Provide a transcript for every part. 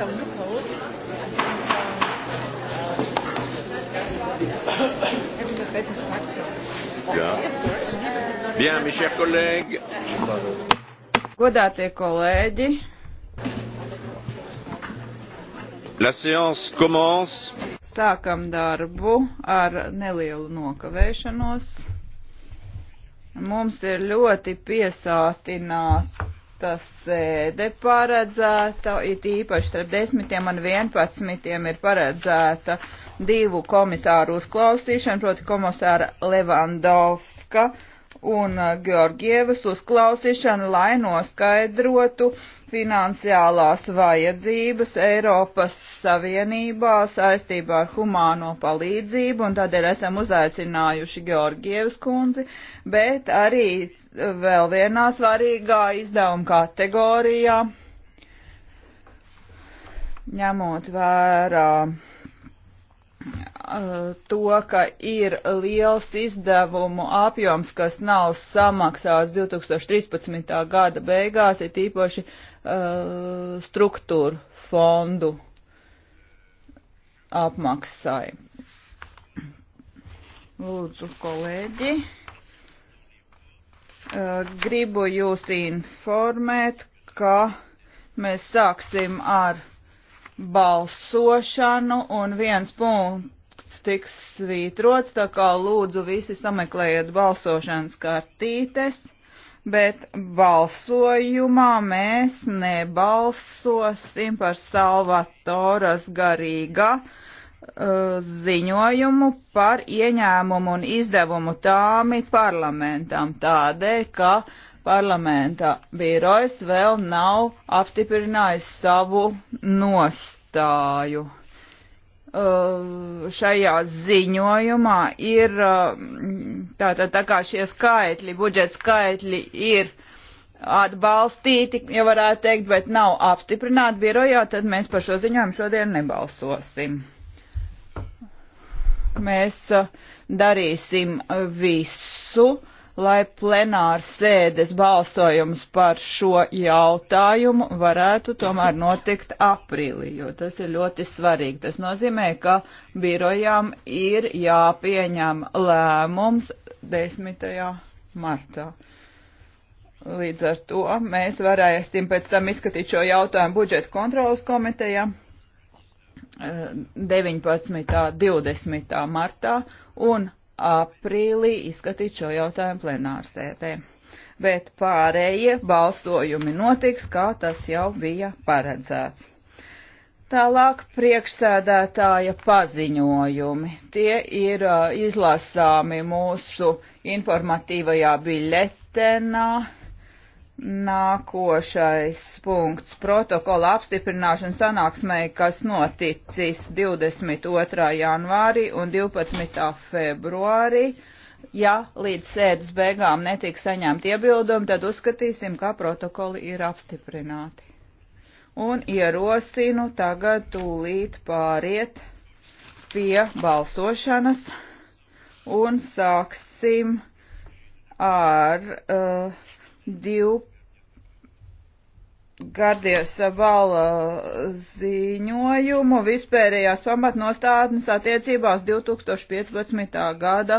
some loopholes. Jā. Bien, mes chers collègues. Godātie kolēģi. La séance commence. Sākam darbu ar nelielu nokavēšanos. Mums ir ļoti piesātināti Marta sēde paredzēta, it īpaši starp 10 un 11 ir paredzēta divu komisāru uzklausīšana, proti komisāra Levandovska un uh, Georgievas uzklausīšana, lai noskaidrotu finansiālās vajadzības Eiropas Savienībā saistībā ar humāno palīdzību, un tādēļ esam uzaicinājuši Georgievas kundzi, bet arī vēl vienā svarīgā izdevuma kategorijā, ņemot vērā uh, to, ka ir liels izdevumu apjoms, kas nav samaksāts 2013. gada beigās, ir tīpaši uh, struktūru fondu apmaksai. Lūdzu, kolēģi. Eh, gribu jūs informēt, ka mēs sāksim ar balsošanu un viens punkts tiks svītrots, tā kā lūdzu visi sameklējiet balsošanas kartītes, bet balsojumā mēs nebalsosim par Salvatoras garīga Uh, ziņojumu par ieņēmumu un izdevumu tāmi parlamentam tādēļ, ka parlamenta birojs vēl nav apstiprinājis savu nostāju. Uh, šajā ziņojumā ir uh, tātad tā, tā kā šie skaitļi, budžeta skaitļi ir atbalstīti, ja varētu teikt, bet nav apstiprināti birojā, tad mēs par šo ziņojumu šodien nebalsosim mēs eh, darīsim eh, visu, lai plenāra sēdes balsojums par šo jautājumu varētu tomēr notikt aprīlī, jo tas ir ļoti svarīgi. Tas nozīmē, ka birojām ir jāpieņem lēmums 10. martā. Līdz ar to mēs varēsim pēc tam izskatīt šo jautājumu budžeta kontrolas komitejā 19. 20. martā un aprīlī izskatīt šo jautājumu plenārsēdē. Bet pārējie balsojumi notiks, kā tas jau bija paredzēts. Tālāk priekšsēdētāja paziņojumi. Tie ir uh, izlasāmi mūsu informatīvajā biļetenā. Nākošais punkts - protokola apstiprināšana sanāksmē, kas noticis 22. janvārī un 12. februārī. Ja līdz sēdes beigām netiks saņemti iebildumi, tad uzskatīsim, kā protokoli ir apstiprināti. Un ierosinu tagad tūlīt pāriet pie balsošanas un sāksim ar uh, 12. Gardiesa vala ziņojumu vispērējās pamatnostādnes attiecībās 2015. gada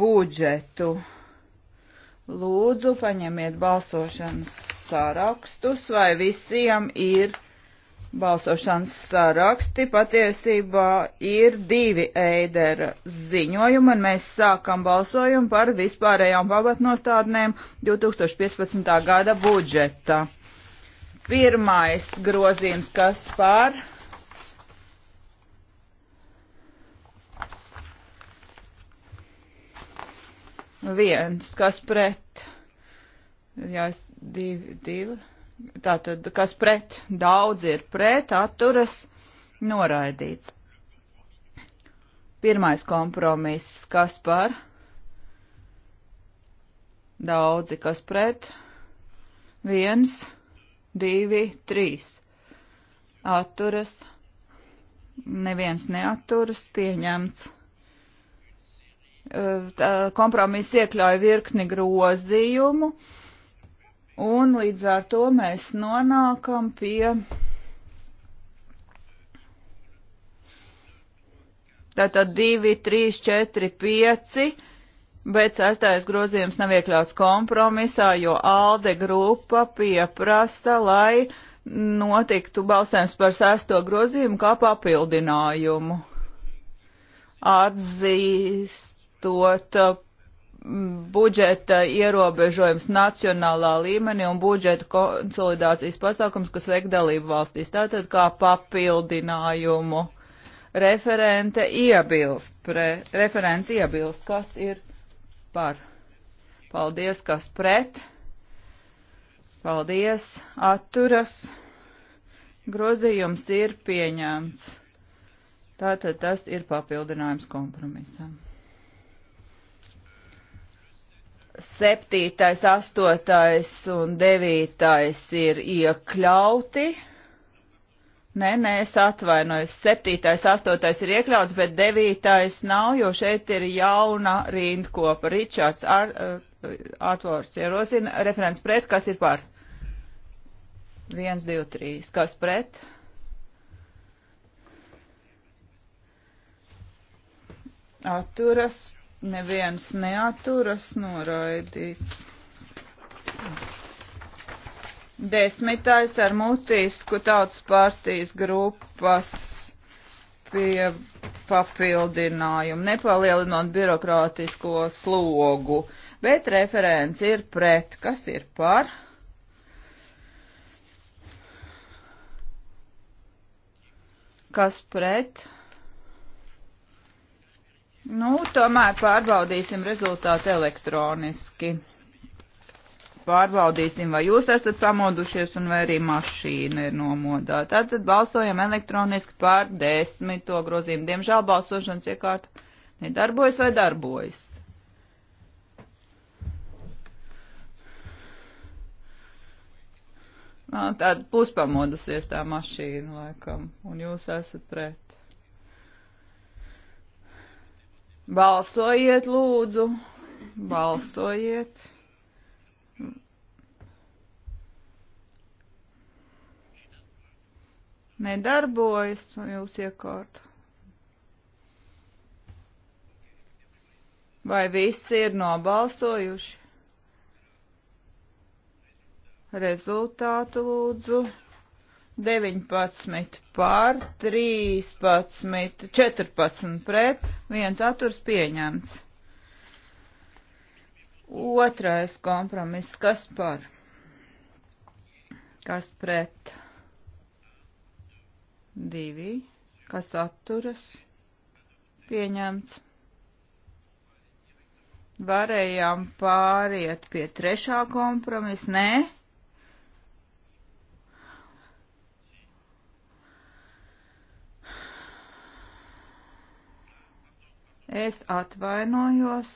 budžetu. Lūdzu, paņemiet balsošanas sārakstus, vai visiem ir balsošanas sāraksti. Patiesībā ir divi eidera ziņojumi, un mēs sākam balsojumu par vispārējām pamatnostādnēm 2015. gada budžeta. Pirmais grozījums, kas pār? Viens, kas pret? Jā, divi, divi. Tātad, kas pret? Daudz ir pret, atturas, noraidīts. Pirmais kompromiss, kas par? Daudzi, kas pret? Viens divi, trīs. Atturas, neviens neaturas, pieņemts. Kompromiss iekļauj virkni grozījumu, un līdz ar to mēs nonākam pie tātad 2, 3, 4, 5 bet sastais grozījums nav iekļauts kompromisā, jo ALDE grupa pieprasa, lai notiktu balsējums par sesto grozījumu kā papildinājumu. Atzīstot uh, budžeta ierobežojums nacionālā līmenī un budžeta konsolidācijas pasākums, kas veik dalību valstīs, tātad kā papildinājumu. Referente iebilst, pre, referents iebilst, kas ir par. Paldies, kas pret. Paldies, atturas. Grozījums ir pieņemts. Tātad tas ir papildinājums kompromisam. Septītais, astotais un devītais ir iekļauti. Nē, nē, es atvainojos. Septītais, astotais ir iekļauts, bet devītais nav, jo šeit ir jauna rindkopa. Ričards ar, uh, atvors ierosina referents pret, kas ir par? 1, 2, 3. Kas pret? Atturas. Neviens neaturas noraidīts. Desmitais ar mutisku tautas partijas grupas pie papildinājumu, nepalielinot birokrātisko slogu, bet referents ir pret, kas ir par. Kas pret? Nu, tomēr pārbaudīsim rezultātu elektroniski pārbaudīsim, vai jūs esat pamodušies un vai arī mašīna ir nomodā. Tātad balsojam elektroniski pār desmito grozījumu. Diemžēl balsošanas iekārta nedarbojas vai darbojas. Nā, nu, tāda puspamodusies tā mašīna laikam, un jūs esat pret. Balsojiet, lūdzu, balsojiet. nedarbojas jūs iekārta. Vai visi ir nobalsojuši? Rezultātu lūdzu. 19 pār, 13, 14 pret, viens atturs pieņemts. Otrais kompromiss, kas par? Kas pret? divi, kas atturas, pieņemts. Varējām pāriet pie trešā kompromisa, nē? Es atvainojos.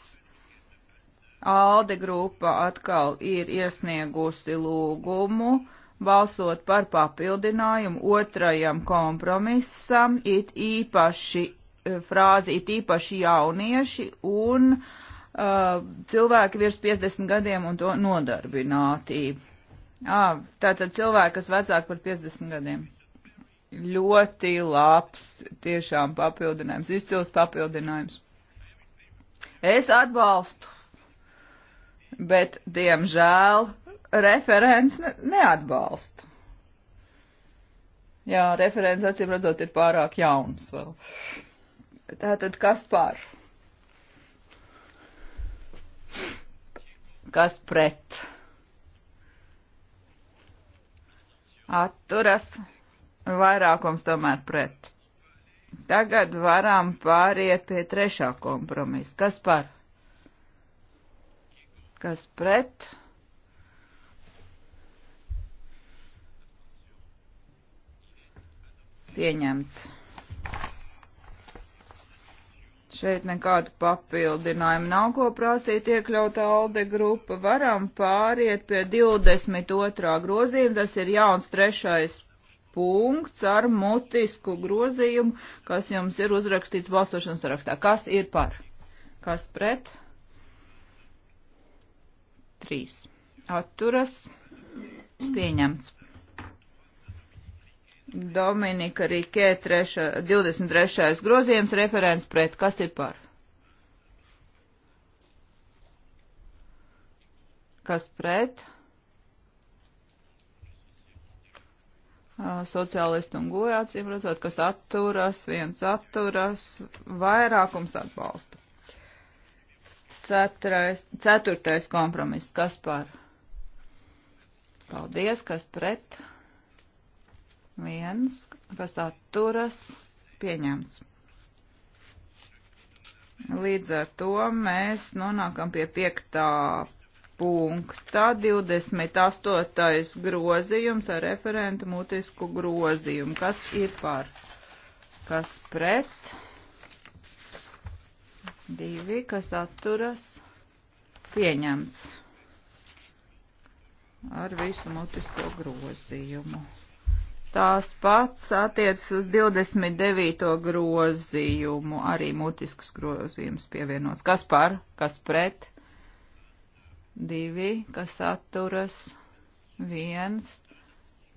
Alde grupa atkal ir iesniegusi lūgumu balsot par papildinājumu otrajam kompromisam, it īpaši e, frāzi, it īpaši jaunieši un uh, cilvēki virs 50 gadiem un to nodarbinātību. Ah, tātad cilvēki, kas vecāki par 50 gadiem. Ļoti labs, tiešām papildinājums, izcils papildinājums. Es atbalstu, bet, diemžēl, referents neatbalsta. Jā, referents acīm redzot ir pārāk jauns vēl. Tātad kas pār? Kas pret? Atturas vairākums tomēr pret. Tagad varam pāriet pie trešā kompromisa. Kas par? Kas pret? Pieņemts. Šeit nekādu papildinājumu nav ko prasīt iekļaut ALDE grupa. Varam pāriet pie 22. grozījuma, tas ir jauns trešais punkts ar mutisku grozījumu, kas jums ir uzrakstīts balsošanas sarakstā. Kas ir par? Kas pret? 3. Atturas. Pieņemts. Dominika Rikē 23. grozījums referents pret. Kas ir par? Kas pret? Sociālisti un gojācīm redzot, kas atturas, viens atturas, vairākums atbalsta. Cetrais, ceturtais kompromiss. Kas par? Paldies, kas pret? viens, kas atturas, pieņemts. Līdz ar to mēs nonākam pie piektā punktā 28. grozījums ar referentu mutisku grozījumu. Kas ir par? Kas pret? Divi, kas atturas? Pieņemts. Ar visu mutisko grozījumu. Tās pats attiecas uz 29. grozījumu, arī mutiskus grozījumus pievienots. Kas par, kas pret? Divi, kas atturas? Viens,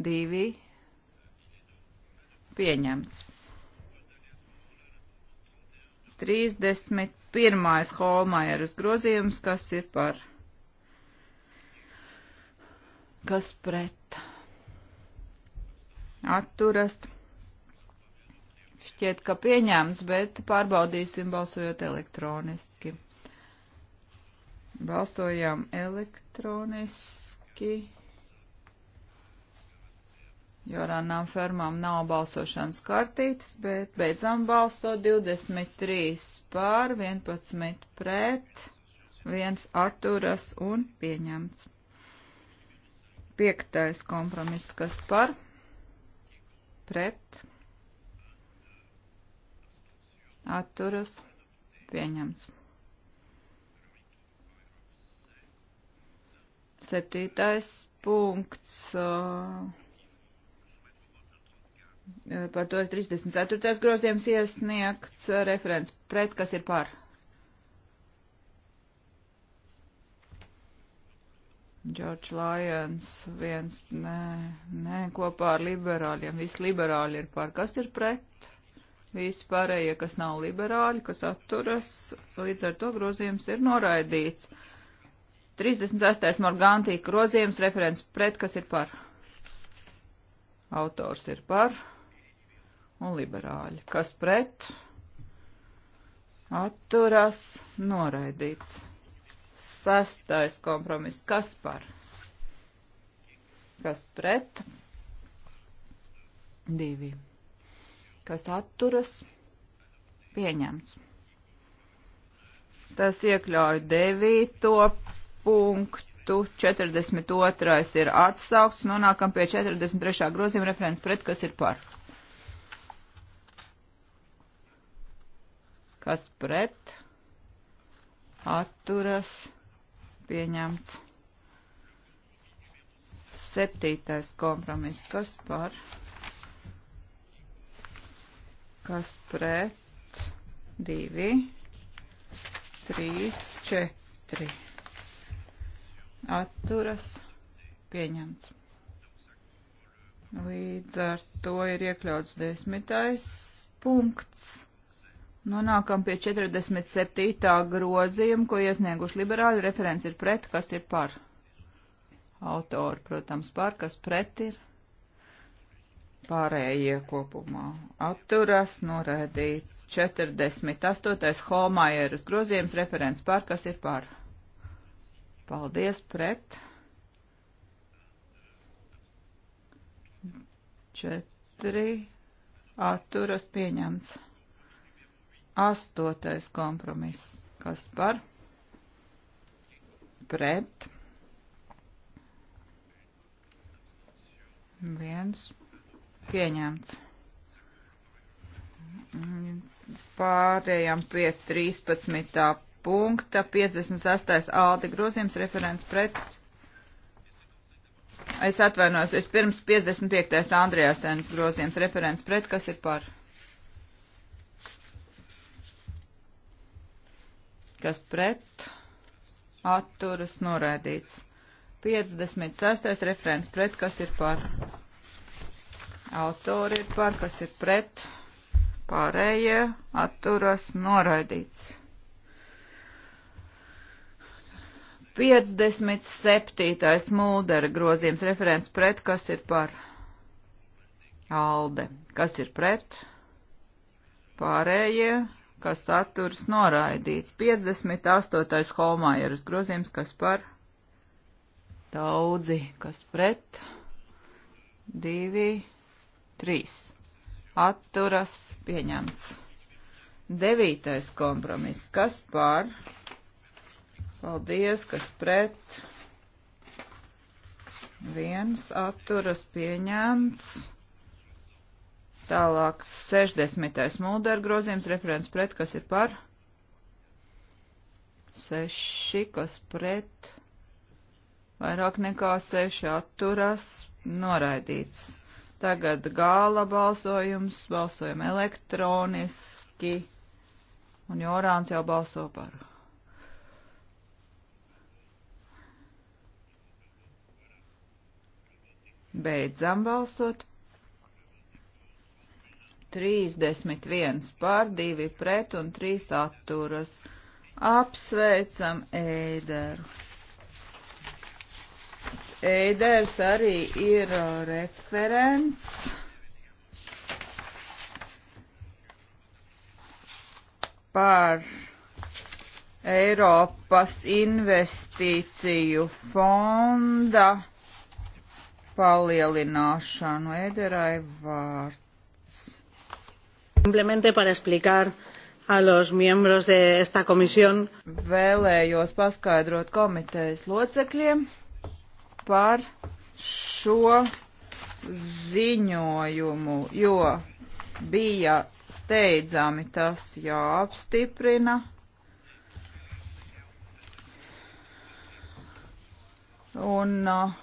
divi, pieņemts. 31. Holmajeras grozījums, kas ir par, kas pret, atturas. Šķiet, ka pieņēmts, bet pārbaudīsim balsojot elektroniski. Balsojām elektroniski, jo ranām fermām nav balsošanas kartītes, bet beidzām balsot 23 pār, 11 pret, 1 atturas un pieņemts. Piektais kompromiss, kas par? pret, atturas, pieņemts. Septītais punkts. Par to ir 34. grozījums iesniegts referents pret, kas ir par George Lyons, viens, nē, nē, kopā ar liberāļiem, visi liberāļi ir par, kas ir pret, visi pārējie, kas nav liberāļi, kas atturas, līdz ar to grozījums ir noraidīts. 36. Morgantī grozījums, referents pret, kas ir par. Autors ir par un liberāļi, kas pret atturas noraidīts. Sestais kompromiss. Kas par? Kas pret? Divi. Kas atturas? Pieņemts. Tas iekļauj devīto punktu. 42. ir atsaukts. Nonākam pie 43. grozījuma referents pret, kas ir par. Kas pret? Atturas pieņemts. Septītais kompromiss, kas par, kas pret, divi, trīs, četri, atturas, pieņemts. Līdz ar to ir iekļauts desmitais punkts. Nonākam pie 47. grozījuma, ko iesnieguši liberāļi. Referents ir pret, kas ir par. Autori, protams, par, kas pret ir. Pārējie kopumā atturas, norēdīts 48. Holmajeras grozījums, referents par, kas ir par. Paldies, pret. 4. Atturas pieņemts. Astotais kompromiss. Kas par? Pret. Viens. Pieņemts. Pārējām pie 13. punkta. 58. alti grozījums referents pret. Es atvainojos, es pirms 55. Andrijāsēnas grozījums referents pret, kas ir par? kas pret atturas noraidīts. 56. referents pret, kas ir par. Autori ir par, kas ir pret. Pārējie atturas noraidīts. 57. mūdera grozījums referents pret, kas ir par. Alde, kas ir pret. Pārējie kas atturas noraidīts. 58. Holmājeras grozījums, kas par daudzi, kas pret, divi, trīs. Atturas pieņemts. Devītais kompromiss, kas par, paldies, kas pret, viens atturas pieņemts. Tālāk 60. mūdera grozījums, referents pret, kas ir par? 6, kas pret, vairāk nekā 6 atturas, noraidīts. Tagad gala balsojums, balsojam elektroniski, un Jorāns jau balso par. Beidzam balsot 31 pār 2 pret un 3 atturas. Apsveicam Eideru. Eiders arī ir uh, referents. Par Eiropas investīciju fonda palielināšanu Eiderai vārds. Simplemente para explicar a los miembros de esta comisión. Vēlējos paskaidrot komitejas locekļiem par šo ziņojumu, jo bija steidzami tas jāapstiprina. Un uh,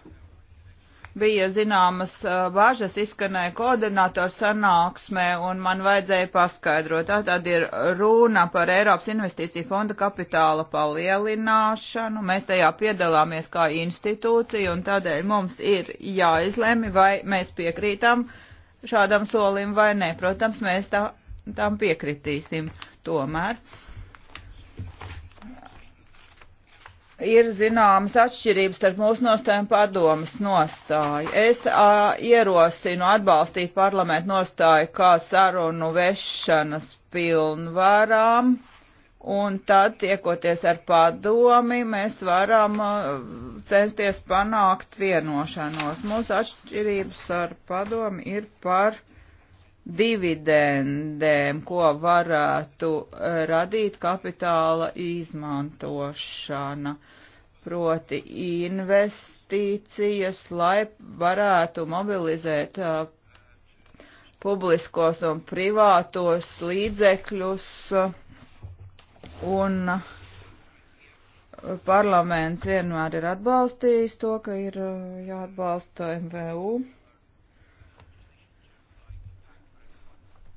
bija zināmas bažas, izskanēja koordinātoru sanāksmē un man vajadzēja paskaidrot. Tā tad ir runa par Eiropas investīciju fonda kapitāla palielināšanu. Mēs tajā piedalāmies kā institūcija un tādēļ mums ir jāizlemi, vai mēs piekrītam šādam solim vai nē. Protams, mēs tā, tam piekritīsim tomēr. Uh, ir zināmas atšķirības starp mūsu nostājumu padomas nostāju. Es a, ierosinu atbalstīt parlamentu nostāju kā sarunu vešanas pilnvarām, un tad tiekoties ar padomi, mēs varam a, censties panākt vienošanos. Mūsu atšķirības ar padomi ir par dividendēm, ko varētu eh, radīt kapitāla izmantošana, proti investīcijas, lai varētu mobilizēt uh, publiskos un privātos līdzekļus uh, un uh, parlaments vienmēr ir atbalstījis to, ka ir jāatbalsta MVU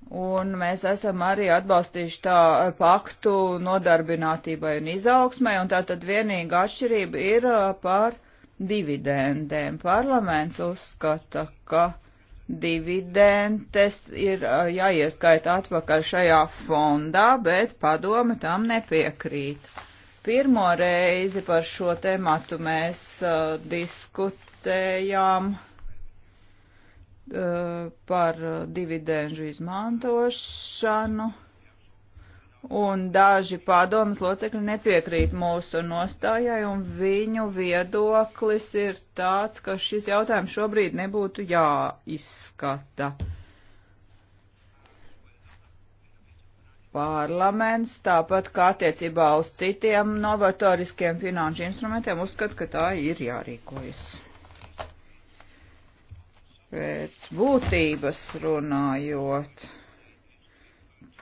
Un mēs esam arī atbalstījuši tā paktu nodarbinātībai un izaugsmai, un tā tad vienīga atšķirība ir uh, par dividendēm. Parlaments uzskata, ka dividendes ir uh, jāieskaita atpakaļ šajā fondā, bet padome tam nepiekrīt. Pirmo reizi par šo tematu mēs uh, diskutējām Eh, par eh, dividēnžu izmantošanu, un daži padomas locekļi nepiekrīt mūsu nostājai, un viņu viedoklis ir tāds, ka šis jautājums šobrīd nebūtu jāizskata. Parlaments, tāpat kā attiecībā uz citiem novatoriskiem finanšu instrumentiem, uzskata, ka tā ir jārīkojas pēc būtības runājot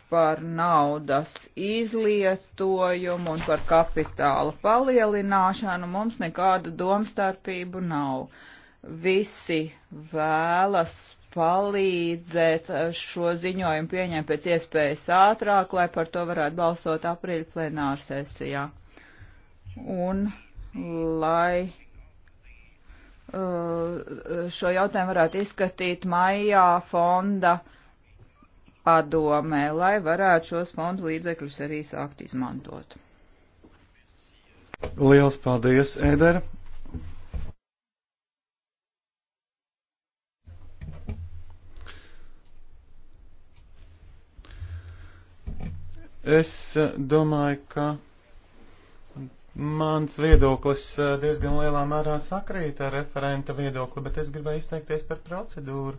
par naudas izlietojumu un par kapitāla palielināšanu mums nekādu domstarpību nav. Visi vēlas palīdzēt šo ziņojumu pieņemt pēc iespējas ātrāk, lai par to varētu balsot aprīļa plenārsesijā. Un lai Uh, šo jautājumu varētu izskatīt maijā fonda padomē, lai varētu šos fondu līdzekļus arī sākt izmantot. Liels paldies, Ēdera! Es eh, domāju, ka Mans viedoklis eh, diezgan lielā mērā sakrīt ar referenta viedokli, bet es gribēju izteikties par procedūru.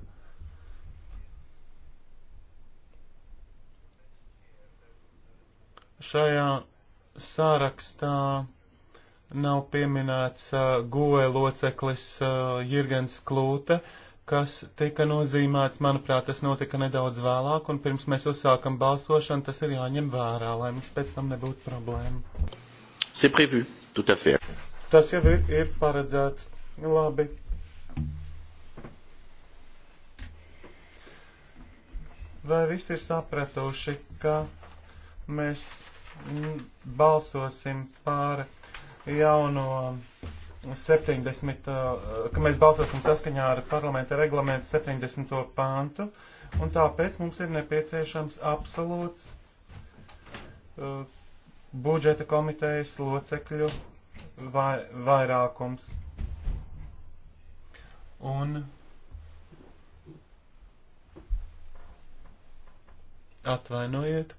Šajā sārakstā nav pieminēts uh, goe loceklis uh, Jirgens Klūte, kas tika nozīmēts, manuprāt, tas notika nedaudz vēlāk, un pirms mēs uzsākam balsošanu, tas ir jāņem vērā, lai mums pēc tam nebūtu problēma. C'est prévu, tout à fait. Tas jau ir, ir paredzēts. Labi. Vai visi ir sapratuši, ka mēs balsosim par jauno 70, ka mēs balsosim saskaņā ar parlamenta reglamentu 70. pāntu, un tāpēc mums ir nepieciešams absolūts uh, budžeta komitejas locekļu vai, vairākums. Un atvainojiet,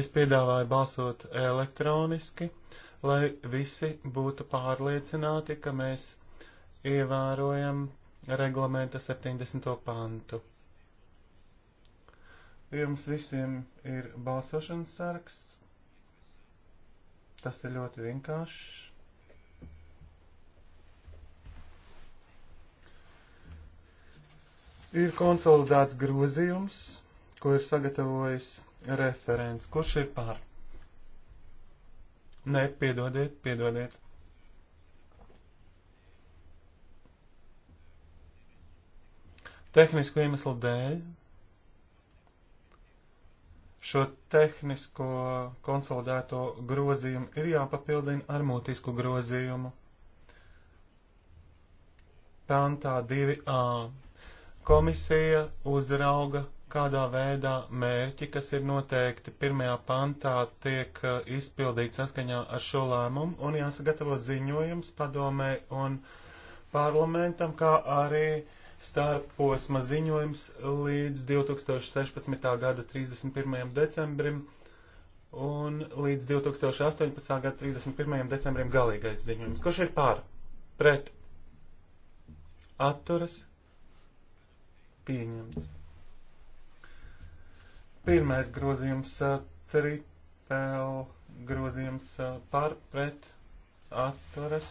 es piedāvāju balsot elektroniski, lai visi būtu pārliecināti, ka mēs ievērojam reglamenta 70. pantu. Jums visiem ir balsošanas saraksts. Tas ir ļoti vienkāršs. Ir konsolidēts grozījums, ko ir sagatavojis referents. Kurš ir pār? Nē, piedodiet, piedodiet. Tehnisku iemeslu dēļ Šo tehnisko konsolidēto grozījumu ir jāpapildina ar mutisku grozījumu. Pantā 2a. Komisija uzrauga, kādā veidā mērķi, kas ir noteikti pirmajā pantā, tiek e, izpildīti saskaņā ar šo lēmumu un jāsagatavo ziņojums padomē un parlamentam, kā arī uh, starposma ziņojums līdz 2016. gada 31. decembrim un līdz 2018. gada 31. decembrim galīgais ziņojums. Kurš ir pār? Pret? Atturas? Pieņemts. Pirmais grozījums tripel grozījums pār pret atturas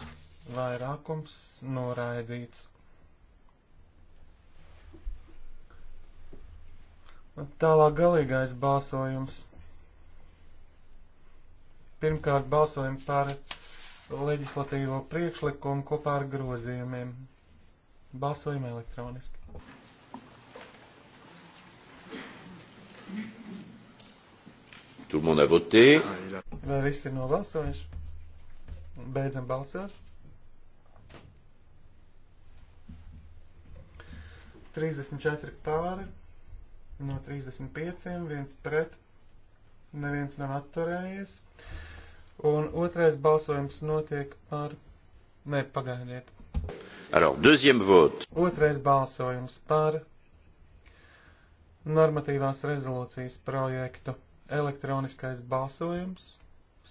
vairākums noraidīts. Tālāk galīgais balsojums. Pirmkārt balsojam par leģislatīvo priekšlikumu kopā ar grozījumiem. Balsojam elektroniski. Tout le monde a voté. Vai visi ir nobalsojuši? Beidzam balsot. 34 pāri no 35, viens pret, neviens nav atturējies. Un otrais balsojums notiek par. Nē, pagaidiet. Alors, deuxième vote. Otrais balsojums par normatīvās rezolūcijas projektu. Elektroniskais balsojums.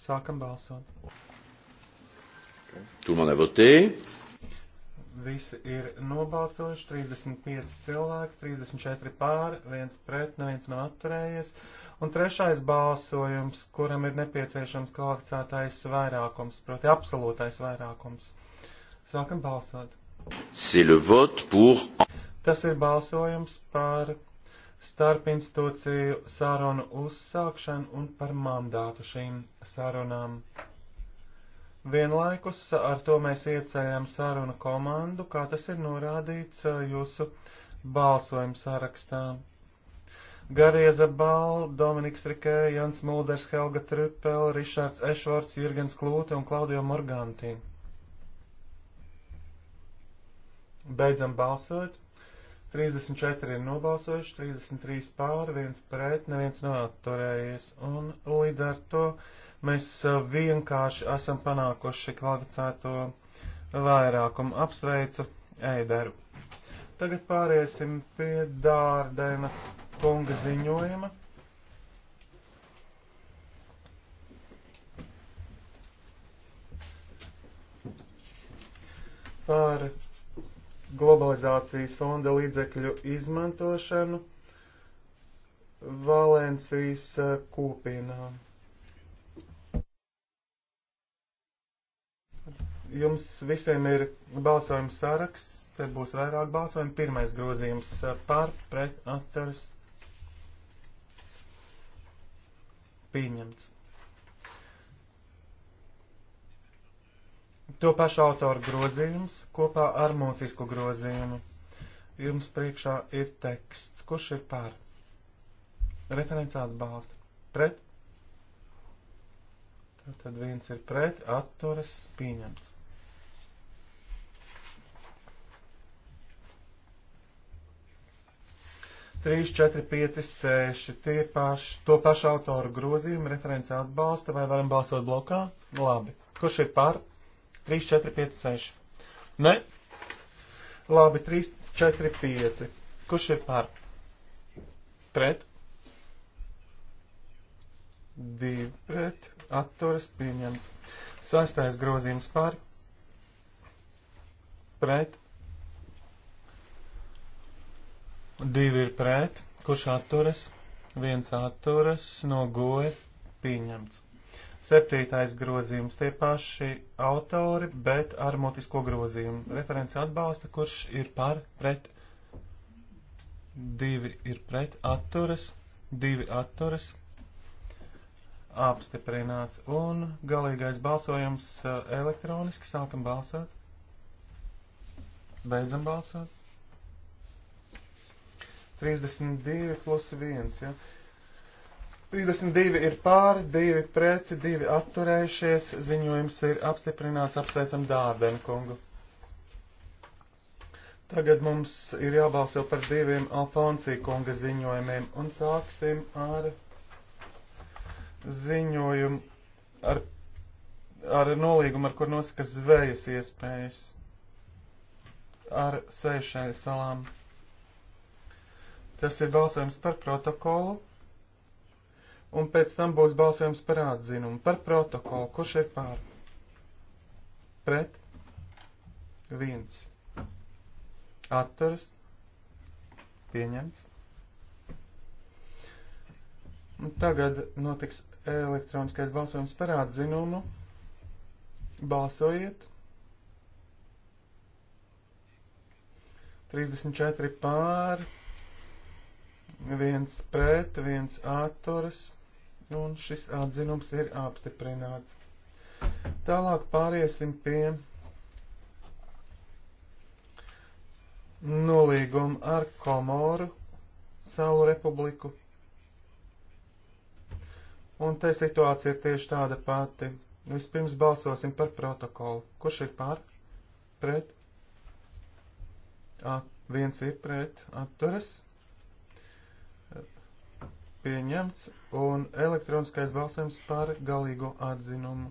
Sākam balsot. Okay. Tout le monde a voté. Visi ir nobalsojuši, 35 cilvēki, 34 pār, viens pret, neviens nav atturējies. Un trešais balsojums, kuram ir nepieciešams kvalificētais vairākums, proti absolūtais vairākums. Sākam balsot. Pour... Tas ir balsojums par starp institūciju sarunu uzsākšanu un par mandātu šīm sarunām. Vienlaikus ar to mēs iecējam sarunu komandu, kā tas ir norādīts jūsu balsojuma sarakstā. Garieza Bal, Dominiks Rikē, Jans Mulders, Helga Trupel, Rišards Ešvarts, Jurgens Klūte un Klaudio Morganti. Beidzam balsot. 34 ir nobalsojuši, 33 pār, 1 pret, neviens nav atturējies. Un līdz ar to Mēs vienkārši esam panākuši kvalificēto vairākumu apsveicu Eideru. Tagad pāriesim pie Dārdēna kunga ziņojuma. Par globalizācijas fonda līdzekļu izmantošanu Valencijas kopienām. Jums visiem ir balsojums saraksts, te būs vairāk balsojumu. Pirmais grozījums eh, par, pret, atturs. Pieņemts. To pašu autoru grozījums kopā ar mūtisku grozījumu. Jums priekšā ir teksts, kurš ir pār. Referents atbalsta. Pret. Tad viens ir pret, atturas, pieņemts. 3, 4, 5, 6. Tie paši, to pašu autoru grozījumi, referenci atbalsta, vai varam balsot blokā? Labi. Kurš ir par? 3, 4, 5, 6. Ne? Labi, 3, 4, 5. Kurš ir par? Pret? Divi pret. Atturas pieņemts. Sastais grozījums par? Pret? Divi ir pret, kurš atturas, viens atturas, nogoja, pieņemts. Septītais grozījums tie paši autori, bet ar motisko grozījumu. Referenci atbalsta, kurš ir par, pret, divi ir pret, atturas, divi atturas, apstiprināts. Un galīgais balsojums eh, elektroniski, sākam balsot, beidzam balsot. 32 plus 1, ja. 32 ir pār, 2 pret, 2 atturējušies, ziņojums ir apstiprināts, apsveicam Dārdenu kungu. Tagad mums ir jābalso par diviem Alfonsī kunga ziņojumiem, un sāksim ar ziņojumu ar, ar nolīgumu, ar kur nosaka zvejas iespējas ar sēšai salām. Tas ir balsojums par protokolu, un pēc tam būs balsojums par atzinumu, par protokolu, kurš ir pār. Pret. Viens. Atturas. Pieņemts. Un tagad notiks elektroniskais balsojums par atzinumu. Balsojiet. 34 pār viens pret, viens atturas, un šis atzinums ir apstiprināts. Tālāk pāriesim pie nolīguma ar Komoru, Salu Republiku. Un te situācija ir tieši tāda pati. Vispirms balsosim par protokolu. Kurš ir pār? Pret? At, viens ir pret. Atturas? pieņemts un elektroniskais balsojums par galīgo atzinumu.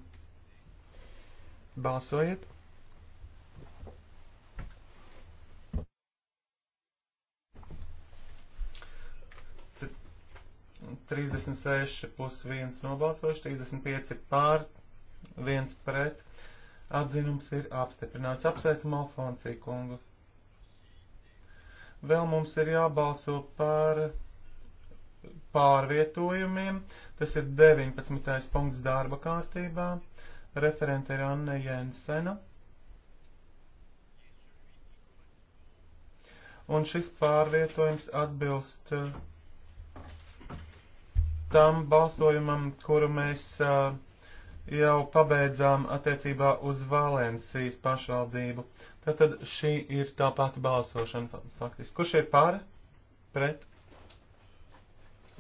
Balsojiet! T 36 plus 1 nobalsojuši, 35 pār, 1 pret. Atzinums ir apstiprināts. Apsveicam Alfonsī kungu. Vēl mums ir jābalso par pārvietojumiem. Tas ir 19. punkts darba kārtībā. Referente ir Anne Jensena. Un šis pārvietojums atbilst eh, tam balsojumam, kuru mēs eh, jau pabeidzām attiecībā uz Valencijas pašvaldību. Tātad šī ir tā pati balsošana faktiski. Kurš ir pār? Pret?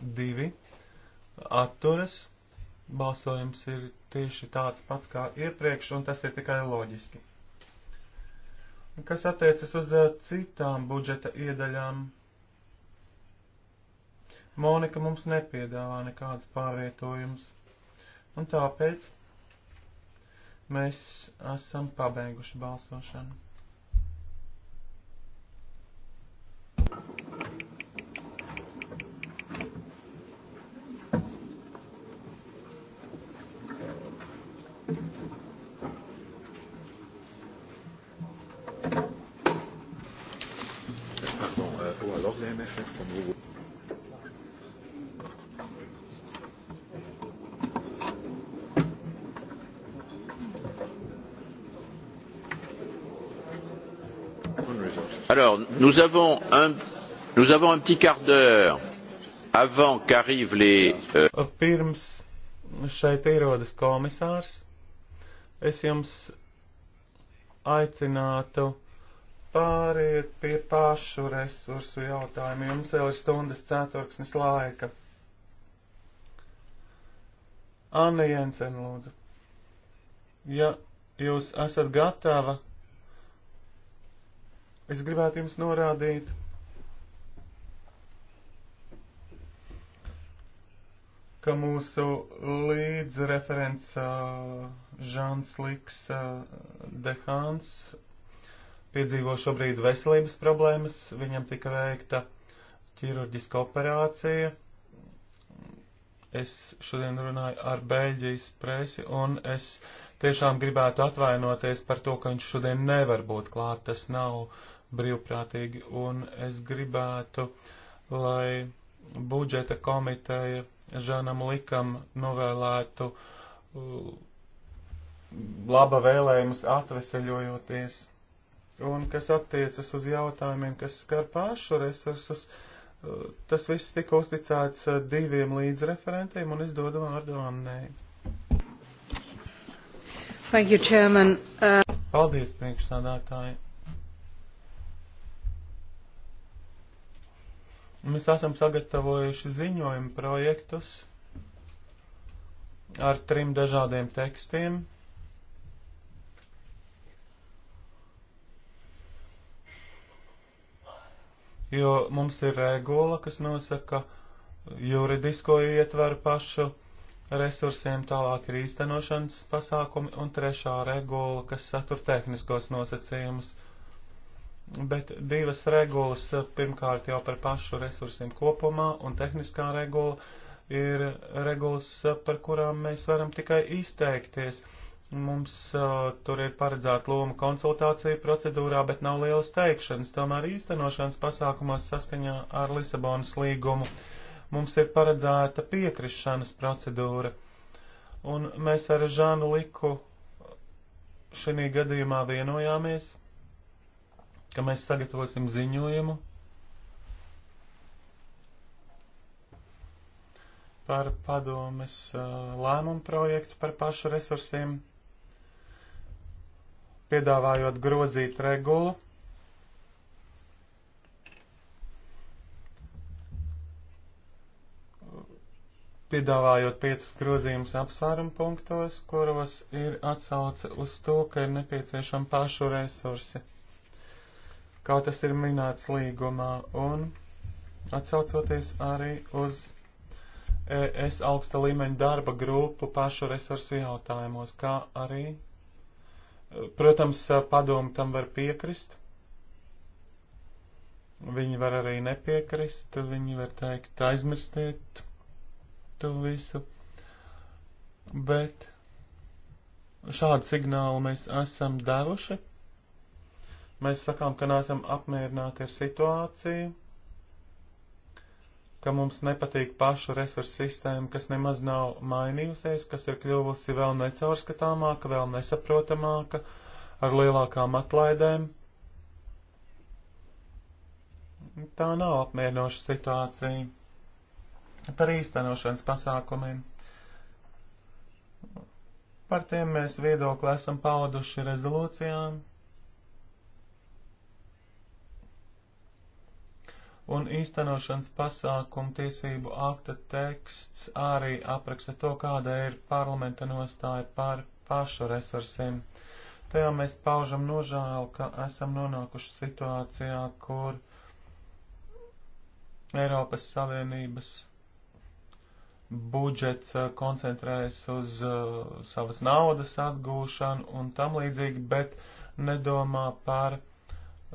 2 atturas. Balsojums ir tieši tāds pats kā iepriekš, un tas ir tikai loģiski. Kas attiecas uz eh, citām budžeta iedaļām, Monika mums nepiedāvā nekādas pārvietojumus, un tāpēc mēs esam pabeiguši balsošanu. Nous avons un, nous avons un petit quart d'heure avant qu'arrivent les. Euh... Pirms šeit ierodas komisārs, es jums aicinātu pāriet pie pašu resursu jautājumiem. Jums jau ir stundas ceturksnis laika. Anna Jensen, lūdzu. Ja jūs esat gatava Es gribētu jums norādīt, ka mūsu līdzreferents uh, Žāns Liks uh, Dehāns piedzīvo šobrīd veselības problēmas. Viņam tika veikta ķirurģiska operācija. Es šodien runāju ar Bēļģijas presi un es tiešām gribētu atvainoties par to, ka viņš šodien nevar būt klāt. Tas nav brīvprātīgi, un es gribētu, lai budžeta komiteja Žanam Likam novēlētu uh, laba vēlējumus atveseļojoties. Un kas attiecas uz jautājumiem, kas skar pašu resursus, uh, tas viss tika uzticēts uh, diviem līdzreferentiem, un es dodu vārdu Annei. Thank you, Chairman. Uh... Paldies, priekšsādātāji. Mēs esam sagatavojuši ziņojumu projektus ar trim dažādiem tekstiem. Jo mums ir regula, kas nosaka juridisko ietveru pašu resursiem, tālāk ir īstenošanas pasākumi un trešā regula, kas satur tehniskos nosacījumus bet divas regulas, pirmkārt jau par pašu resursiem kopumā un tehniskā regula, ir regulas, par kurām mēs varam tikai izteikties. Mums uh, tur ir paredzēta loma konsultāciju procedūrā, bet nav lielas teikšanas. Tomēr īstenošanas pasākumos saskaņā ar Lisabonas līgumu mums ir paredzēta piekrišanas procedūra. Un mēs ar Žānu Liku šī gadījumā vienojāmies, ka mēs sagatavosim ziņojumu par padomes lēmumu projektu par pašu resursiem, piedāvājot grozīt regulu. Piedāvājot piecas grozījumus apsvērumu punktos, kuros ir atsauce uz to, ka ir nepieciešama pašu resursi kā tas ir minēts līgumā, un atsaucoties arī uz ES augsta līmeņa darba grupu pašu resursu jautājumos, kā arī, protams, padomu tam var piekrist. Viņi var arī nepiekrist, viņi var teikt, aizmirstiet to visu. Bet šādu signālu mēs esam devuši Mēs sakām, ka neesam apmierināti ar situāciju, ka mums nepatīk paša resursu sistēma, kas nemaz nav mainījusies, kas ir kļuvusi vēl necaurskatāmāka, vēl nesaprotamāka, ar lielākām atlaidēm. Tā nav apmierinoša situācija par īstenošanas pasākumiem. Par tiem mēs viedokli esam pauduši rezolūcijām. un īstenošanas pasākumu tiesību akta teksts arī apraksta to, kāda ir parlamenta nostāja par pašu resursiem. Tajā mēs paužam nožēlu, ka esam nonākuši situācijā, kur Eiropas Savienības budžets eh, koncentrējas uz uh, savas naudas atgūšanu un tam līdzīgi, bet nedomā par uh,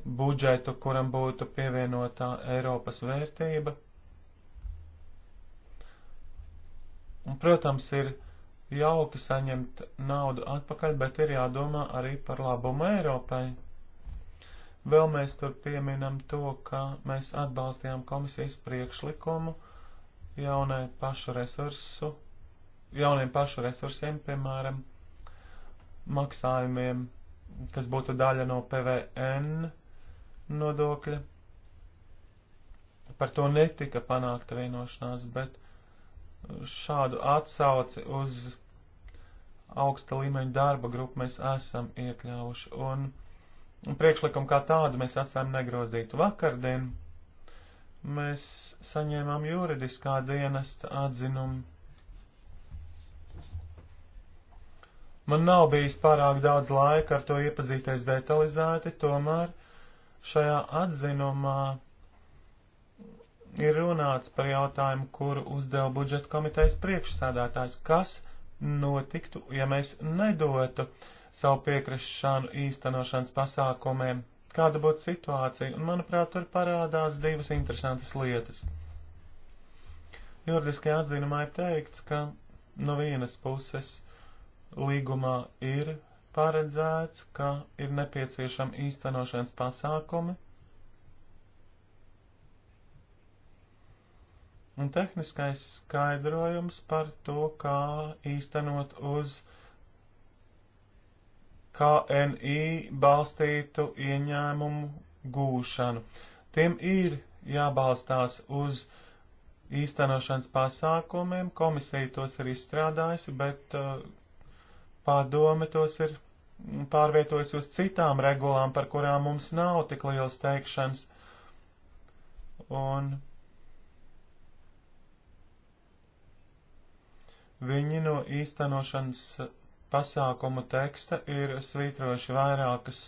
budžetu, kuram būtu pievienotā Eiropas vērtība. Un, protams, ir jauki saņemt naudu atpakaļ, bet ir jādomā arī par labumu Eiropai. Vēl mēs tur pieminam to, ka mēs atbalstījām komisijas priekšlikumu jaunai pašu resursu, jauniem pašu resursiem, piemēram, maksājumiem, kas būtu daļa no PVN nodokļa. Par to netika panākta vienošanās, bet šādu atsauci uz augsta līmeņa darba grupu mēs esam iekļāvuši. Un priekšlikumu kā tādu mēs esam negrozītu vakardien. Mēs saņēmām juridiskā dienesta atzinumu. Man nav bijis pārāk daudz laika ar to iepazīties detalizēti, tomēr Šajā atzinumā ir runāts par jautājumu, kuru uzdeva budžeta komitejas priekšsādātājs. Kas notiktu, ja mēs nedotu savu piekrišanu īstenošanas pasākumiem? Kāda būtu situācija? Un, manuprāt, tur parādās divas interesantas lietas. Juridiskajā atzinumā ir teikts, ka no vienas puses līgumā ir paredzēts, ka ir nepieciešami īstenošanas pasākumi un tehniskais skaidrojums par to, kā īstenot uz KNI balstītu ieņēmumu gūšanu. Tiem ir jābalstās uz īstenošanas pasākumiem, komisija tos ir izstrādājusi, bet uh, Padome tos ir pārvietojusi uz citām regulām, par kurām mums nav tik liels teikšanas. Un viņi no īstenošanas pasākumu teksta ir svītrojuši vairākas,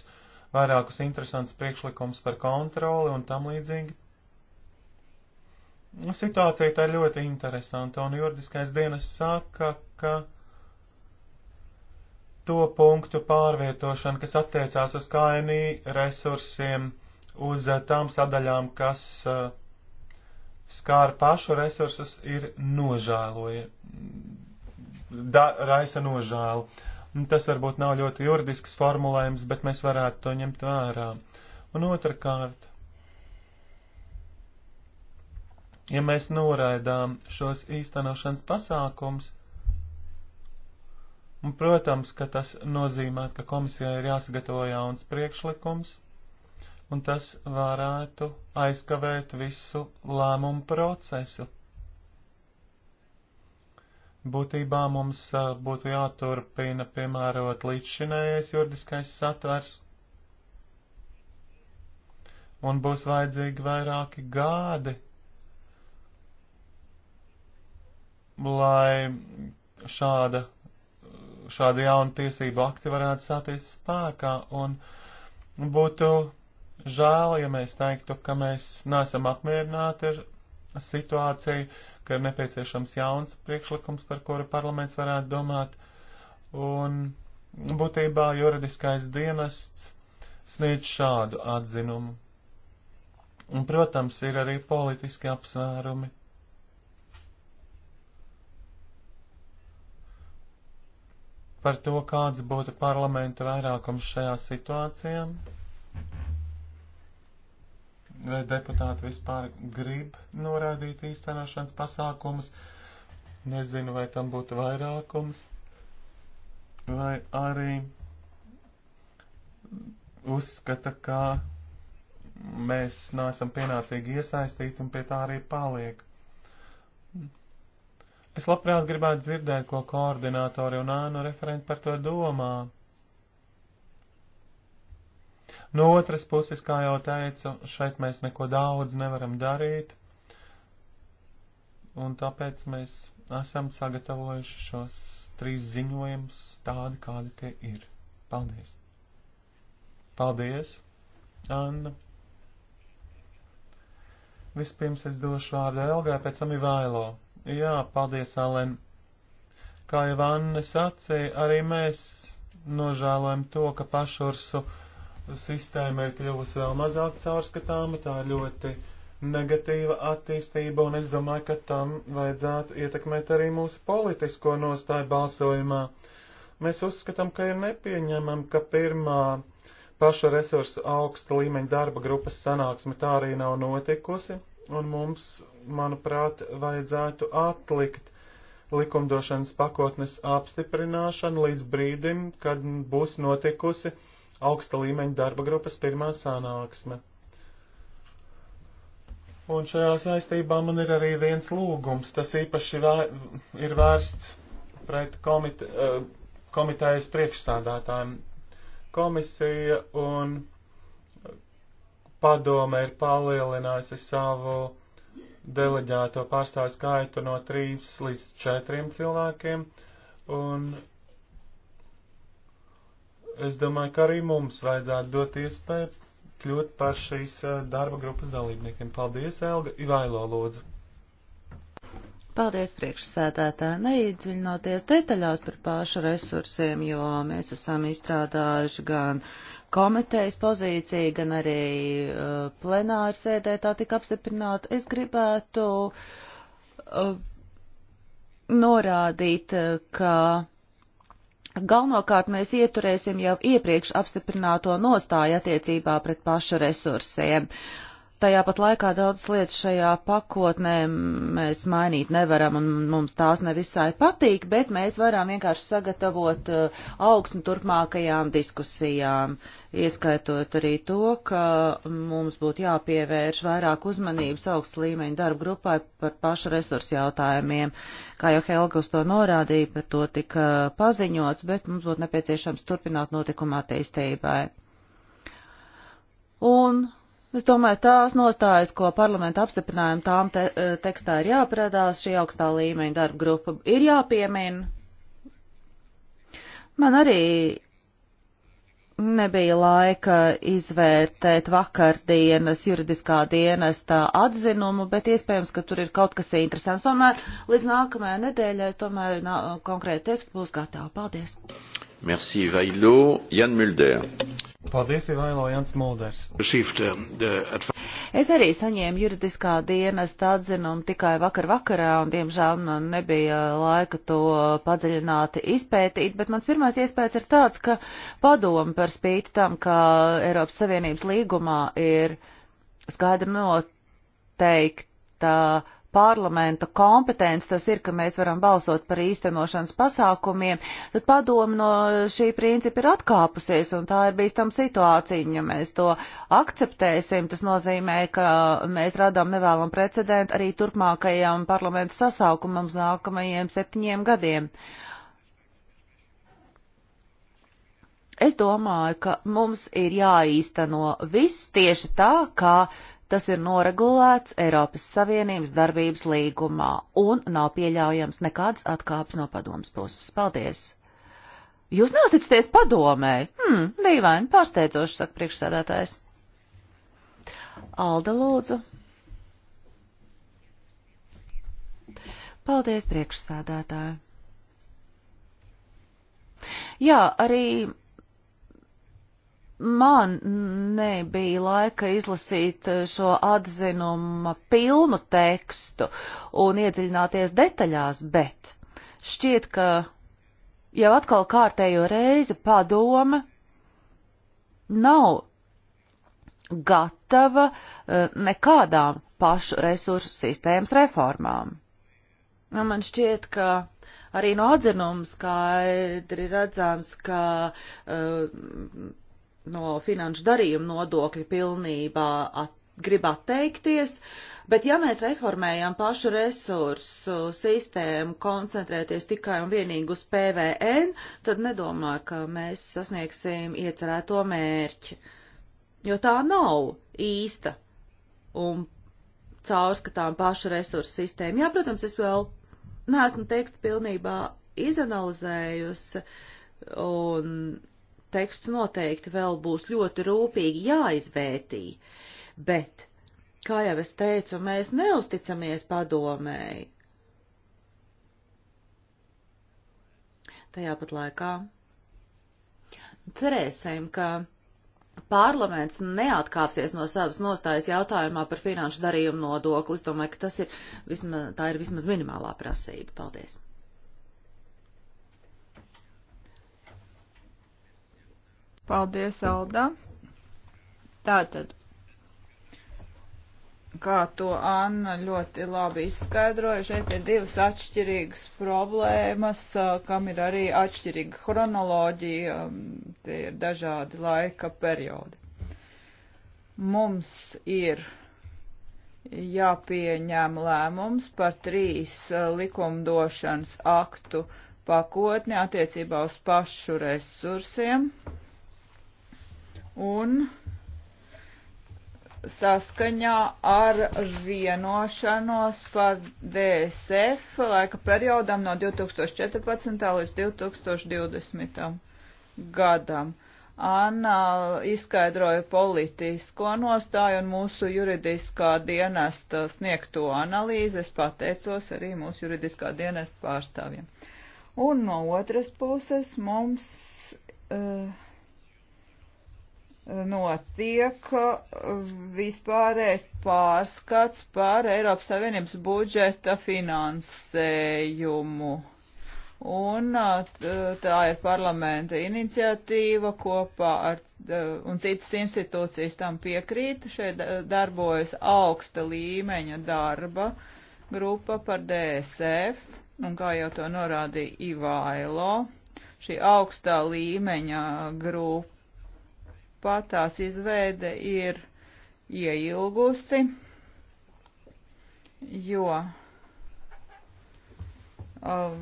vairākus interesants priekšlikums par kontroli un tam līdzīgi. Situācija tā ir ļoti interesanta, un juridiskais dienas saka, ka to punktu pārvietošanu, kas attiecās uz kaimī resursiem, uz eh, tām sadaļām, kas uh, skār pašu resursus, ir nožēloja, da, raisa nožēlu. Tas varbūt nav ļoti juridisks formulējums, bet mēs varētu to ņemt vērā. Un otrkārt, ja mēs noraidām šos īstenošanas pasākums, Un, protams, ka tas nozīmē, ka komisijai ir jāsagatavo jauns priekšlikums, un tas varētu aizkavēt visu lēmumu procesu. Būtībā mums būtu jāturpina piemērot līdzšinējais juridiskais satvers, un būs vajadzīgi vairāki gadi, lai šāda šādi jauni tiesību akti varētu stāties spēkā, un būtu žēl, ja mēs teiktu, ka mēs neesam apmierināti ar situāciju, ka ir nepieciešams jauns priekšlikums, par kuru parlaments varētu domāt, un būtībā juridiskais dienests sniedz šādu atzinumu. Un, protams, ir arī politiski apsvērumi. par to, kāds būtu parlamenta vairākums šajā situācijā? Vai deputāti vispār grib norādīt īstenošanas pasākumus? Nezinu, vai tam būtu vairākums. Vai arī uzskata, ka mēs neesam pienācīgi iesaistīti un pie tā arī paliek. Es labprāt gribētu dzirdēt, ko koordinātori un ānu referenti par to domā. No otras puses, kā jau teicu, šeit mēs neko daudz nevaram darīt, un tāpēc mēs esam sagatavojuši šos trīs ziņojumus tādi, kādi tie ir. Paldies! Paldies, Anna! Vispirms es došu vārdu Elgai, pēc tam Ivailo. Jā, paldies, Alen. Kā jau Anne sacīja, arī mēs nožēlojam to, ka pašursu sistēma ir kļuvusi vēl mazāk caurskatāma, tā ir ļoti negatīva attīstība, un es domāju, ka tam vajadzētu ietekmēt arī mūsu politisko nostāju balsojumā. Mēs uzskatām, ka ir nepieņemam, ka pirmā paša resursu augsta līmeņa darba grupas sanāksme tā arī nav notikusi un mums, manuprāt, vajadzētu atlikt likumdošanas pakotnes apstiprināšanu līdz brīdim, kad būs notikusi augsta līmeņa darba grupas pirmā sanāksme. Un šajā saistībā man ir arī viens lūgums, tas īpaši vēr, ir vērsts pret komite, eh, komitejas priekšsādātājiem. Komisija un padome ir palielinājusi savu deleģēto pārstāvu skaitu no 3 līdz 4 cilvēkiem, un es domāju, ka arī mums vajadzētu dot iespēju kļūt par šīs eh, darba grupas dalībniekiem. Paldies, Elga Ivailo lūdzu. Paldies, priekšsēdētāji. Neiedziļinoties detaļās par pašu resursiem, jo mēs esam izstrādājuši gan komitejas pozīcija, gan arī uh, plenāra sēdē tā tika apstiprināta. Es gribētu uh, norādīt, uh, ka galvenokārt mēs ieturēsim jau iepriekš apstiprināto nostāju attiecībā pret pašu resursiem. Uh, Tajā pat laikā daudzas lietas šajā pakotnē mēs mainīt nevaram un mums tās nevisai patīk, bet mēs varam vienkārši sagatavot uh, augsni turpmākajām diskusijām, ieskaitot arī to, ka mums būtu jāpievērš vairāk uzmanības augsts līmeņa darba grupai par pašu resursu jautājumiem. Kā jau Helgus to norādīja, par to tika paziņots, bet mums būtu nepieciešams turpināt notikuma attīstībai. Un Es domāju, tās nostājas, ko parlamenta apstiprinājumu tām te, e, tekstā ir jāparādās, šī augstā līmeņa darba grupa ir jāpiemina. Man arī nebija laika izvērtēt vakardienas juridiskā dienesta atzinumu, bet iespējams, ka tur ir kaut kas interesants. Tomēr līdz nākamajai nedēļai es tomēr nā, konkrēti tekstu būs gatava. Paldies! Merci, Vailo. Jan Mulder. Paldies, Ivailo Jans Mulders. Uh, es arī saņēmu juridiskā dienesta atzinumu tikai vakar vakarā, un diemžēl man nu, nebija laika to padziļināti izpētīt, bet mans pirmais iespējas ir tāds, ka padomu par spīti tam, ka Eiropas Savienības līgumā ir skaidri noteikta parlamenta kompetence tas ir, ka mēs varam balsot par īstenošanas pasākumiem, tad padomu no šī principa ir atkāpusies, un tā ir bīstama situācija. Ja mēs to akceptēsim, tas nozīmē, ka mēs radām nevēlam precedentu arī turpmākajam parlamenta sasaukumam uz nākamajiem septiņiem gadiem. Es domāju, ka mums ir jāīsteno viss tieši tā, kā uh, Tas ir noregulēts Eiropas Savienības darbības līgumā un nav pieļaujams nekāds atkāps no padomas puses. Paldies! Jūs neusticaties padomēji? Hmm, dīvaini, pārsteidzoši, saka priekšsēdētājs. Alda lūdzu. Paldies, priekšsēdētāji. Jā, arī man nebija laika izlasīt eh, šo atzinuma pilnu tekstu un iedziļināties detaļās, bet šķiet, ka jau atkal kārtējo reizi padome nav gatava eh, nekādām pašu resursu sistēmas reformām. Un nu, man šķiet, ka arī no atzinuma skaidri redzams, ka uh, no finanšu darījuma nodokļa pilnībā at, grib atteikties, bet ja mēs reformējam pašu resursu sistēmu, koncentrēties tikai un vienīgi uz PVN, tad nedomāju, ka mēs sasniegsim iecerēto mērķi, jo tā nav īsta un caurskatām pašu resursu sistēmu. Jā, protams, es vēl neesmu tekstu pilnībā izanalizējusi un teksts noteikti vēl būs ļoti rūpīgi jāizvērtī, bet, kā jau es teicu, mēs neusticamies padomēji. Tajā pat laikā cerēsim, ka parlaments neatkāpsies no savas nostājas jautājumā par finanšu darījumu nodokli. Es domāju, ka tas ir vismaz, tā ir vismaz minimālā prasība. Paldies! Paldies, Alda. Tātad, kā to Anna ļoti labi izskaidroja, šeit ir divas atšķirīgas problēmas, kam ir arī atšķirīga chronoloģija, tie ir dažādi laika periodi. Mums ir jāpieņem lēmums par trīs likumdošanas aktu pakotni attiecībā uz pašu resursiem un saskaņā ar vienošanos par DSF laika periodam no 2014. līdz 2020. gadam. Anna izskaidroja politisko nostāju un mūsu juridiskā dienesta sniegto analīzi. Es pateicos arī mūsu juridiskā dienesta pārstāvjiem. Un no otras puses mums. Uh, notiek vispārējais pārskats par Eiropas Savienības budžeta finansējumu. Un tā ir parlamenta iniciatīva kopā ar, un citas institūcijas tam piekrīt. Šeit darbojas augsta līmeņa darba grupa par DSF, un kā jau to norādīja Ivailo, šī augstā līmeņa grupa pat tās izveide ir ieilgusi, jo um,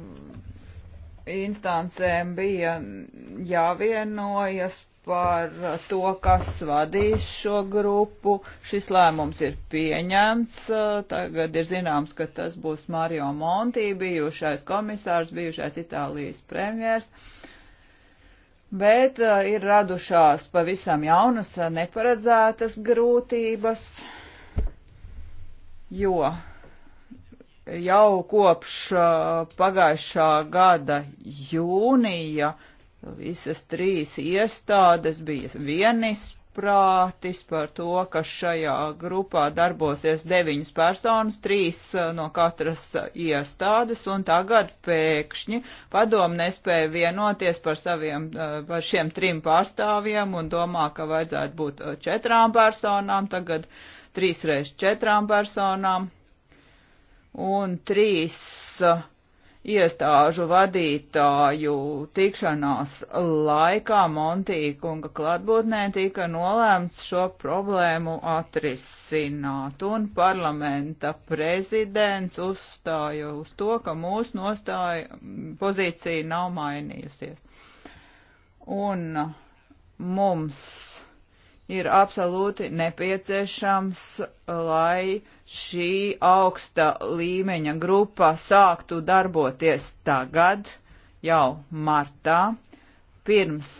instancēm bija jāvienojas par to, kas vadīs šo grupu. Šis lēmums ir pieņemts. Tagad ir zināms, ka tas būs Mario Monti, bijušais komisārs, bijušais Itālijas premjers. Uh, bet uh, ir radušās pavisam jaunas uh, neparedzētas grūtības, jo jau kopš uh, pagājušā gada jūnija visas trīs iestādes bija vienis prātis par to, ka šajā grupā darbosies deviņas personas, trīs uh, no katras uh, iestādes, un tagad pēkšņi padomu nespēja vienoties par, saviem, uh, par šiem trim pārstāvjiem un domā, ka vajadzētu būt četrām personām, tagad trīsreiz četrām personām un trīs uh, iestāžu vadītāju tikšanās laikā Montīkunga klātbūtnē tika nolēmts šo problēmu atrisināt, un parlamenta prezidents uzstāja uz to, ka mūsu nostāja pozīcija nav mainījusies. Un mums ir absolūti nepieciešams, lai šī augsta līmeņa grupa sāktu darboties tagad, jau martā, pirms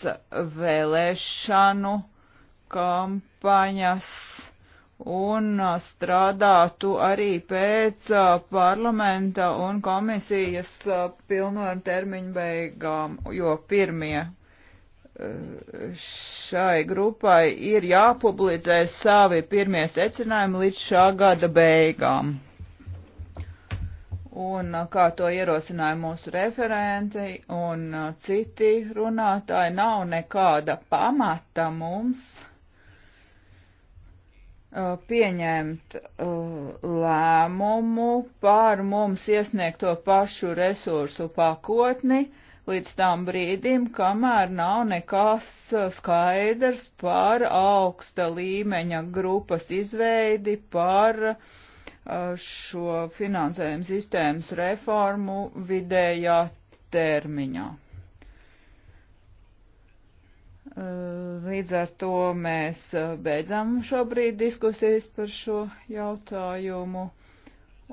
vēlēšanu kampaņas un strādātu arī pēc parlamenta un komisijas pilnvaru termiņu beigām, jo pirmie šai grupai ir jāpublicē savi pirmie secinājumi līdz šā gada beigām. Un kā to ierosināja mūsu referenti un citi runātāji, nav nekāda pamata mums pieņemt lēmumu par mums iesniegto pašu resursu pakotni, uh, līdz tam brīdim, kamēr nav nekas uh, skaidrs par augsta līmeņa grupas izveidi, par uh, šo finansējumu sistēmas reformu vidējā termiņā. Uh, līdz ar to mēs beidzam šobrīd diskusijas par šo jautājumu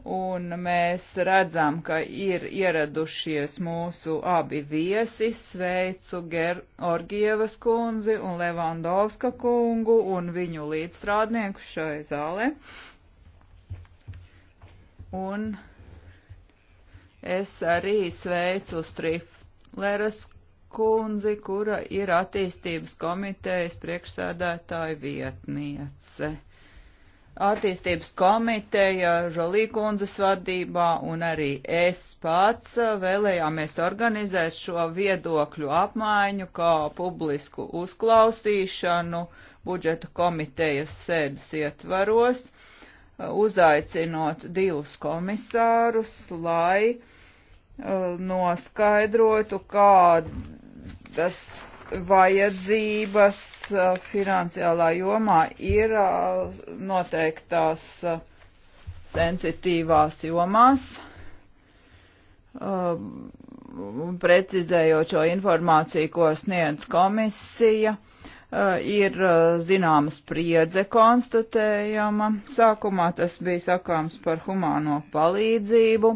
un mēs redzam, ka ir ieradušies mūsu abi viesi, sveicu Georgievas kundzi un Levandovska kungu un viņu līdzstrādnieku šai zālē. Un es arī sveicu Strifleras kundzi, kura ir attīstības komitejas priekšsēdētāja vietniece attīstības komiteja Žolīkundzes vadībā un arī es pats uh, vēlējāmies organizēt šo viedokļu apmaiņu kā publisku uzklausīšanu budžeta komitejas sēdes ietvaros, uh, uzaicinot divus komisārus, lai uh, noskaidrotu, kā tas vajadzības uh, finansiālā jomā ir uh, noteiktās uh, sensitīvās jomās, um, precizējot šo informāciju, ko sniedz komisija ir zināma spriedze konstatējama. Sākumā tas bija sakāms par humāno palīdzību,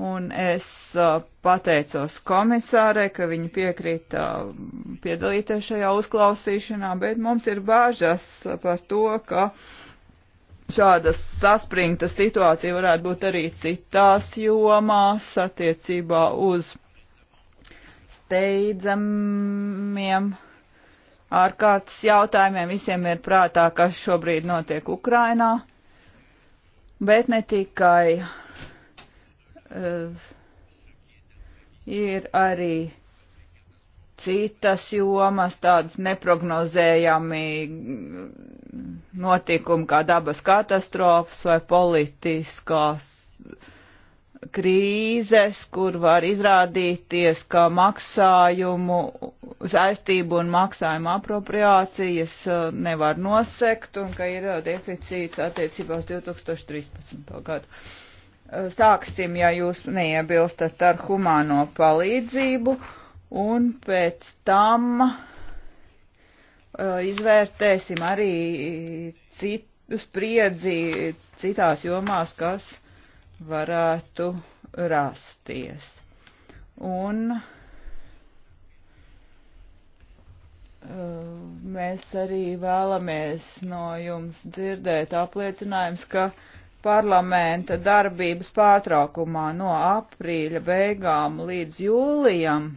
Un es uh, pateicos komisārai, ka viņa piekrita uh, piedalīties šajā uzklausīšanā, bet mums ir bāžas par to, ka šāda saspringta situācija varētu būt arī citās jomās attiecībā uz steidzamiem ārkārtas jautājumiem. Visiem ir prātā, kas šobrīd notiek Ukrainā, bet ne tikai Eh, ir arī citas jomas, tādas neprognozējami notikumi kā dabas katastrofas vai politiskās krīzes, kur var izrādīties, ka maksājumu saistību un maksājumu apropriācijas eh, nevar nosekt un ka ir eh, deficīts attiecībā uz 2013. gadu. Sāksim, ja jūs neiebilstat ar humāno palīdzību, un pēc tam uh, izvērtēsim arī citu spriedzi citās jomās, kas varētu rasties. Un uh, mēs arī vēlamies no jums dzirdēt apliecinājums, ka parlamenta darbības pārtraukumā no aprīļa beigām līdz jūlijam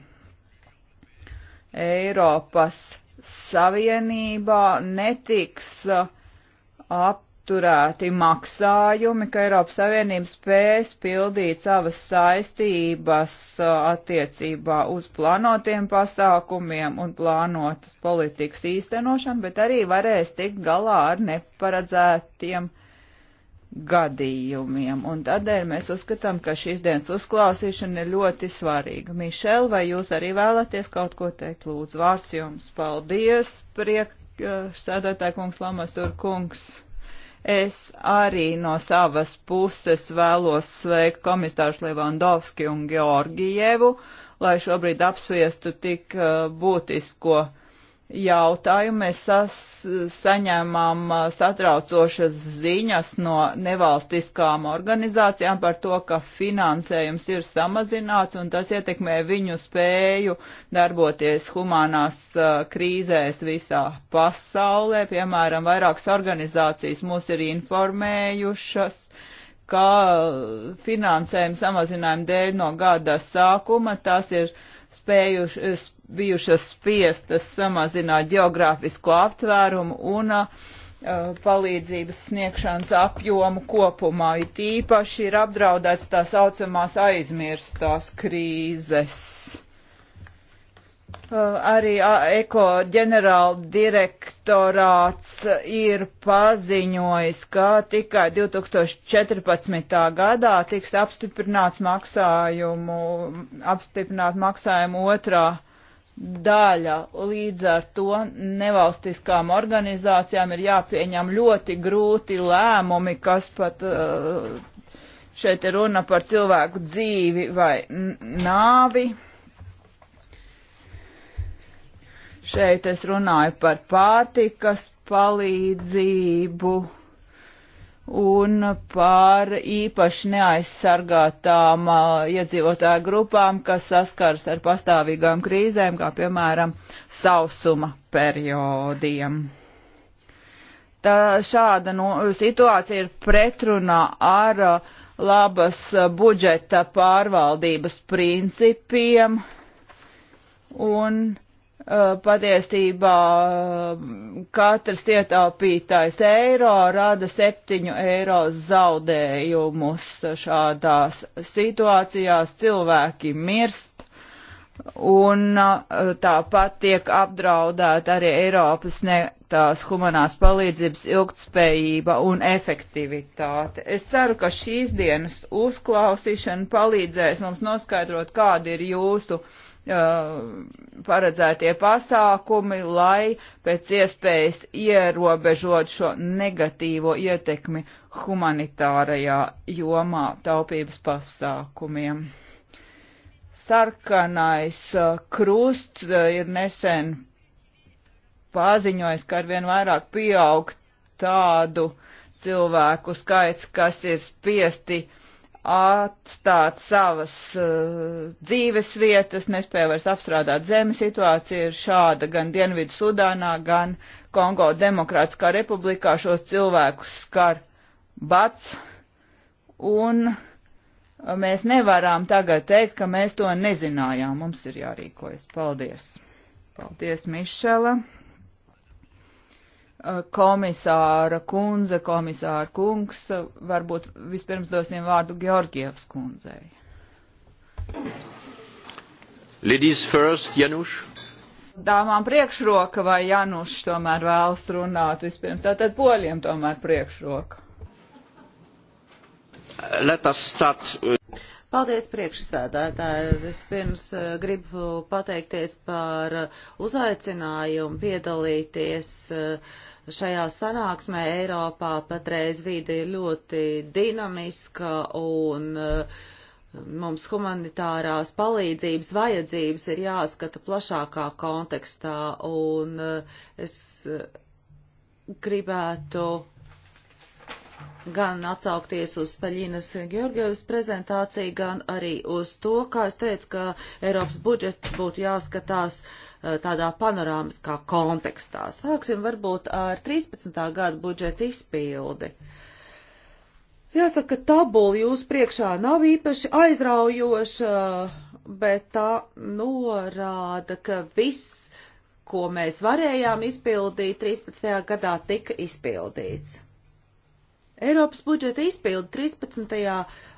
Eiropas Savienībā netiks uh, apturēti maksājumi, ka Eiropas Savienība spēs pildīt savas saistības uh, attiecībā uz plānotiem pasākumiem un plānotas politikas īstenošanu, bet arī varēs tikt galā ar neparedzētiem maksājumiem gadījumiem. Un tādēļ mēs uzskatām, ka šīs dienas uzklausīšana ir ļoti svarīga. Mišel, vai jūs arī vēlaties kaut ko teikt? Lūdzu, vārds jums. Paldies, priekšsēdētāji kungs, Lamastur kungs. Es arī no savas puses vēlos sveikt komisārus Levandovski un Georgievu, lai šobrīd apsviestu tik eh, būtisko jautājumu. Mēs sas, saņēmām satraucošas ziņas no nevalstiskām organizācijām par to, ka finansējums ir samazināts un tas ietekmē viņu spēju darboties humanās krīzēs visā pasaulē. Piemēram, vairākas organizācijas mūs ir informējušas ka finansējuma samazinājuma dēļ no gada sākuma tas ir uh, spējušas, eh, bijušas spiestas samazināt geogrāfisko aptvērumu un uh, palīdzības sniegšanas apjomu kopumā. It īpaši ir apdraudēts tā saucamās aizmirstās krīzes Arī eko ģenerāla direktorāts ir paziņojis, ka tikai 2014. gadā tiks apstiprināts maksājumu, apstiprināt maksājumu otrā daļa. Līdz ar to nevalstiskām organizācijām ir jāpieņem ļoti grūti lēmumi, kas pat šeit ir runa par cilvēku dzīvi vai nāvi. Šeit es runāju par pārtikas palīdzību un par īpaši neaizsargātām uh, iedzīvotāju grupām, kas saskars ar pastāvīgām krīzēm, kā piemēram sausuma periodiem. Tā šāda no, nu, situācija ir pretrunā ar uh, labas budžeta pārvaldības principiem un uh, Eh, patiesībā eh, katrs ietaupītais eiro rada 7 eiro zaudējumus šādās situācijās. Cilvēki mirst un eh, tāpat tiek apdraudēta arī Eiropas sniegtās humanās palīdzības ilgtspējība un efektivitāte. Es ceru, ka šīs dienas uzklausīšana palīdzēs mums noskaidrot, kāda ir jūsu paredzētie pasākumi, lai pēc iespējas ierobežot šo negatīvo ietekmi humanitārajā jomā taupības pasākumiem. Sarkanais krusts ir nesen paziņojis, ka arvien vairāk pieaug tādu cilvēku skaits, kas ir spiesti uh, atstāt savas uh, dzīves vietas, nespēja vairs apstrādāt zemi. Situācija ir šāda gan Dienvidu Sudānā, gan Kongo Demokrātiskā republikā. Šos cilvēkus skar bats, un mēs nevaram tagad teikt, ka mēs to nezinājām. Mums ir jārīkojas. Paldies! Paldies, Mišela! Eh, komisāra kundze, komisāra kungs, varbūt vispirms dosim vārdu Georgievs kundzei. Ladies first, Januš. Dāmām priekšroka vai Januš tomēr vēlas runāt vispirms? Tātad poļiem tomēr priekšroka. Let us start. Uh, Paldies priekšsēdētāji. Vispirms uh, gribu pateikties par uh, uzaicinājumu piedalīties uh, šajā sanāksmē Eiropā patreiz vīde ir ļoti dinamiska un uh, mums humanitārās palīdzības vajadzības ir jāskata plašākā kontekstā un uh, es uh, gribētu gan atsaukties uz Staļinas Georgievas prezentāciju, gan arī uz to, kā es teicu, ka Eiropas budžets būtu jāskatās uh, Eh, tādā panorāmiskā kontekstā. Sāksim varbūt ar 13. gada budžeta izpildi. Jāsaka, tabula jūs priekšā nav īpaši aizraujoša, bet tā norāda, ka viss, ko mēs varējām izpildīt 13. gadā, tika izpildīts. Eiropas budžeta izpildi 13.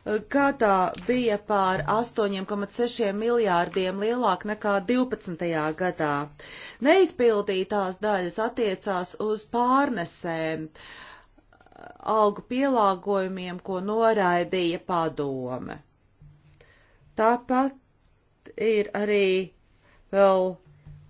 Eh, gadā bija pār 8,6 miljārdiem lielāk nekā 12. gadā. Neizpildītās daļas attiecās uz pārnesēm, eh, algu pielāgojumiem, ko noraidīja padome. Tāpat ir arī vēl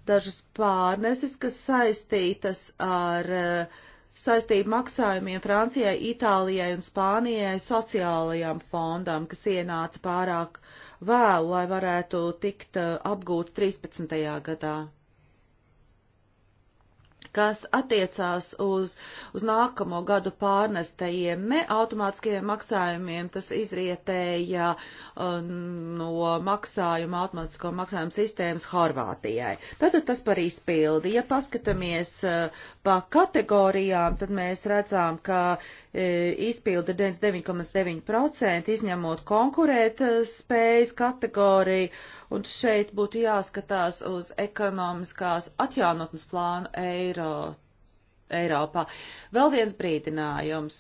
dažas pārneses, kas saistītas ar uh, saistību maksājumiem Francijai, Itālijai un Spānijai sociālajām fondam, kas ienāca pārāk vēlu, lai varētu tikt eh, apgūts 13. gadā kas attiecās uz, uz nākamo gadu pārnestajiem neautomātiskajiem maksājumiem. Tas izrietēja um, no maksājuma, automātisko maksājumu sistēmas Horvātijai. Tātad tas par izpildi. Ja paskatāmies uh, pa kategorijām, tad mēs redzām, ka uh, izpilda 99,9% izņemot konkurēt uh, spējas kategoriju, un šeit būtu jāskatās uz ekonomiskās atjaunotnes plānu eiro Eiro, Eiropā. Vēl viens brīdinājums.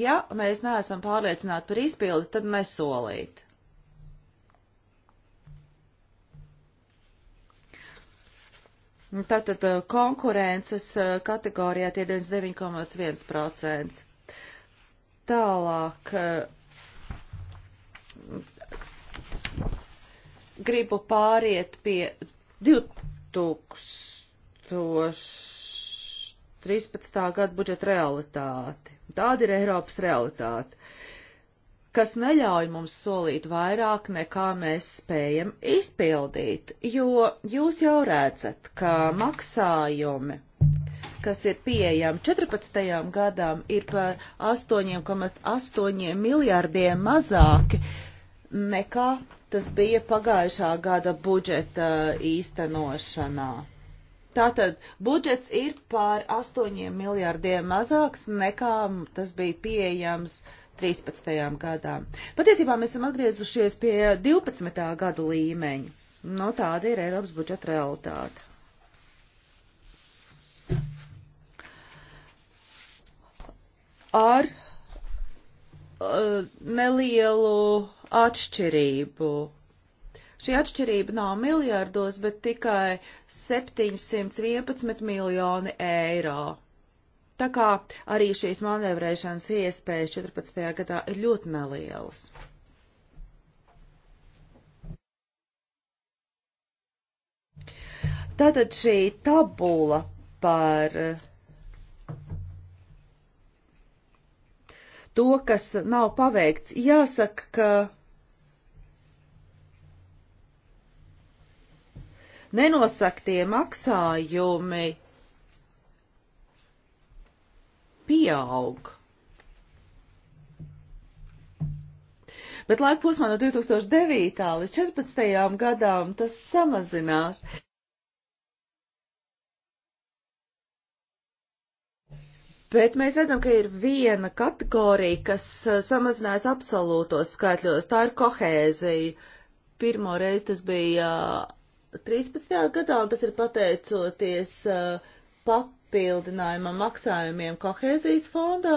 Ja mēs neesam pārliecināti par izpildi, tad nesolīt. Nu, tātad eh, konkurences eh, kategorijā tie 99,1%. Tālāk eh, gribu pāriet pie 2000. 2013. gada budžeta realitāti. Tāda ir Eiropas realitāte, kas neļauj mums solīt vairāk nekā mēs spējam izpildīt, jo jūs jau redzat, ka maksājumi kas ir pieejami 14. gadam, ir par 8,8 miljārdiem mazāki nekā tas bija pagājušā gada budžeta īstenošanā. Tātad budžets ir pār 8 miljārdiem mazāks nekā tas bija pieejams 13. gadā. Patiesībā mēs esam atgriezušies pie 12. gada līmeņa. No nu, tāda ir Eiropas budžeta realitāte. Ar uh, nelielu atšķirību Šī atšķirība nav miljardos, bet tikai 711 miljoni eiro. Tā kā arī šīs manevrēšanas iespējas 14. gadā ir ļoti nelielas. Tātad šī tabula par to, kas nav paveikts, jāsaka, ka nenosaktie maksājumi pieaug. Bet laika posmā no 2009. līdz 14. gadām tas samazinās. Bet mēs redzam, ka ir viena kategorija, kas eh, samazinās absolūtos skaitļos, tā ir kohēzija. Pirmo reizi tas bija 13. gadā, un tas ir pateicoties uh, papildinājuma maksājumiem kohēzijas fondā.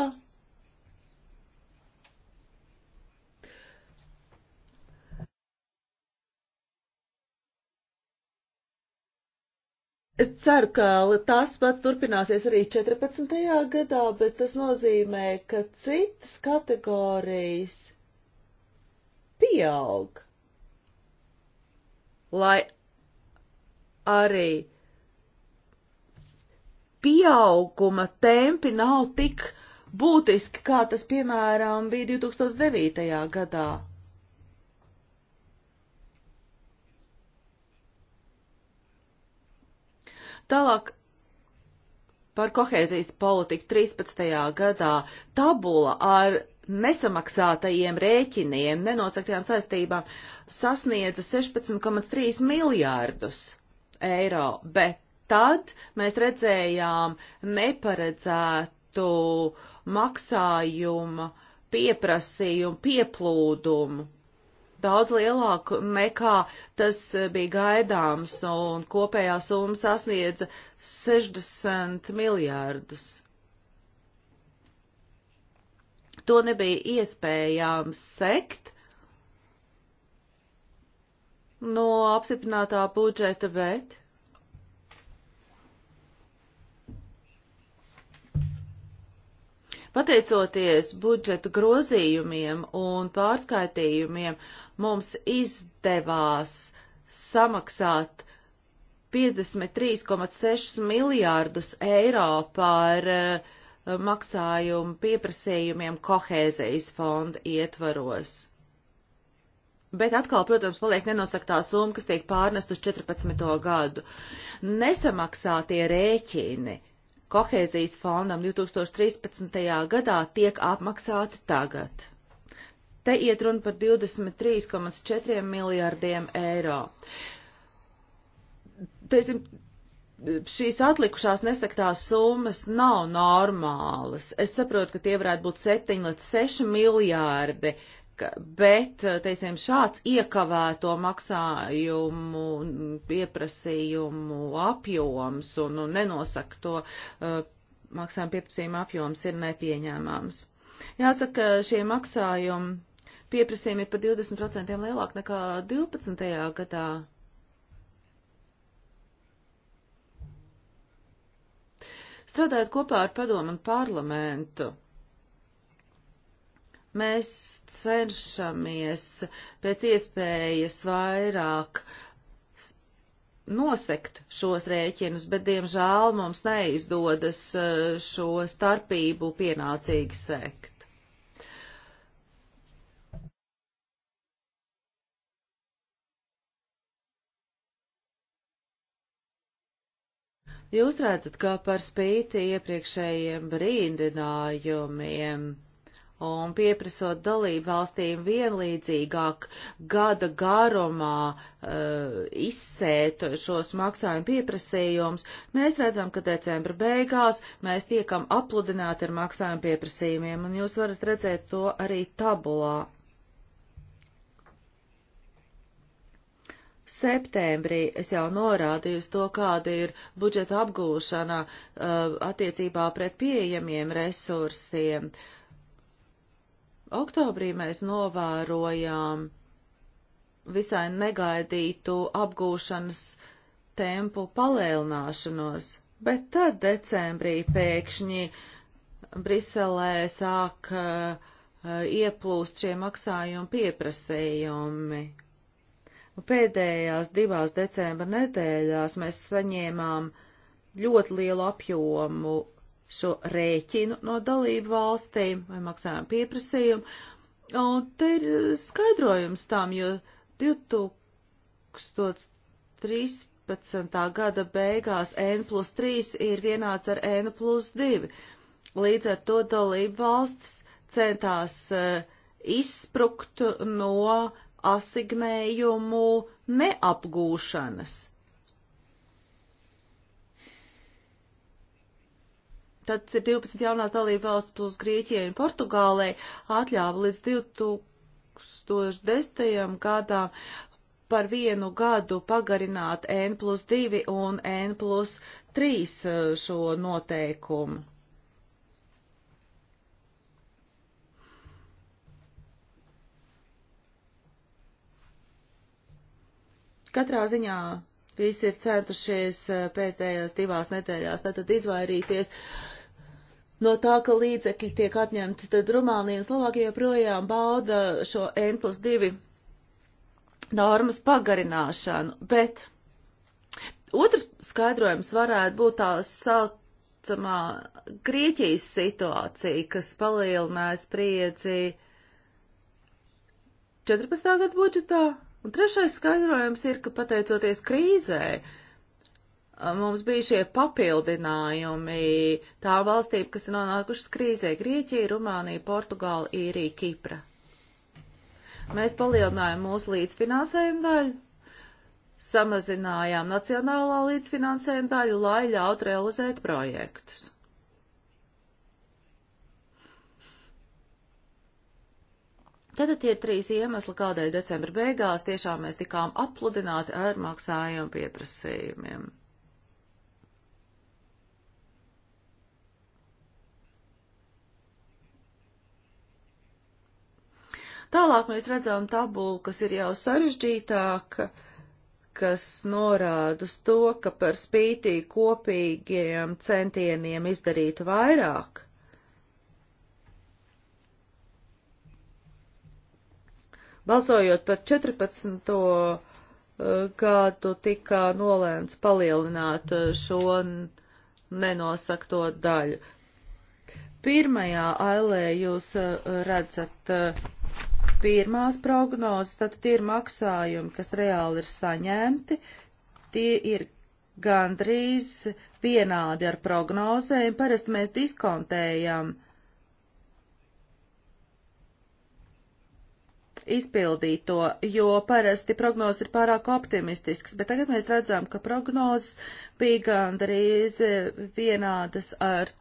Es ceru, ka tas pats turpināsies arī 14. gadā, bet tas nozīmē, ka citas kategorijas pieaug, lai arī pieauguma tempi nav tik būtiski, kā tas, piemēram, bija 2009. gadā. Tālāk par kohēzijas politiku 13. gadā tabula ar nesamaksātajiem rēķiniem, nenosaktajām saistībām sasniedza 16,3 miljārdus eiro, bet tad mēs redzējām neparedzētu maksājumu pieprasījumu pieplūdumu daudz lielāku nekā tas bija gaidāms, un kopējā summa sasniedza 60 miljārdus. To nebija iespējams sekt, no apsiprinātā budžeta, bet Pateicoties budžeta grozījumiem un pārskaitījumiem, mums izdevās samaksāt 53,6 miljārdus eiro par eh, maksājumu pieprasījumiem kohēzijas fonda ietvaros bet atkal, protams, paliek nenosaktā summa, kas tiek pārnest uz 14. gadu. Nesamaksātie rēķini kohēzijas fondam 2013. gadā tiek apmaksāti tagad. Te iet runa par 23,4 miljārdiem eiro. Teiksim, šīs atlikušās nesaktās summas nav normālas. Es saprotu, ka tie varētu būt 7 līdz 6 miljārdi uh, bet, eh, teiksim, šāds iekavēto maksājumu pieprasījumu apjoms un, un nenosaka to uh, maksājumu pieprasījumu apjoms ir nepieņēmāms. Jāsaka, šie maksājumi pieprasījumi ir par 20% lielāk nekā 12. gadā. Strādājot kopā ar padomu un parlamentu, Mēs cenšamies pēc iespējas vairāk nosekt šos rēķinus, bet diemžēl mums neizdodas eh, šo starpību pienācīgi sekt. Jūs redzat, ka par spīti iepriekšējiem brīdinājumiem un pieprasot dalību valstīm vienlīdzīgāk gada garumā uh, izsēt šos maksājumu pieprasījumus, mēs redzam, ka decembra beigās mēs tiekam apludināti ar maksājumu pieprasījumiem, un jūs varat redzēt to arī tabulā. Septembrī es jau norādīju to, kāda ir budžeta apgūšana uh, attiecībā pret pieejamiem resursiem. Uh, Oktobrī mēs novērojām visai negaidītu apgūšanas tempu palielināšanos, bet tad decembrī pēkšņi Briselē sāk uh, ieplūst šie maksājumi pieprasījumi. Pēdējās divās decembra nedēļās mēs saņēmām ļoti lielu apjomu šo rēķinu no dalību valstīm vai maksājumu pieprasījumu. Un te ir skaidrojums tam, jo 2013. gada beigās N plus 3 ir vienāds ar N plus 2. Līdz ar to dalību valstis centās uh, izsprukt no asignējumu neapgūšanas. tad ir 12 jaunās dalība valsts plus Grieķijai un Portugālei atļāva līdz 2010. gadām par vienu gadu pagarināt N plus 2 un N plus 3 e, šo noteikumu. Katrā ziņā visi ir centušies e, pēdējās divās nedēļās tātad izvairīties uh, no tā, ka līdzekļi tiek atņemti, tad Rumānija un Slovākija joprojām bauda šo N plus 2 normas pagarināšanu. Bet otrs skaidrojums varētu būt tā saucamā Grieķijas situācija, kas palielināja spriedzi 14. gadu budžetā. Un trešais skaidrojums ir, ka pateicoties krīzē, uh, mums bija šie papildinājumi tā valstīm, kas ir nonākušas krīzē - Grieķija, Rumānija, Portugāla, Īrija, Kipra. Mēs palielinājām mūsu līdzfinansējumu daļu, samazinājām nacionālā līdzfinansējuma daļu, lai ļautu realizēt projektus. Tad tie ir trīs iemesli, kādēļ decembra beigās tiešām mēs tikām apludināti ar maksājumu pieprasījumiem. Tālāk mēs redzam tabulu, kas ir jau sarežģītāka, kas norāda uz to, ka par spītī kopīgiem centieniem izdarīt vairāk. Balsojot par 14. Eh, gadu tika nolēmts palielināt eh, šo nenosakto daļu. Pirmajā ailē jūs eh, redzat Pirmās prognozes, tad tie ir maksājumi, kas reāli ir saņemti, tie ir gandrīz vienādi ar prognozēm, parasti mēs diskontējam izpildīto, jo parasti prognozes ir pārāk optimistiskas, bet tagad mēs redzam, ka prognozes bija gandrīz vienādas ar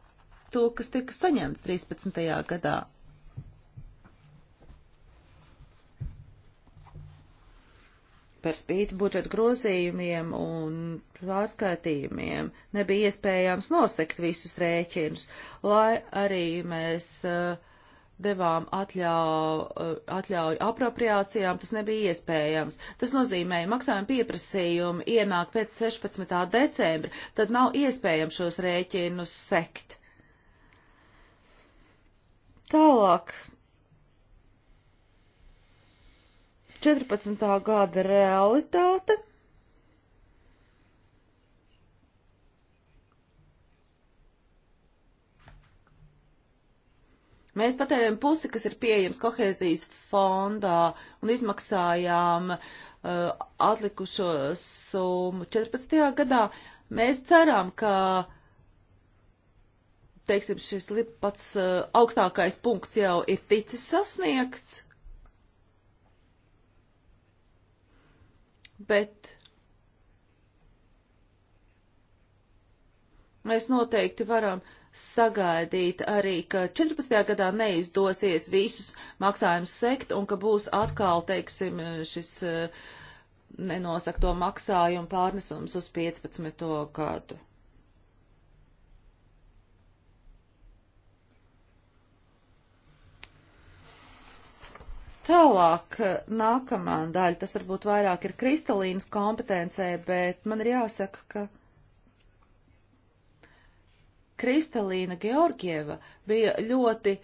to, kas tika saņemts 13. gadā. par spīti budžeta grozījumiem un pārskaitījumiem nebija iespējams nosekt visus rēķinus, lai arī mēs eh, devām atļauju, eh, atļauju apropriācijām, tas nebija iespējams. Tas nozīmē, maksājuma pieprasījumi ienāk pēc 16. decembra, tad nav iespējams šos rēķinus sekt. Tālāk 14. gada realitāte. Mēs patērējam pusi, kas ir pieejams kohēzijas fondā un izmaksājām uh, atlikušo summu 14. gadā. Mēs ceram, ka, teiksim, šis pats uh, augstākais punkts jau ir ticis sasniegts. bet mēs noteikti varam sagaidīt arī, ka 14. gadā neizdosies visus maksājumus sekt un ka būs atkal, teiksim, šis eh, nenosakto maksājumu pārnesums uz 15. gadu. Tālāk, eh, nākamā daļa, tas varbūt vairāk ir kristalīnas kompetencē, bet man ir jāsaka, ka Kristalīna Georgieva bija ļoti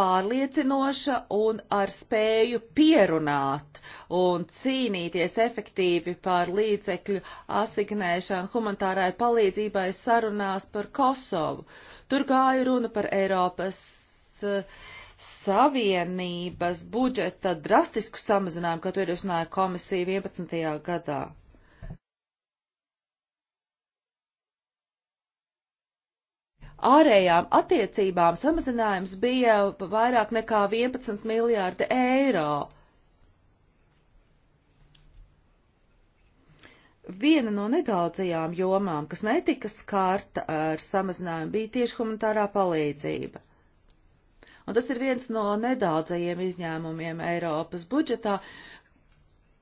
pārliecinoša un ar spēju pierunāt un cīnīties efektīvi par līdzekļu asignēšanu humanitārai palīdzībai sarunās par Kosovu. Tur gāja runa par Eiropas uh, Savienības budžeta drastisku samazinājumu, kā to ierosināja komisija 11. gadā. Ārējām attiecībām samazinājums bija vairāk nekā 11 miljārdi eiro. Viena no nedaudzajām jomām, kas netika skārta ar samazinājumu, bija tieši humanitārā palīdzība. Un tas ir viens no nedaudzajiem izņēmumiem Eiropas budžetā,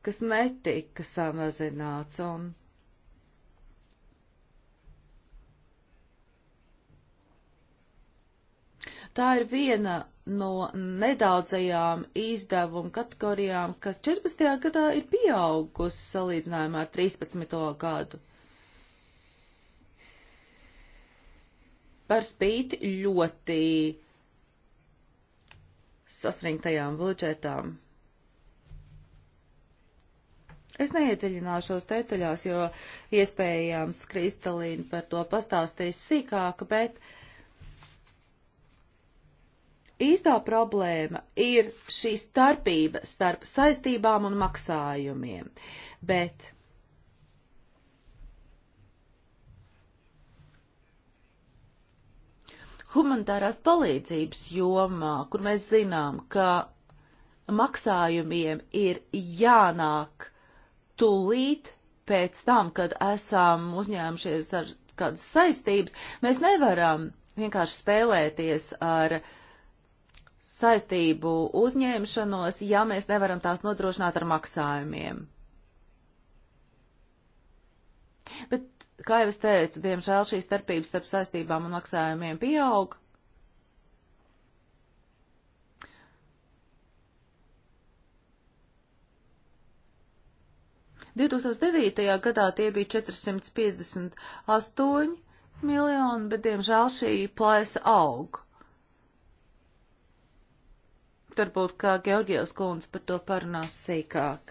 kas netika samazināts. Un Tā ir viena no nedaudzajām izdevumu kategorijām, kas 14. gadā ir pieaugusi salīdzinājumā ar 13. gadu. Par spīti ļoti sasriņtajām budžetām. Es neiedziļināšos detaļās, jo iespējams Kristalīna par to pastāstīs sīkāk, bet īstā problēma ir šī starpība starp saistībām un maksājumiem. Bet humanitārās palīdzības jomā, kur mēs zinām, ka maksājumiem ir jānāk tūlīt pēc tam, kad esam uzņēmušies ar kādas saistības, mēs nevaram vienkārši spēlēties ar saistību uzņēmšanos, ja mēs nevaram tās nodrošināt ar maksājumiem. Bet kā jau es teicu, diemžēl šī starpība starp saistībām un maksājumiem pieaug. Divtūkstošdeviņtajā gadā tie bija 458 miljoni, bet diemžēl šī plaisa aug. Varbūt kā Georgijos kundze par to parunās sīkāk.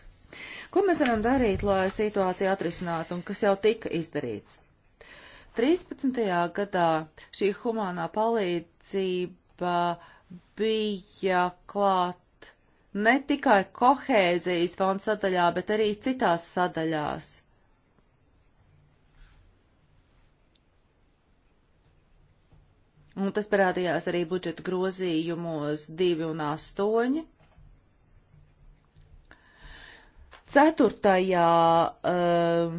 Ko mēs varam darīt, lai situāciju atrisinātu un kas jau tika izdarīts? 13. gadā šī humānā palīdzība bija klāt ne tikai kohēzijas fonda sadaļā, bet arī citās sadaļās. Un tas parādījās arī budžeta grozījumos 2 un 8. Ceturtajā um,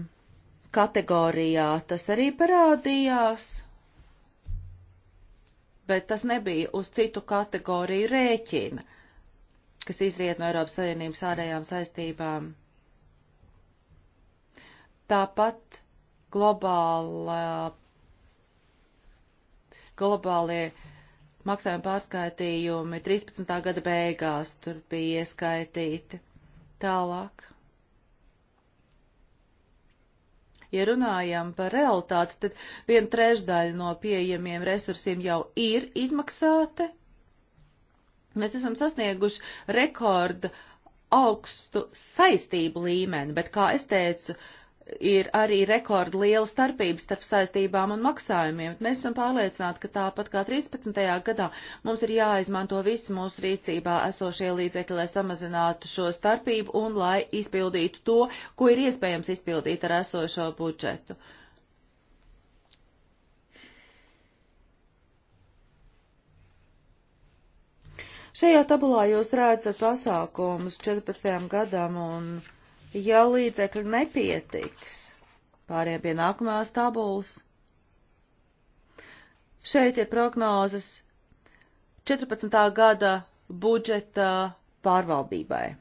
kategorijā tas arī parādījās, bet tas nebija uz citu kategoriju rēķina, kas izriet no Eiropas Savienības ārējām saistībām. Tāpat globālā, globālie maksājuma pārskaitījumi 13. gada beigās tur bija ieskaitīti. Tālāk. Ja runājam par realitāti, tad viena trešdaļa no pieejamiem resursiem jau ir izmaksāti. Mēs esam sasnieguši rekordu augstu saistību līmeni, bet, kā es teicu, uh, ir arī rekordliela starpība starp saistībām un maksājumiem. Mēs esam pārliecināti, ka tāpat kā 13. gadā mums ir jāizmanto visi mūsu rīcībā esošie līdzekļi, lai samazinātu šo starpību un lai izpildītu to, ko ir iespējams izpildīt ar esošo budžetu. Šajā tabulā jūs redzat pasākumus 14. gadam un ja līdzekļu nepietiks. Pāriem pie nākamās tabulas. Šeit ir prognozes 14. gada budžeta pārvaldībai.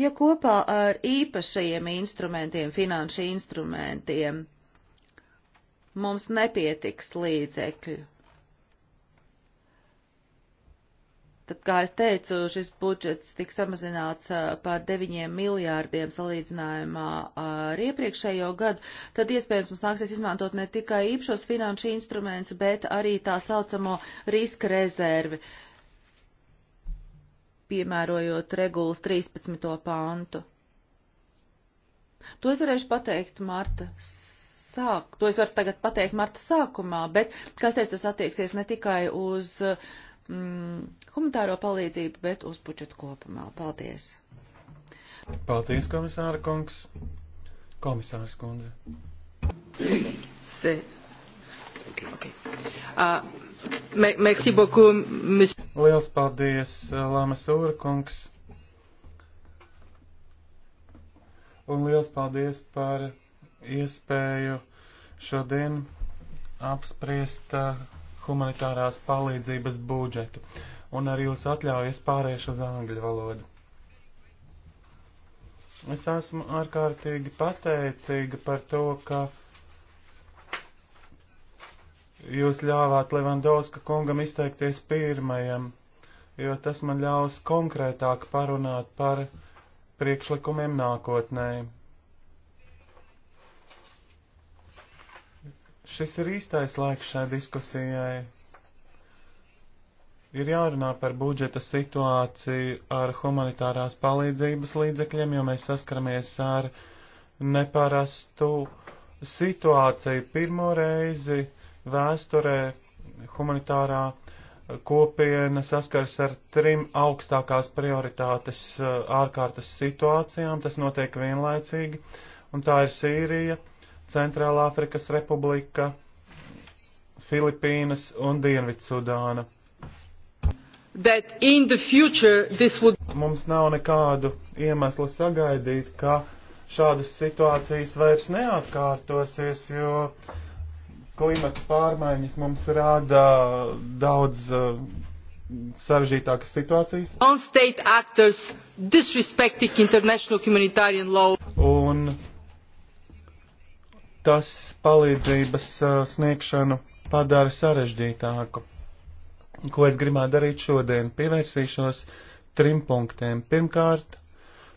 Ja kopā ar īpašajiem instrumentiem, finanšu instrumentiem, mums nepietiks līdzekļu, Tad, kā es teicu, šis budžets tika samazināts par 9 miljārdiem salīdzinājumā ar iepriekšējo gadu, tad iespējams mums nāksies izmantot ne tikai īpašos finanšu instrumentus, bet arī tā saucamo riska rezervi, piemērojot regulas 13. pantu. To es varēšu pateikt Marta sāk, to es varu tagad pateikt Marta sākumā, bet, kā es teicu, tas attieksies ne tikai uz uh, mm, humanitāro palīdzību, bet uz budžetu kopumā. Paldies! Paldies, komisāra kungs! Komisārs kundze! Se. Okay, okay. Uh, me, merci beaucoup, monsieur. Liels paldies, eh, Lama Sūra kungs! Un liels paldies par iespēju šodien apspriest uh, humanitārās palīdzības budžetu. Un ar jūsu atļauju es pāriešu uz angļu valodu. Es esmu ārkārtīgi pateicīga par to, ka jūs ļāvāt Levandovska kungam izteikties pirmajam, jo tas man ļaus konkrētāk parunāt par priekšlikumiem nākotnēji. Šis ir īstais laiks šai diskusijai. Ir jārunā par budžeta situāciju ar humanitārās palīdzības līdzekļiem, jo mēs saskaramies ar neparastu situāciju. Pirmo reizi vēsturē humanitārā kopiena saskars ar trim augstākās prioritātes ārkārtas situācijām. Tas notiek vienlaicīgi, un tā ir Sīrija. Centrālā Afrikas Republika, Filipīnas un Dienvidsudāna. Would... Mums nav nekādu iemeslu sagaidīt, ka šādas situācijas vairs neatkārtosies, jo klimata pārmaiņas mums rāda daudz uh, sarežģītākas situācijas. Un tas palīdzības uh, sniegšanu padara sarežģītāku. Ko es gribētu darīt šodien? Pievērsīšos trim punktiem. Pirmkārt,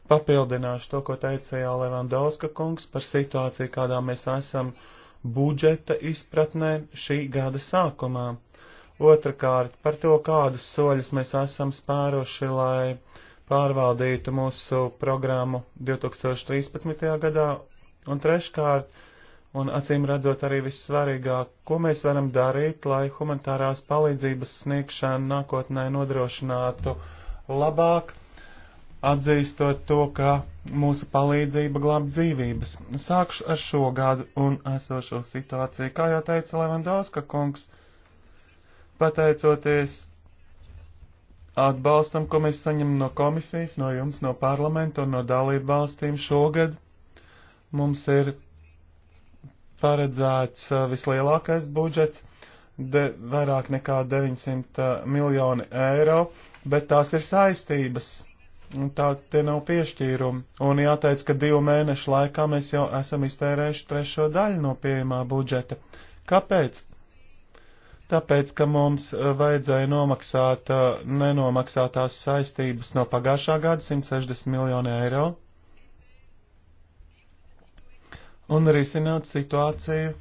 papildināšu to, ko teica jau Levandovska kungs par situāciju, kādā mēs esam budžeta izpratnē šī gada sākumā. Otrakārt, par to, kādas soļas mēs esam spēruši, lai pārvaldītu mūsu programmu 2013. gadā. Un treškārt, Un acīm redzot arī vissvarīgāk, ko mēs varam darīt, lai humanitārās palīdzības sniegšana nākotnē nodrošinātu labāk, atzīstot to, ka mūsu palīdzība glāb dzīvības. Sākšu ar šo gadu un esošo situāciju. Kā jau teica Levandovska kungs, pateicoties atbalstam, ko mēs saņemam no komisijas, no jums, no parlamenta un no dalību valstīm šogad, mums ir paredzēts uh, vislielākais budžets de, vairāk nekā 900 uh, miljoni eiro, bet tās ir saistības. Tā tie nav piešķīrumi. Un jāteic, ka divu mēnešu laikā mēs jau esam iztērējuši trešo daļu no pieejamā budžeta. Kāpēc? Tāpēc, ka mums uh, vajadzēja nomaksāt nenomaksātās saistības no pagājušā gada 160 miljonu eiro, un risināt situāciju,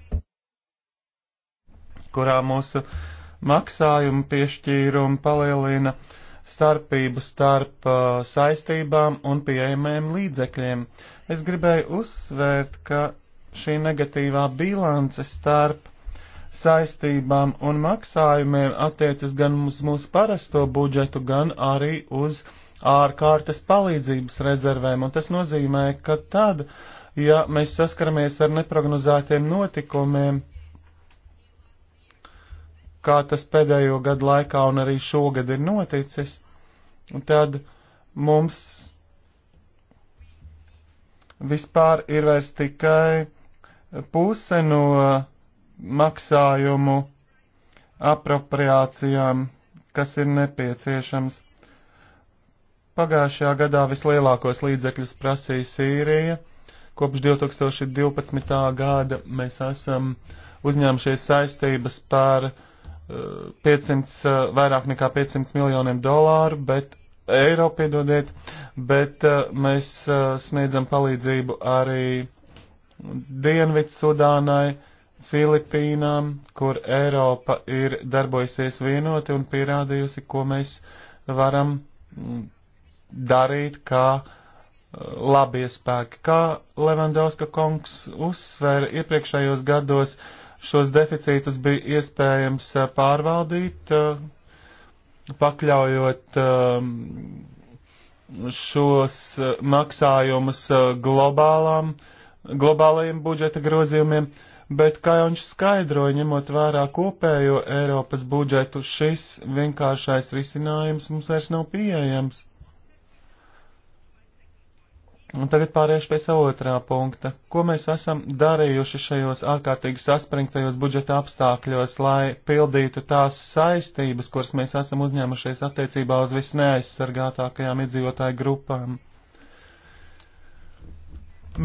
kurā mūsu maksājumu piešķīrumu palielina starpību starp uh, saistībām un pieejamiem līdzekļiem. Es gribēju uzsvērt, ka šī negatīvā bilance starp saistībām un maksājumiem attiecas gan uz mūsu parasto budžetu, gan arī uz ārkārtas palīdzības rezervēm, un tas nozīmē, ka tad, uh, ja mēs saskaramies ar neprognozētiem notikumiem, kā tas pēdējo gadu laikā un arī šogad ir noticis, tad mums vispār ir vairs tikai puse no maksājumu apropriācijām, kas ir nepieciešams. Pagājušajā gadā vislielākos līdzekļus prasīja Sīrija Kopš 2012. gada mēs esam uzņēmušies saistības par 500, eh, eh, vairāk nekā 500 miljoniem dolāru, bet eiro piedodiet, bet eh, mēs sniedzam palīdzību arī Dienvidu Sudānai, Filipīnām, kur Eiropa ir darbojusies vienoti un pierādījusi, ko mēs varam mm, darīt kā uh, labie spēki. Kā Levandovska kungs uzsvēra iepriekšējos gados, šos deficītus bija iespējams eh, pārvaldīt, eh, pakļaujot ehm, šos eh, maksājumus globālām, globālajiem budžeta grozījumiem, bet, kā jau viņš skaidroja, ņemot vērā kopējo Eiropas budžetu, šis vienkāršais risinājums mums vairs nav pieejams. Un tagad pāriešu pie savu otrā punkta. Ko mēs esam darījuši šajos ārkārtīgi saspringtajos budžeta apstākļos, lai pildītu tās saistības, kuras mēs esam uzņēmušies attiecībā uz visneaizsargātākajām iedzīvotāju grupām?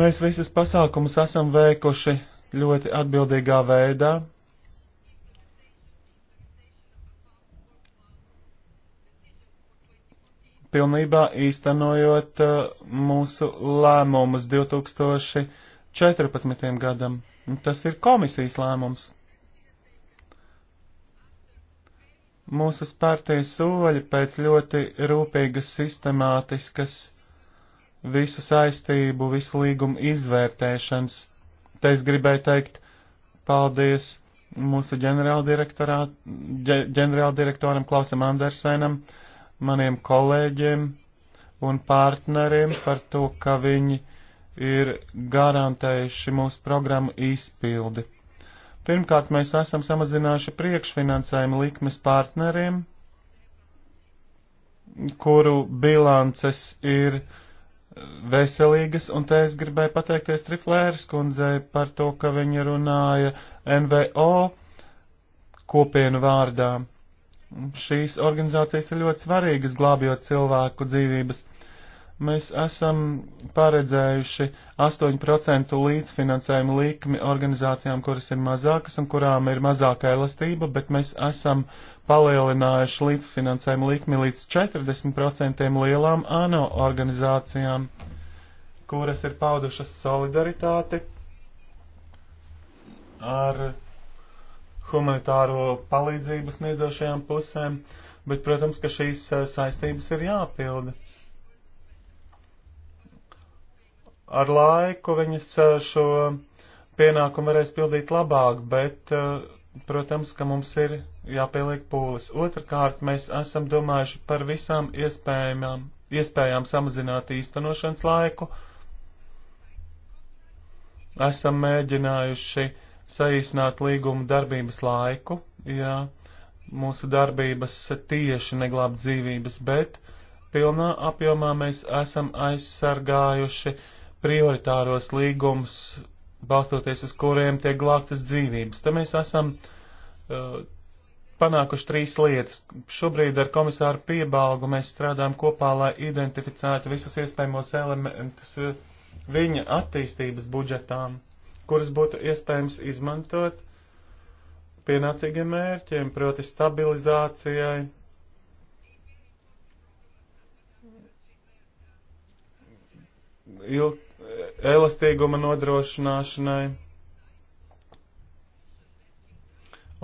Mēs visas pasākumus esam veikuši ļoti atbildīgā veidā, pilnībā īstenojot uh, mūsu lēmumus 2014. gadam. Tas ir komisijas lēmums. Mūsu spērtie soļi pēc ļoti rūpīgas sistemātiskas visu saistību, visu līgumu izvērtēšanas. Te es gribēju teikt paldies mūsu ģenerāldirektoram Klausam Andersenam, uh, maniem kolēģiem un partneriem par to, ka viņi ir garantējuši mūsu programmu izpildi. Pirmkārt, mēs esam samazinājuši priekšfinansējumu likmes partneriem, kuru bilances ir veselīgas, un te es gribēju pateikties Triflēras kundzei par to, ka viņa runāja NVO kopienu vārdām Šīs organizācijas ir ļoti svarīgas, glābjot cilvēku dzīvības. Mēs esam paredzējuši 8% līdzfinansējumu likmi organizācijām, kuras ir mazākas un kurām ir mazāka elastība, bet mēs esam palielinājuši līdzfinansējumu likmi līdz 40% lielām ANO organizācijām, kuras ir paudušas solidaritāti ar humanitāro palīdzību sniedzošajām pusēm, bet, protams, ka šīs eh, saistības ir jāpilda. Ar laiku viņas eh, šo pienākumu varēs pildīt labāk, bet, eh, protams, ka mums ir jāpieliek pūles. Otrakārt, mēs esam domājuši par visām iespējām, iespējām samazināt īstenošanas laiku. Esam mēģinājuši uh, saīsināt līguma darbības laiku, ja mūsu darbības tieši neglāb dzīvības, bet pilnā apjomā mēs esam aizsargājuši prioritāros līgumus, balstoties uz kuriem tiek glābtas dzīvības. Te mēs esam uh, panākuši trīs lietas. Šobrīd ar komisāru piebalgu mēs strādājam kopā, lai identificētu visus iespējamos elementus viņa attīstības budžetām kuras būtu iespējams izmantot pienācīgiem mērķiem, proti stabilizācijai, il, elastīguma nodrošināšanai.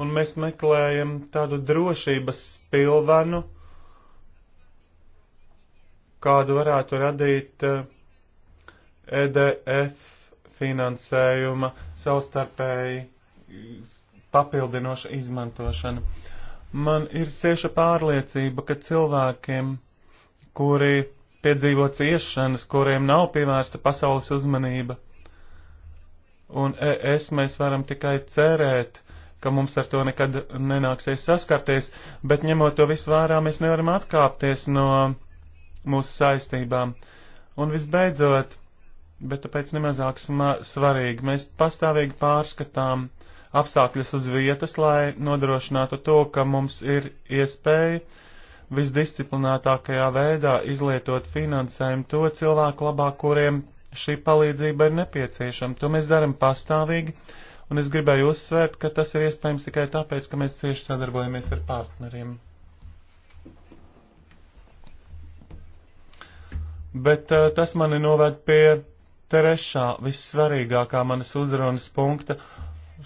Un mēs meklējam tādu drošības pilvenu, kādu varētu radīt EDF eh, e finansējuma savstarpēji papildinoša izmantošana. Man ir cieša pārliecība, ka cilvēkiem, kuri piedzīvo ciešanas, kuriem nav pievērsta pasaules uzmanība, un e, es mēs varam tikai cerēt, ka mums ar to nekad nenāksies saskarties, bet ņemot to visu vērā, mēs nevaram atkāpties no mūsu saistībām. Un visbeidzot, bet tāpēc nemazāk svarīgi. Mēs pastāvīgi pārskatām apstākļus uz vietas, lai nodrošinātu to, ka mums ir iespēja visdisciplinētākajā veidā izlietot finansējumu to cilvēku labā, kuriem šī palīdzība ir nepieciešama. To mēs darām pastāvīgi, un es gribēju uzsvērt, ka tas ir iespējams tikai tāpēc, ka mēs cieši sadarbojamies ar partneriem. Bet uh, tas mani noved pie trešā vissvarīgākā manas uzrunas punkta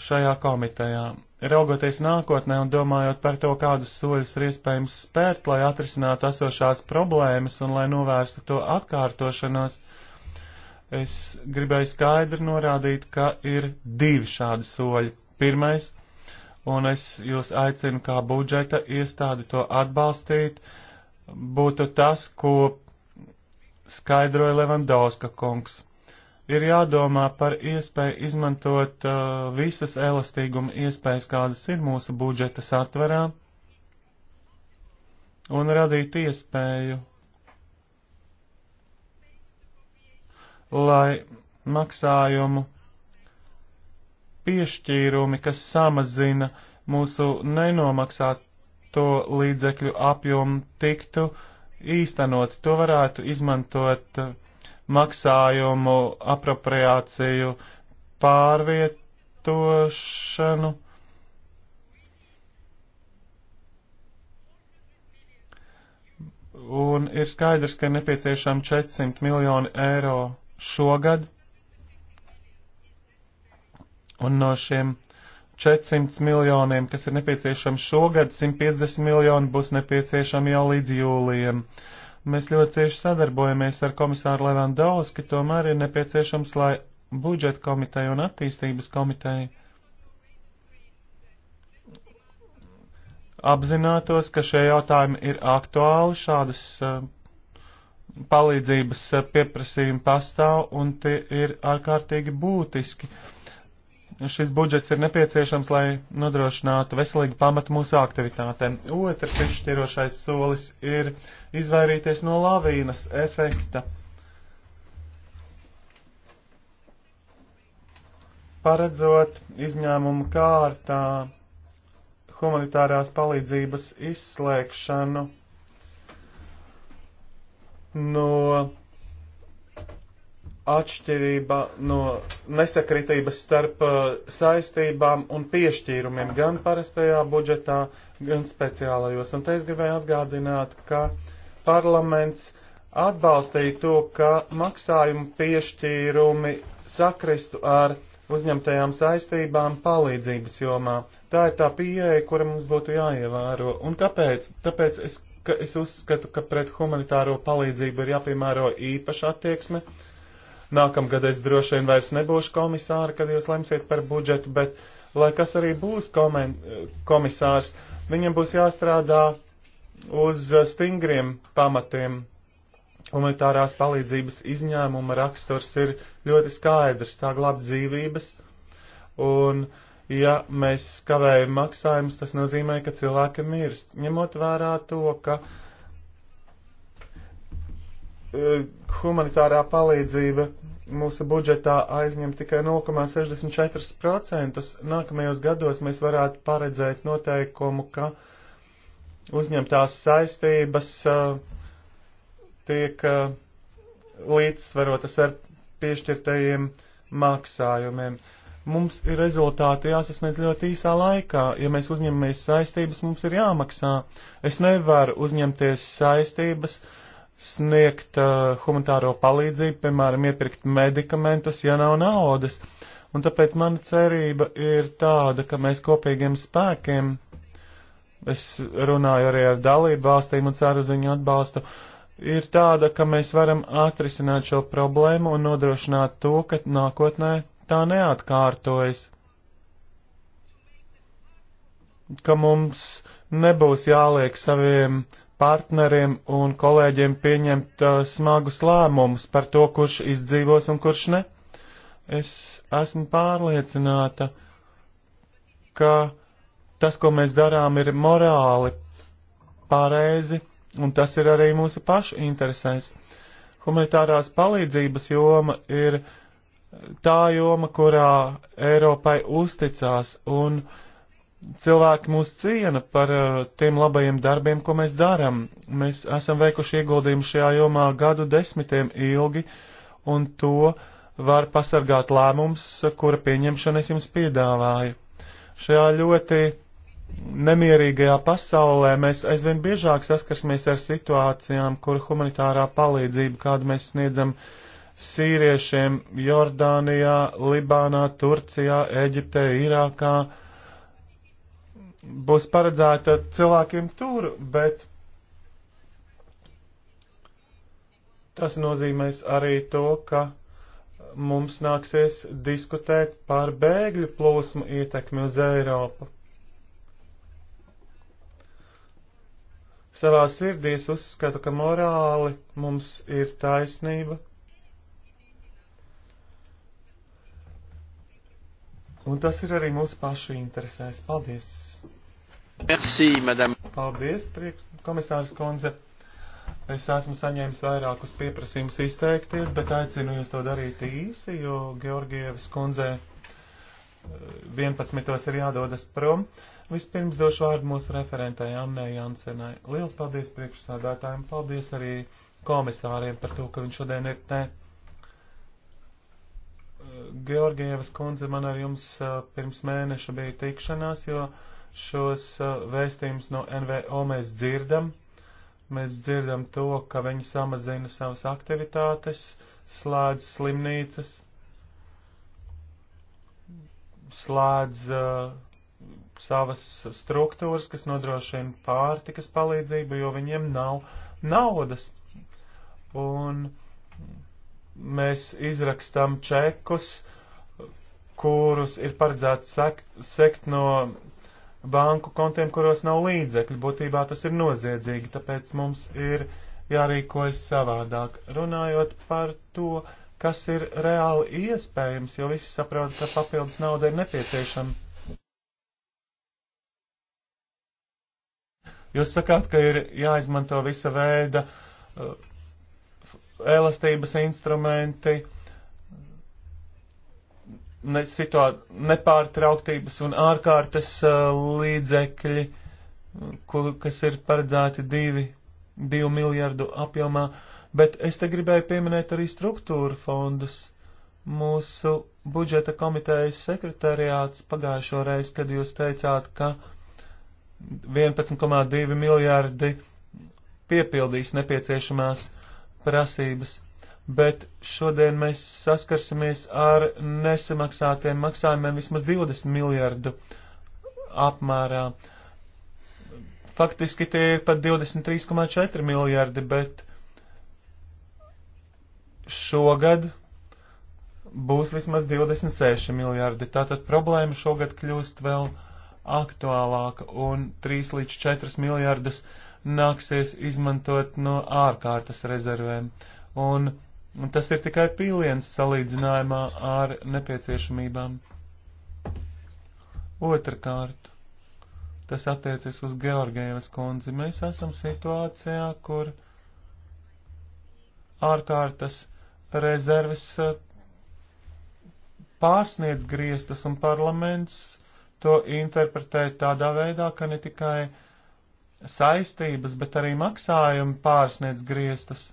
šajā komitejā. Raugoties nākotnē un domājot par to, kādus soļus ir iespējams spērt, lai atrisinātu esošās problēmas un lai novērstu to atkārtošanos, es gribēju skaidri norādīt, ka ir divi šādi soļi. Pirmais, un es jūs aicinu kā budžeta iestādi to atbalstīt, būtu tas, ko skaidroja Levandovska kungs ir jādomā par iespēju izmantot uh, visas elastīguma iespējas, kādas ir mūsu budžeta satverā, un radīt iespēju, lai maksājumu piešķīrumi, kas samazina mūsu nenomaksāto līdzekļu apjomu, tiktu īstenoti. To varētu izmantot uh, maksājumu apropriāciju pārvietošanu. Un ir skaidrs, ka ir nepieciešami 400 miljoni eiro šogad. Un no šiem 400 miljoniem, kas ir nepieciešami šogad, 150 miljoni būs nepieciešami jau līdz jūlijam. Uh, Mēs ļoti cieši sadarbojamies ar komisāru Levandovski, tomēr ir nepieciešams, lai budžeta komiteja un attīstības komiteja apzinātos, ka šie jautājumi ir aktuāli, šādas eh, palīdzības eh, pieprasījumi pastāv un tie ir ārkārtīgi būtiski. Uh, šis budžets ir nepieciešams, lai nodrošinātu veselīgu pamatu mūsu aktivitātēm. Otrs izšķirošais solis ir izvairīties no lavīnas efekta. Paredzot izņēmumu kārtā humanitārās palīdzības izslēgšanu no atšķirība no nesakritības starp uh, saistībām un piešķīrumiem gan parastajā budžetā, gan speciālajos. Un te es gribēju atgādināt, ka parlaments atbalstīja to, ka maksājumu piešķīrumi sakristu ar uzņemtajām saistībām palīdzības jomā. Tā ir tā pieeja, kura mums būtu jāievēro. Un kāpēc? Tāpēc es, ka es uzskatu, ka pret humanitāro palīdzību ir jāpiemēro īpaša attieksme. Uh, Nākamgad es droši vien vairs nebūšu komisāra, kad jūs lemsiet par budžetu, bet lai kas arī būs komen, komisārs, viņam būs jāstrādā uz stingriem pamatiem. Humanitārās palīdzības izņēmuma raksturs ir ļoti skaidrs, tā glāb dzīvības, un ja mēs kavējam maksājumus, tas nozīmē, ka cilvēki mirst, ņemot vērā to, ka uh, Eh, humanitārā palīdzība mūsu budžetā aizņem tikai 0,64%. Nākamajos gados mēs varētu paredzēt noteikumu, ka uzņemtās saistības eh, tiek eh, līdzsvarotas ar piešķirtajiem maksājumiem. Mums ir rezultāti jāsasniedz ļoti īsā laikā. Ja mēs uzņemamies saistības, mums ir jāmaksā. Es nevaru uzņemties saistības, uh, sniegt uh, humanitāro palīdzību, piemēram, iepirkt medikamentus, ja nav naudas. Un tāpēc mana cerība ir tāda, ka mēs kopīgiem spēkiem, es runāju arī ar dalību valstīm un ceru ziņu atbalstu, ir tāda, ka mēs varam atrisināt šo problēmu un nodrošināt to, ka nākotnē tā neatkārtojas. Ka mums nebūs jāliek saviem partneriem un kolēģiem pieņemt uh, smagus lēmumus par to, kurš izdzīvos un kurš ne. Es esmu pārliecināta, ka tas, ko mēs darām, ir morāli pareizi, un tas ir arī mūsu pašu interesēs. Humanitārās palīdzības joma ir tā joma, kurā Eiropai uzticās, un uh, cilvēki mūs ciena par uh, tiem labajiem darbiem, ko mēs darām. Mēs esam veikuši ieguldījumu šajā jomā gadu desmitiem ilgi, un to var pasargāt lēmums, kura pieņemšana es jums piedāvāju. Šajā ļoti nemierīgajā pasaulē mēs aizvien biežāk saskarsimies ar situācijām, kur humanitārā palīdzība, kādu mēs sniedzam sīriešiem Jordānijā, Libānā, Turcijā, Eģiptē, Irākā, būs paredzēta cilvēkiem tur, bet tas nozīmēs arī to, ka mums nāksies diskutēt par bēgļu plūsmu ietekmi uz Eiropu. Savā sirdī es uzskatu, ka morāli mums ir taisnība. Un tas ir arī mūsu pašu interesēs. Paldies! Merci, madame. Paldies, prieks, komisārs Konze. Es esmu saņēmis vairākus pieprasījumus izteikties, bet aicinu jūs to darīt īsi, jo Georgievas kundzē 11. Eh, ir jādodas prom. Vispirms došu vārdu mūsu referentai Annē Jansenai. Liels paldies priekšsādātājiem, paldies arī komisāriem par to, ka viņš šodien ir te. Eh, Georgievas kundze man ar jums eh, pirms mēneša bija tikšanās, jo uh, Šos vēstījumus no NVO mēs dzirdam. Mēs dzirdam to, ka viņi samazina savas aktivitātes, slēdz slimnīcas, slēdz uh, savas struktūras, kas nodrošina pārtikas palīdzību, jo viņiem nav naudas. Un mēs izrakstam čekus, kurus ir paredzēts sekt, sekt no banku kontiem, kuros nav līdzekļu. Būtībā tas ir noziedzīgi, tāpēc mums ir jārīkojas savādāk. Runājot par to, kas ir reāli iespējams, jo visi saprot, ka papildus nauda ir nepieciešama. Jūs sakāt, ka ir jāizmanto visa veida uh, elastības instrumenti, uh, ne nepārtrauktības un ārkārtas uh, līdzekļi, kur, kas ir paredzēti divi, divu miljardu apjomā, bet es te gribēju pieminēt arī struktūra fondus. Mūsu budžeta komitejas sekretariāts pagājušo reizi, kad jūs teicāt, ka 11,2 miljardi piepildīs nepieciešamās prasības bet šodien mēs saskarsimies ar nesamaksātiem maksājumiem vismaz 20 miljardu apmērā. Faktiski tie ir pat 23,4 miljardi, bet šogad būs vismaz 26 miljardi. Tātad problēma šogad kļūst vēl aktuālāka un 3 līdz 4 miljardus nāksies izmantot no ārkārtas rezervēm. Un Un tas ir tikai pīliens salīdzinājumā ar nepieciešamībām. Otrakārt, tas attiecas uz Georgievas kundzi. Mēs esam situācijā, kur ārkārtas rezerves eh, pārsniedz griestas un parlaments to interpretē tādā veidā, ka ne tikai saistības, bet arī maksājumi pārsniedz griestas.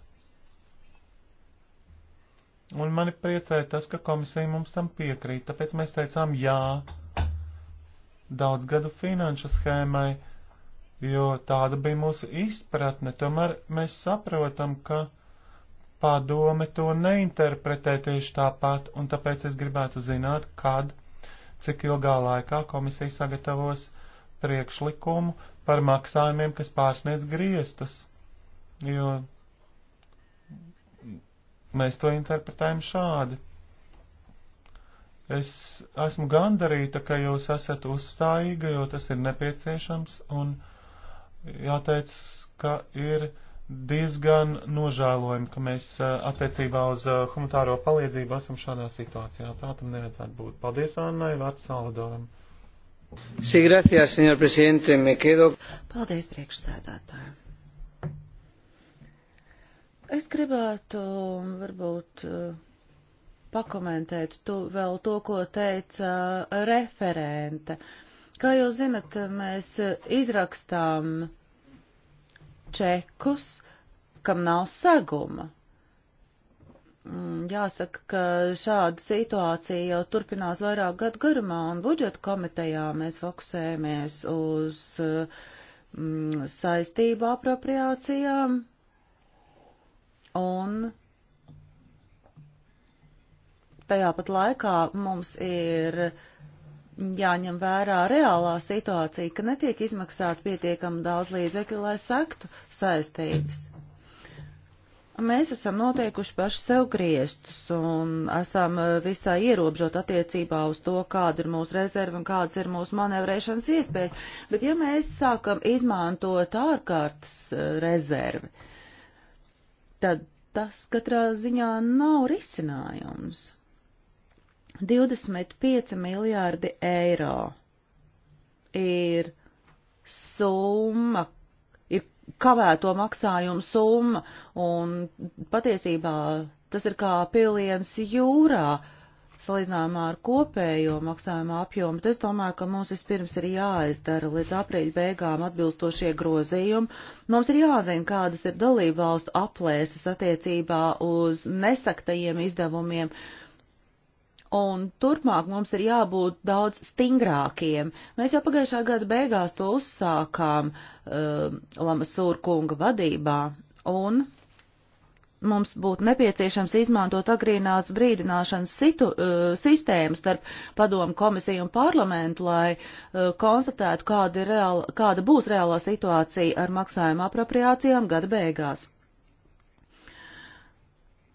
Un mani priecēja tas, ka komisija mums tam piekrīt, tāpēc mēs teicām jā daudz gadu finanšu schēmai, jo tāda bija mūsu izpratne. Tomēr mēs saprotam, ka padome to neinterpretē tieši tāpat, un tāpēc es gribētu zināt, kad, cik ilgā laikā komisija sagatavos priekšlikumu par maksājumiem, kas pārsniedz griestus. Jo Mēs to interpretējam šādi. Es esmu gandarīta, ka jūs esat uzstājīga, jo tas ir nepieciešams, un jāteic, ka ir diezgan nožēlojami, ka mēs eh, attiecībā uz eh, humanitāro palīdzību esam šādā situācijā. Tā tam nevajadzētu būt. Paldies, Annai, vārds Salvadoram. Sí, gracias, señor presidente. Me quedo. Paldies, priekšsēdētāji. Es gribētu um, varbūt uh, pakomentēt tu, vēl to, ko teica uh, referente. Kā jūs zinat, mēs uh, izrakstām čekus, kam nav seguma. Mm, jāsaka, ka šāda situācija jau turpinās vairāk gadu garumā, un budžeta komitejā mēs fokusējamies uz mm, saistību apropriācijām. Un tajā pat laikā mums ir jāņem vērā reālā situācija, ka netiek izmaksāt pietiekam daudz līdzekļu, lai sektu saistības. Mēs esam noteikuši paši sev griestus un esam eh, visai ierobežot attiecībā uz to, kāda ir mūsu rezerva un kādas ir mūsu manevrēšanas iespējas, bet ja mēs sākam izmantot ārkārtas eh, rezervi, uh, tad tas katrā ziņā nav risinājums. 25 miljārdi eiro ir summa, ir kavēto maksājumu summa, un patiesībā tas ir kā piliens jūrā, uh, salīdzinājumā ar kopējo maksājumu apjomu, tad es domāju, ka mums vispirms ir jāizdara līdz aprīļa beigām atbilstošie grozījumi. Mums ir jāzina, kādas ir dalību valstu aplēses attiecībā uz nesaktajiem izdevumiem. Un turpmāk mums ir jābūt daudz stingrākiem. Mēs jau pagājušā gada beigās to uzsākām uh, Lamasūra kunga vadībā. Un mums būtu nepieciešams izmantot agrīnās brīdināšanas situ, uh, sistēmas starp padomu komisiju un parlamentu, lai uh, konstatētu, kāda, reāla, kāda būs reālā situācija ar maksājuma apropriācijām gada beigās.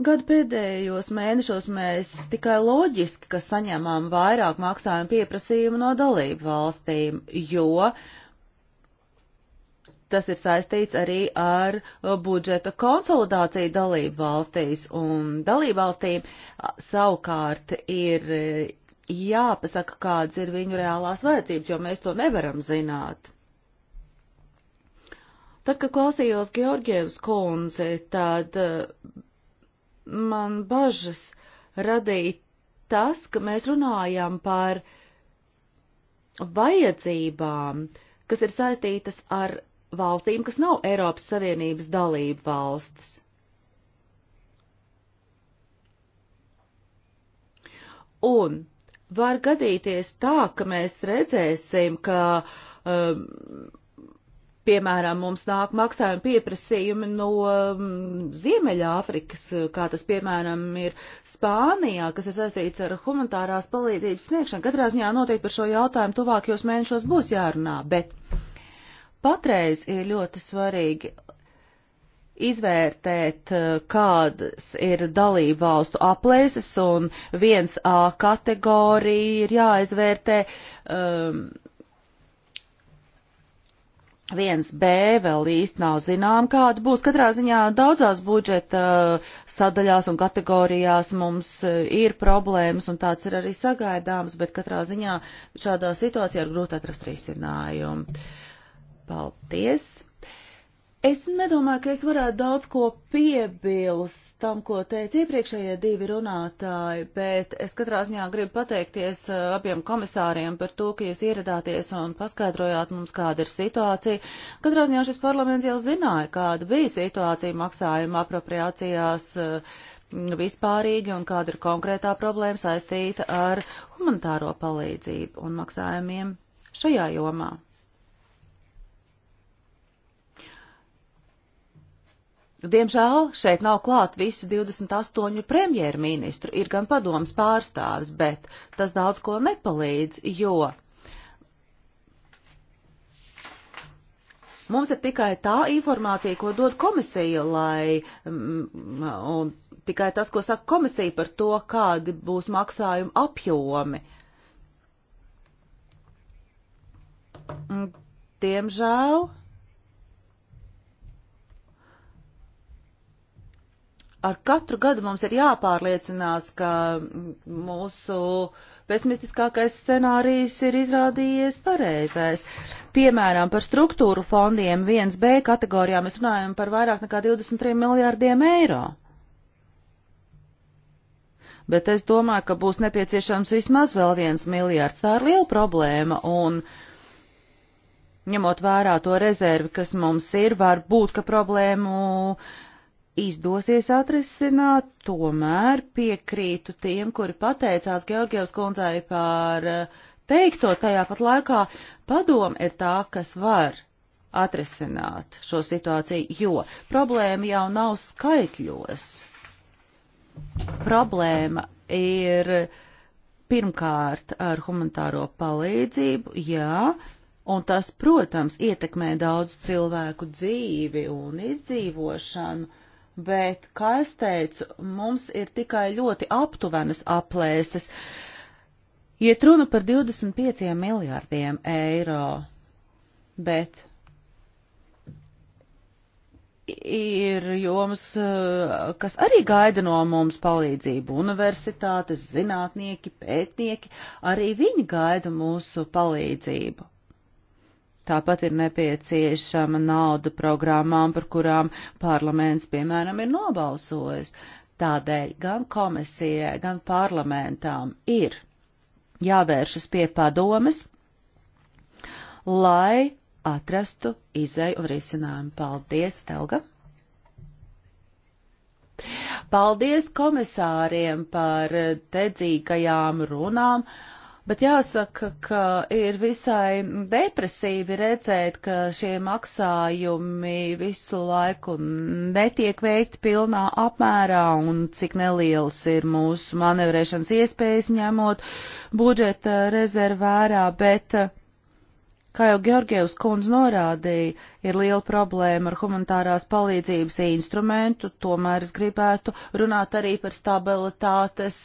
Gadu pēdējos mēnešos mēs tikai loģiski, ka saņemam vairāk maksājumu pieprasījumu no dalību valstīm, jo uh, tas ir saistīts arī ar uh, budžeta konsolidāciju dalību valstīs, un dalību valstīm savukārt ir uh, jāpasaka, kādas ir viņu reālās vajadzības, jo mēs to nevaram zināt. Tad, kad klausījos Georgievas kundzi, tad uh, man bažas radīja tas, ka mēs runājam par vajadzībām, kas ir saistītas ar valstīm, kas nav Eiropas Savienības dalība valstis. Un var gadīties tā, ka mēs redzēsim, ka, um, piemēram, mums nāk maksājumi pieprasījumi no um, Ziemeļāfrikas, kā tas, piemēram, ir Spānijā, kas ir saistīts ar humanitārās palīdzības sniegšanu. Katrā ziņā noteikti par šo jautājumu tuvākajos mēnešos būs jārunā, bet Patreiz ir ļoti svarīgi izvērtēt, eh, kādas ir dalību valstu aplēses, un 1A kategorija ir jāizvērtē, um, ehm, 1B vēl īsti nav zinām, kāda būs. Katrā ziņā daudzās budžeta eh, sadaļās un kategorijās mums eh, ir problēmas, un tāds ir arī sagaidāms, bet katrā ziņā šādā situācijā ir grūti atrast risinājumu. Uh, Paldies! Es nedomāju, ka es varētu daudz ko piebilst tam, ko teica iepriekšējie divi runātāji, bet es katrā ziņā gribu pateikties eh, abiem komisāriem par to, ka jūs ieradāties un paskaidrojāt mums, kāda ir situācija. Katrā ziņā šis parlaments jau zināja, kāda bija situācija maksājuma apropriācijās eh, vispārīgi un kāda ir konkrētā problēma saistīta ar humanitāro palīdzību un maksājumiem šajā jomā. Diemžēl šeit nav klāt visu 28 premjerministru, ir gan padomas pārstāvis, bet tas daudz ko nepalīdz, jo mums ir tikai tā informācija, ko dod komisija, lai, mm, un tikai tas, ko saka komisija par to, kādi būs maksājuma apjomi. Diemžēl ar katru gadu mums ir jāpārliecinās, ka mūsu pesimistiskākais scenārijs ir izrādījies pareizais. Piemēram, par struktūru fondiem 1B kategorijā mēs runājam par vairāk nekā 23 miljārdiem eiro. Bet es domāju, ka būs nepieciešams vismaz vēl viens miljārds. Tā ir liela problēma. Un, uh, ņemot vērā to rezervi, kas mums ir, var būt, ka problēmu izdosies atrisināt, tomēr piekrītu tiem, kuri pateicās Georgievs kundzei par eh, teikto tajā pat laikā, padom ir tā, kas var atrisināt šo situāciju, jo problēma jau nav skaitļos. Problēma ir pirmkārt ar humanitāro palīdzību, jā, un tas, protams, ietekmē daudz cilvēku dzīvi un izdzīvošanu, bet, kā es teicu, mums ir tikai ļoti aptuvenas aplēses. Iet runa par 25 miljārdiem eiro, bet ir joms, eh, kas arī gaida no mums palīdzību. Universitātes, zinātnieki, pētnieki, arī viņi gaida mūsu palīdzību. Tāpat ir nepieciešama nauda programmām, par kurām parlaments, piemēram, ir nobalsojis. Tādēļ gan komisijai, gan parlamentām ir jāvēršas pie padomes, lai atrastu izēju un risinājumu. Paldies, Elga! Paldies komisāriem par dedzīgajām runām! Bet jāsaka, ka ir visai depresīvi redzēt, ka šie maksājumi visu laiku netiek veikti pilnā apmērā un cik nelielas ir mūsu manevrēšanas iespējas ņemot budžeta rezervērā, bet uh, Kā jau Georgievs kundz norādīja, ir liela problēma ar humanitārās palīdzības instrumentu, tomēr es gribētu runāt arī par stabilitātes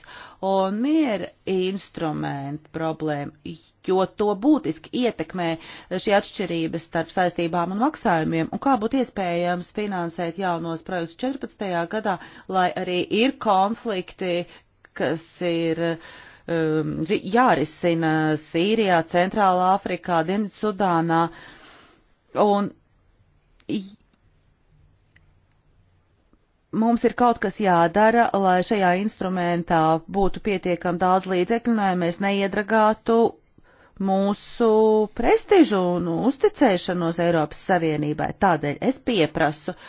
un miera instrumentu problēmu, jo to būtiski ietekmē šī atšķirības starp saistībām un maksājumiem, un kā būtu iespējams finansēt jaunos projektus 14. gadā, lai arī ir konflikti, kas ir uh, um, jārisina Sīrijā, Centrālā Afrikā, Dienvidsudānā. Un mums ir kaut kas jādara, lai šajā instrumentā būtu pietiekam daudz līdzekļu, lai mēs neiedragātu mūsu prestižu un uzticēšanos Eiropas Savienībai. Tādēļ es pieprasu uh,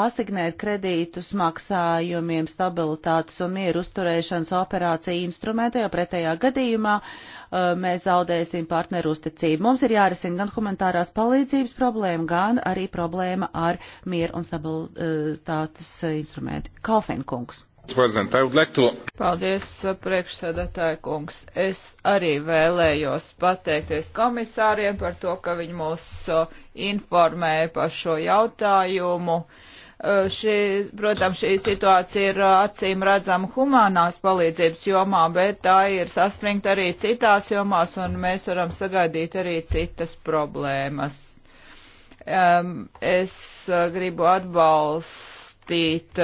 asignēt kredītus maksājumiem, stabilitātes un mieru uzturēšanas operāciju instrumentē, jo pretējā gadījumā uh, mēs zaudēsim partneru uzticību. Mums ir jārisina gan humanitārās palīdzības problēma, gan arī problēma ar mieru un stabilitātes uh, instrumentu. Kalfenkungs. Paldies, uh, priekšsēdētāja kungs. Es arī vēlējos pateikties komisāriem par to, ka viņi mūs uh, informēja par šo jautājumu. Uh, Eh, šī, protams, šī situācija ir eh, acīm redzama humanās palīdzības jomā, bet tā ir saspringta arī citās jomās, un mēs varam sagaidīt arī citas problēmas. Es eh, gribu atbalstīt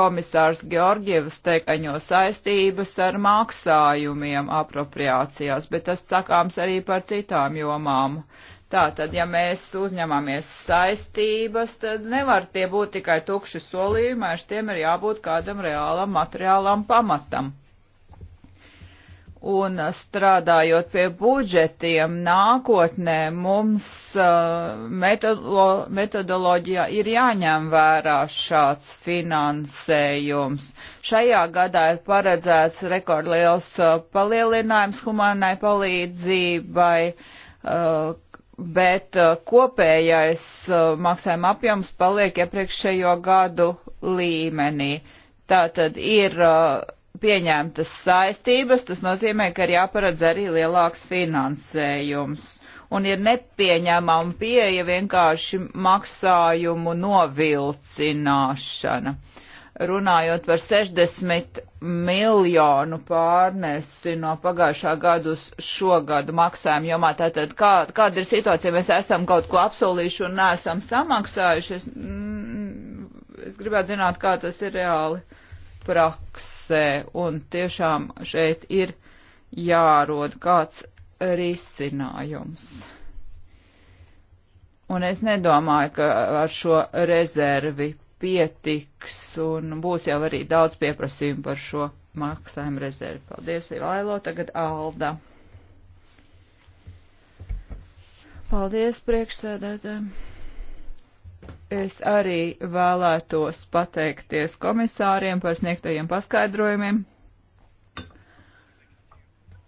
komisārs Georgievs teikaņo saistības ar maksājumiem apropriācijās, bet tas sakāms arī par citām jomām. Tātad, ja mēs uzņemamies saistības, tad nevar tie būt tikai tukši solījumi, ar tiem ir jābūt kādam reālam materiālam pamatam. Un uh, strādājot pie budžetiem nākotnē, mums uh, metodolo, metodoloģijā ir jāņem vērā šāds finansējums. Šajā gadā ir paredzēts rekordliels uh, palielinājums humanai palīdzībai, bet uh, kopējais uh, maksājuma apjoms paliek iepriekšējo gadu līmenī. Tātad ir uh, pieņemtas saistības, tas nozīmē, ka ir jāparedz arī lielāks finansējums. Un ir nepieņemama pieeja vienkārši maksājumu novilcināšana. Uh, runājot par 60 miljonu pārnesi no pagājušā gada uz šo gadu maksājumu jomā. Tātad, kā, kāda ir situācija, mēs esam kaut ko apsolījuši un neesam samaksājuši? Es, mm, es gribētu zināt, kā tas ir reāli praksē, un tiešām šeit ir jārod kāds risinājums. Un es nedomāju, ka ar šo rezervi pietiks un būs jau arī daudz pieprasījumu par šo maksājumu rezervi. Paldies, Ivailo, tagad Alda. Paldies, priekšsēdētājiem. Es arī vēlētos pateikties komisāriem par sniegtajiem paskaidrojumiem.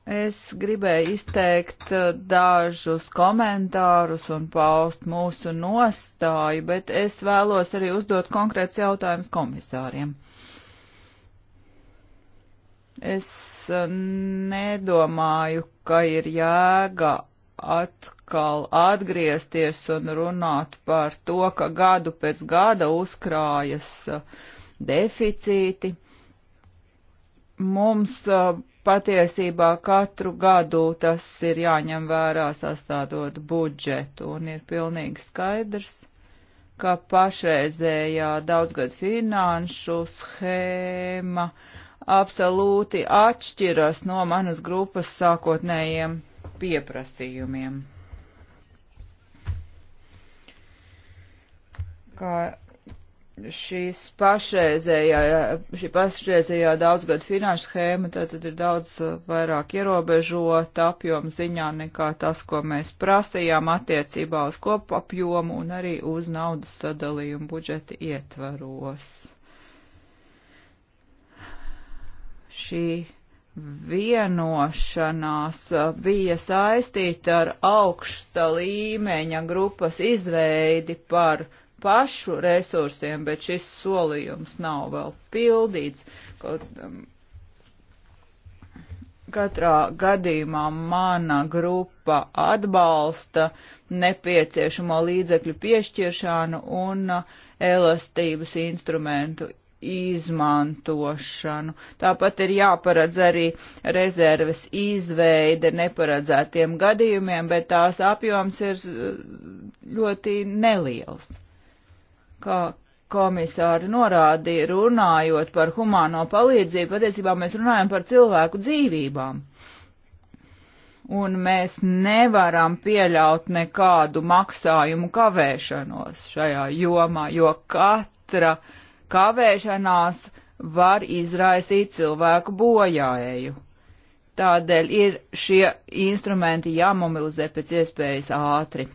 Es gribēju izteikt uh, dažus komentārus un paust mūsu nostāju, bet es vēlos arī uzdot konkrēts jautājums komisāriem. Es uh, nedomāju, ka ir jēga atkal atgriezties un runāt par to, ka gadu pēc gada uzkrājas uh, deficīti. Mums patiesībā katru gadu tas ir jāņem vērā sastādot budžetu, un ir pilnīgi skaidrs, ka pašreizējā daudzgad finanšu schēma absolūti atšķiras no manas grupas sākotnējiem pieprasījumiem. Kā šīs pašreizējā, šī pašreizējā daudzgad finanšu schēma tātad ir daudz uh, vairāk ierobežota apjoma ziņā nekā tas, ko mēs prasījām attiecībā uz kopapjomu un arī uz naudas sadalījumu budžeta ietvaros. Šī vienošanās uh, bija saistīta ar augsta līmeņa grupas izveidi par pašu resursiem, bet šis solījums nav vēl pildīts. Kaut, um, katrā gadījumā mana grupa atbalsta nepieciešamo līdzekļu piešķiršanu un elastības instrumentu izmantošanu. Tāpat ir jāparedz arī rezerves izveide neparedzētiem gadījumiem, bet tās apjoms ir uh, ļoti neliels kā komisāri norādīja, runājot par humāno palīdzību, patiesībā mēs runājam par cilvēku dzīvībām. Un mēs nevaram pieļaut nekādu maksājumu kavēšanos šajā jomā, jo katra kavēšanās var izraisīt cilvēku bojājēju. Tādēļ ir šie instrumenti jāmobilizē pēc iespējas ātri.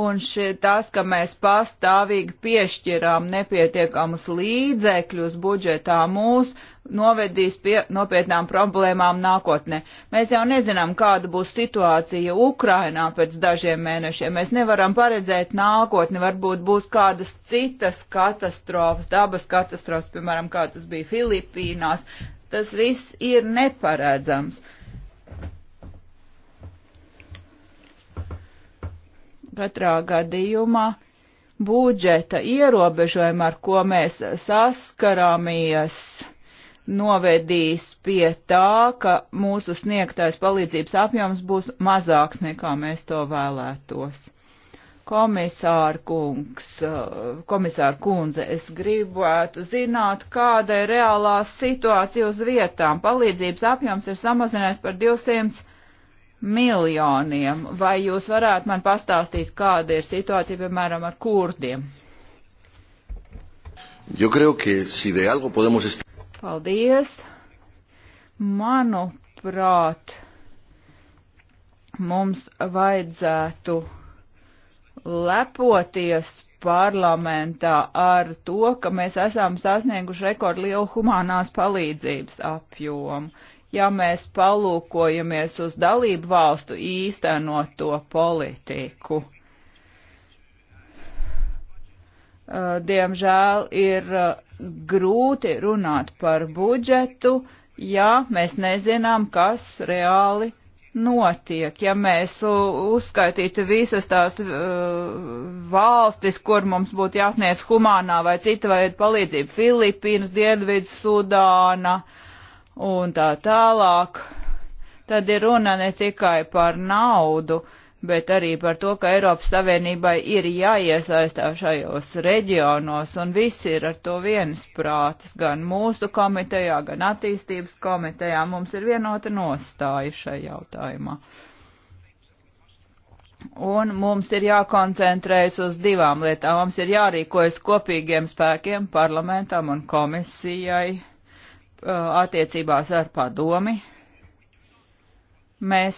Un šī, tas, ka mēs pastāvīgi piešķirām nepietiekamus līdzekļus budžetā mūs, novedīs pie nopietnām problēmām nākotnē. Mēs jau nezinām, kāda būs situācija Ukrainā pēc dažiem mēnešiem. Mēs nevaram paredzēt nākotni, varbūt būs kādas citas katastrofas, dabas katastrofas, piemēram, kā tas bija Filipīnās. Tas viss ir neparedzams. Uh, Katrā gadījumā budžeta ierobežojumi, ar ko mēs saskarāmies, novedīs pie tā, ka mūsu sniegtais palīdzības apjoms būs mazāks nekā mēs to vēlētos. Komisāra kungs, komisāra kundze, es gribētu zināt, kāda ir reālā situācija uz vietām. Palīdzības apjoms ir samazinājies par 200 miljoniem. Vai jūs varētu man pastāstīt, kāda ir situācija, piemēram, ar kurdiem? Yo creo que si de algo podemos estar. Paldies. Manuprāt, mums vajadzētu lepoties parlamentā ar to, ka mēs esam sasnieguši rekordlielu humanās palīdzības apjomu ja mēs palūkojamies uz dalību valstu īstenot to politiku. Uh, diemžēl ir uh, grūti runāt par budžetu, ja mēs nezinām, kas reāli notiek. Ja mēs uzskaitītu visas tās uh, valstis, kur mums būtu jāsniedz humānā vai cita veida palīdzība - Filipīnas, Dienvidu, Sudāna, uh, un tā tālāk, tad ir runa ne tikai par naudu, bet arī par to, ka Eiropas Savienībai ir jāiesaistās šajos reģionos, un visi ir ar to viensprātis, gan mūsu komitejā, gan attīstības komitejā. Mums ir vienota nostāja šajā jautājumā. Un mums ir jākoncentrējas uz divām lietām. Mums ir jārīkojas kopīgiem spēkiem parlamentam un komisijai Uh, attiecībās ar padomi. Mēs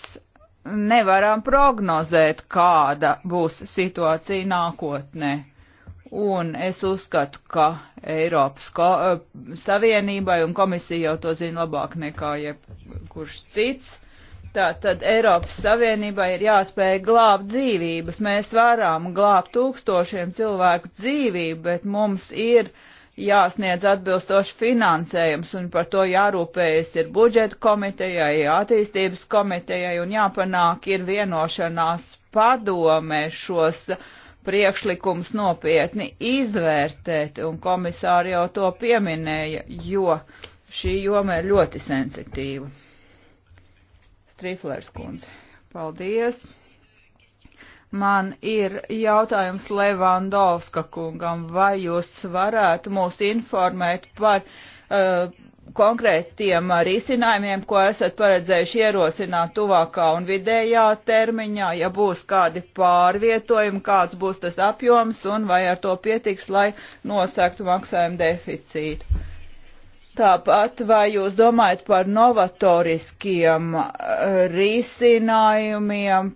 nevaram prognozēt, kāda būs situācija nākotnē. Un es uzskatu, ka Eiropas ko, uh, Savienībai un komisija jau to zina labāk nekā jebkurš cits. Tātad Eiropas Savienībai ir jāspēj glābt dzīvības. Mēs varam glābt tūkstošiem cilvēku dzīvību, bet mums ir uh, jāsniedz atbilstoši finansējums, un par to jārūpējas ir budžeta komitejai, attīstības komitejai, un jāpanāk ir vienošanās padomē šos priekšlikums nopietni izvērtēt, un komisāri jau to pieminēja, jo šī joma ir ļoti sensitīva. Striflers kundze, paldies! Man ir jautājums Levandovska kungam, vai jūs varētu mūs informēt par uh, konkrētiem risinājumiem, ko esat paredzējuši ierosināt tuvākā un vidējā termiņā, ja būs kādi pārvietojumi, kāds būs tas apjoms un vai ar to pietiks, lai nosaktu maksājumu deficītu. Tāpat vai jūs domājat par novatoriskiem uh, risinājumiem,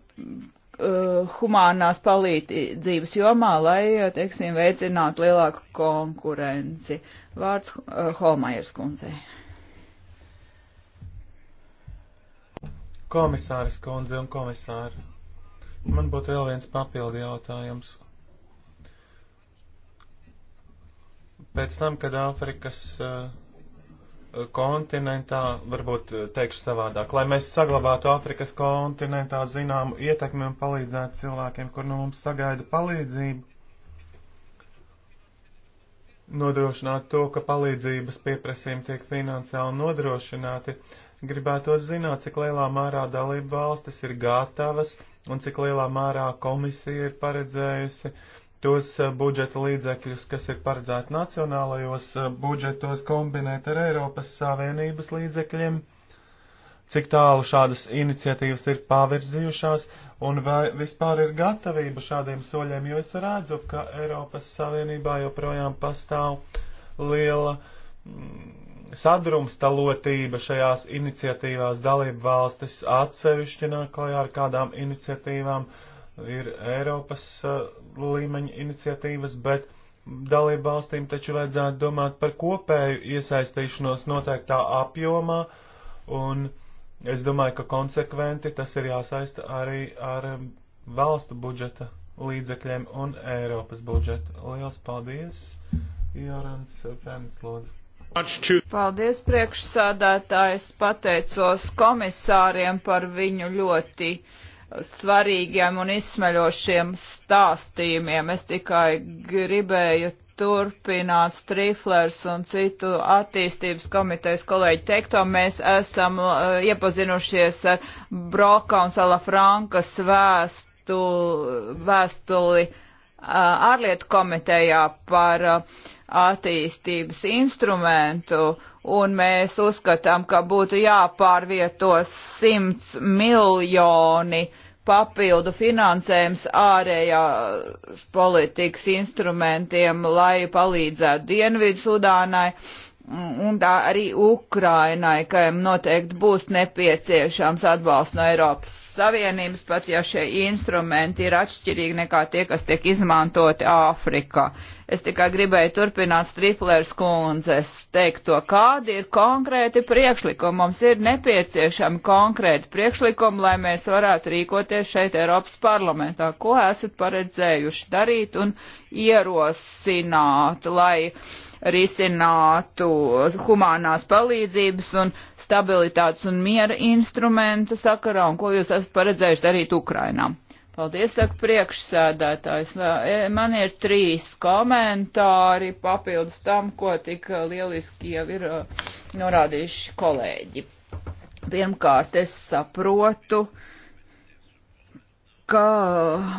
Uh, humānās palīdzības jomā, lai, uh, teiksim, veicinātu lielāku konkurenci. Vārds uh, Holmajers kundzei. Komisāris kundze un komisāri, man būtu vēl viens papildi jautājums. Pēc tam, kad Āfrikas uh, kontinentā, varbūt eh, teikšu savādāk, lai mēs saglabātu Āfrikas kontinentā zināmu ietekmi un palīdzētu cilvēkiem, kur no nu mums sagaida palīdzību, nodrošināt to, ka palīdzības pieprasījumi tiek finansiāli nodrošināti, gribētos zināt, cik lielā mērā dalību valstis ir gatavas un cik lielā mērā komisija ir paredzējusi uh, tos eh, budžeta līdzekļus, kas ir paredzēti nacionālajos eh, budžetos, kombinēt ar Eiropas Savienības līdzekļiem, cik tālu šādas iniciatīvas ir pavirzījušās un vai vispār ir gatavība šādiem soļiem, jo es redzu, ka Eiropas Savienībā joprojām pastāv liela mm, sadrumstalotība šajās iniciatīvās dalību valstis atsevišķi nāk klajā ar kādām iniciatīvām. Uh, ir Eiropas līmeņa iniciatīvas, bet dalību valstīm taču vajadzētu domāt par kopēju iesaistīšanos noteiktā apjomā, un es domāju, ka konsekventi tas ir jāsaista arī ar um, valstu budžeta līdzekļiem un Eiropas budžetu. Lielas paldies, Jorans Fēns, lūdzu. Paldies priekšsādātājs, pateicos komisāriem par viņu ļoti uh, svarīgiem un izsmeļošiem stāstījumiem. Es tikai gribēju turpināt Striflers un citu attīstības komitejas kolēģi teikto. Mēs esam uh, iepazinušies ar Broka un Salafrankas vēstu, vēstuli uh, ārlietu komitejā par uh, attīstības instrumentu, un mēs uzskatām, ka būtu jāpārvieto 100 miljoni papildu finansējums ārējās politikas instrumentiem, lai palīdzētu Dienvidu Sudānai un tā arī Ukrainai, ka noteikti būs nepieciešams atbalsts no Eiropas Savienības, pat ja šie instrumenti ir atšķirīgi nekā tie, kas tiek izmantoti Āfrikā. Es tikai gribēju turpināt Striplers kundzes teikto, kādi ir konkrēti priekšlikumi. Mums ir nepieciešami konkrēti priekšlikumi, lai mēs varētu rīkoties šeit Eiropas parlamentā. Ko esat paredzējuši darīt un ierosināt, lai uh, risinātu humānās palīdzības un stabilitātes un miera instrumenta sakarā un ko jūs esat paredzējuši darīt Ukrainā. Paldies, saka priekšsēdētājs. E, man ir trīs komentāri papildus tam, ko tik lieliski jau ir e, norādījuši kolēģi. Pirmkārt, es saprotu, uh, ka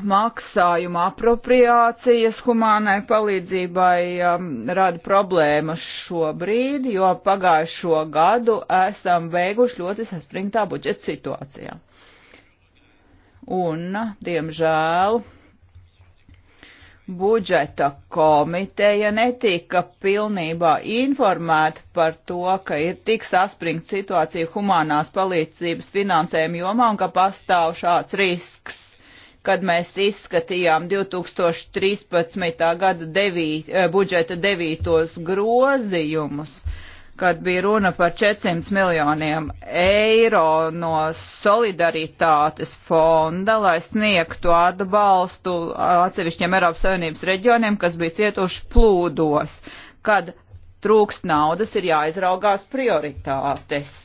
maksājuma apropriācijas humānai palīdzībai um, rada problēmas šobrīd, jo pagājušo gadu esam beiguši ļoti saspringtā budžeta situācijā. Un, diemžēl, budžeta komiteja netika pilnībā informēta par to, ka ir tik saspringta situācija humānās palīdzības finansējuma jomā un ka pastāv šāds risks kad mēs izskatījām 2013. gada devī, eh, budžeta devītos grozījumus, kad bija runa par 400 miljoniem eiro no solidaritātes fonda, lai sniegtu atbalstu atsevišķiem Eiropas Savienības reģioniem, kas bija cietuši plūdos, kad trūkst naudas, ir jāizraugās prioritātes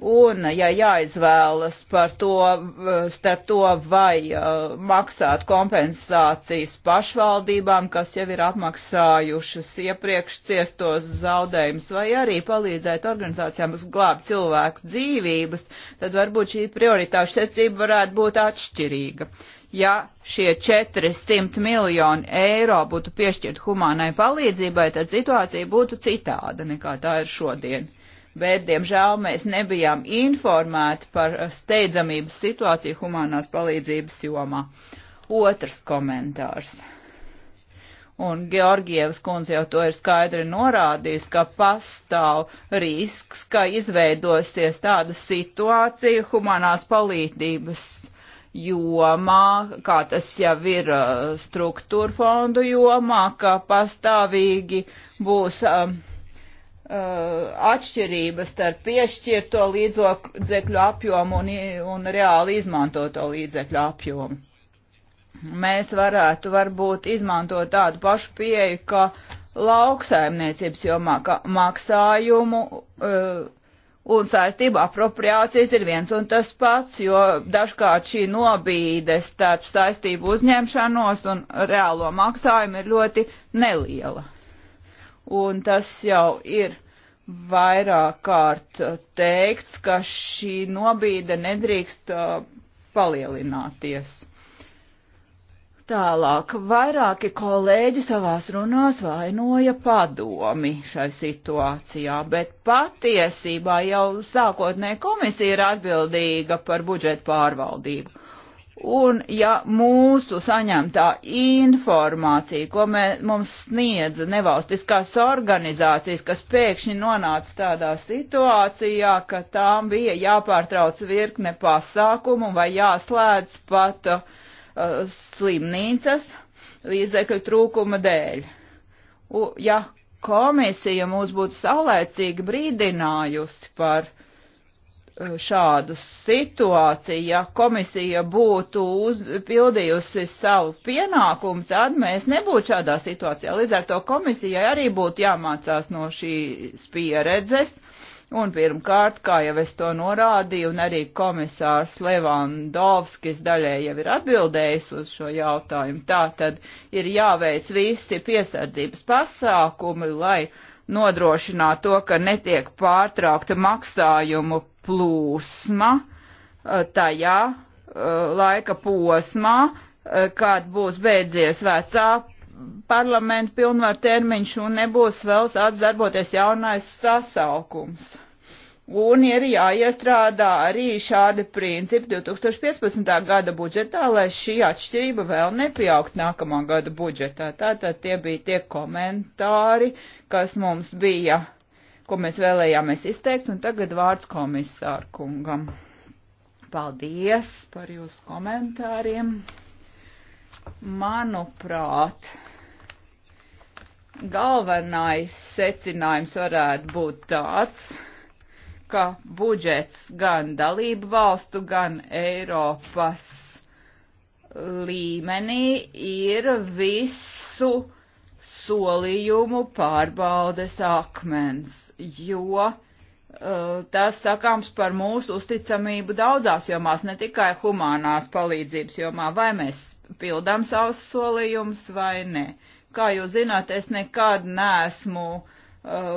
Un, ja jāizvēlas par to, starp to, vai uh, maksāt kompensācijas pašvaldībām, kas jau ir apmaksājušas iepriekš ciestos zaudējumus, vai arī palīdzēt organizācijām uzglābt cilvēku dzīvības, tad varbūt šī prioritāšu secība varētu būt atšķirīga. Ja šie 400 miljoni eiro būtu piešķirt humānai palīdzībai, tad situācija būtu citāda nekā tā ir šodien bet, diemžēl, mēs nebijām informēti par steidzamības situāciju humanās palīdzības jomā. Otrs komentārs. Un Georgievas kundze jau to ir skaidri norādījis, ka pastāv risks, ka izveidosies tāda situācija humanās palīdzības jomā, kā tas jau ir uh, struktūra fondu jomā, ka pastāvīgi būs. Um, Uh, atšķirības starp piešķirto līdzekļu apjomu un, un reāli izmantoto līdzekļu apjomu. Mēs varētu varbūt izmantot tādu pašu pieeju, ka lauksaimniecības jomā, ka maksājumu uh, un saistību apropriācijas ir viens un tas pats, jo dažkārt šī nobīde starp saistību uzņemšanos un reālo maksājumu ir ļoti neliela un tas jau ir vairāk kārt uh, teikts, ka šī nobīde nedrīkst uh, palielināties. Tālāk, vairāki kolēģi savās runās vainoja padomi šai situācijā, bet patiesībā jau sākotnē komisija ir atbildīga par budžetu pārvaldību. Un ja mūsu saņemtā informācija, ko mē, mums sniedza nevalstiskās organizācijas, kas pēkšņi nonāca tādā situācijā, ka tām bija jāpārtrauc virkne pasākumu vai jāslēdz pat uh, slimnīcas līdzekļu trūkuma dēļ. U, ja komisija mūs būtu saulēcīgi brīdinājusi par šādu situāciju. Ja komisija būtu pildījusi savu pienākumu, tad mēs nebūtu šādā situācijā. Līdz ar to komisijai arī būtu jāmācās no šīs pieredzes. Un pirmkārt, kā jau es to norādīju, un arī komisārs Levandovskis daļai jau ir atbildējis uz šo jautājumu, tā tad ir jāveic visi piesardzības pasākumi, lai nodrošinātu to, ka netiek pārtraukta maksājumu plūsma eh, tajā eh, laika posmā, eh, kad būs beidzies vecā parlamenta pilnvaru termiņš un nebūs vēl sācis darboties jaunais sasaukums. Un ir jāiestrādā arī šādi principi 2015. gada budžetā, lai šī atšķirība vēl nepieaugt nākamā gada budžetā. Tātad tie bija tie komentāri, kas mums bija ko mēs vēlējāmies izteikt, un tagad vārds komisāru kungam. Paldies par jūsu komentāriem. Manuprāt, galvenais secinājums varētu būt tāds, ka budžets gan dalību valstu, gan Eiropas līmenī ir visu solījumu pārbaudes akmens, jo uh, tas sakāms par mūsu uzticamību daudzās jomās, ne tikai humānās palīdzības jomā, vai mēs pildām savus solījumus vai nē. Kā jūs zināt, es nekad neesmu uh,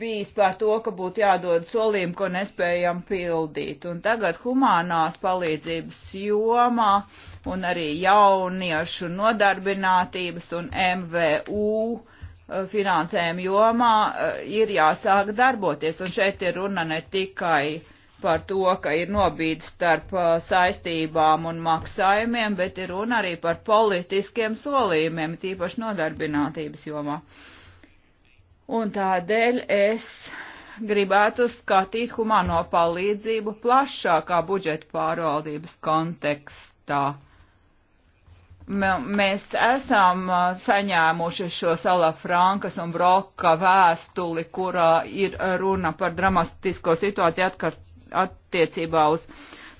bijis par to, ka būtu jādod solījumi, ko nespējam pildīt. Un tagad humānās palīdzības jomā un arī jauniešu nodarbinātības un MVU eh, finansējuma jomā eh, ir jāsāk darboties. Un šeit ir runa ne tikai par to, ka ir nobīdes starp eh, saistībām un maksājumiem, bet ir runa arī par politiskiem solījumiem, tīpaši nodarbinātības jomā. Uh, Un tādēļ es gribētu skatīt humano palīdzību plašākā budžeta pārvaldības kontekstā. Mēs esam saņēmuši šo Sala Frankas un Broka vēstuli, kurā ir runa par dramatisko situāciju atkart, attiecībā uz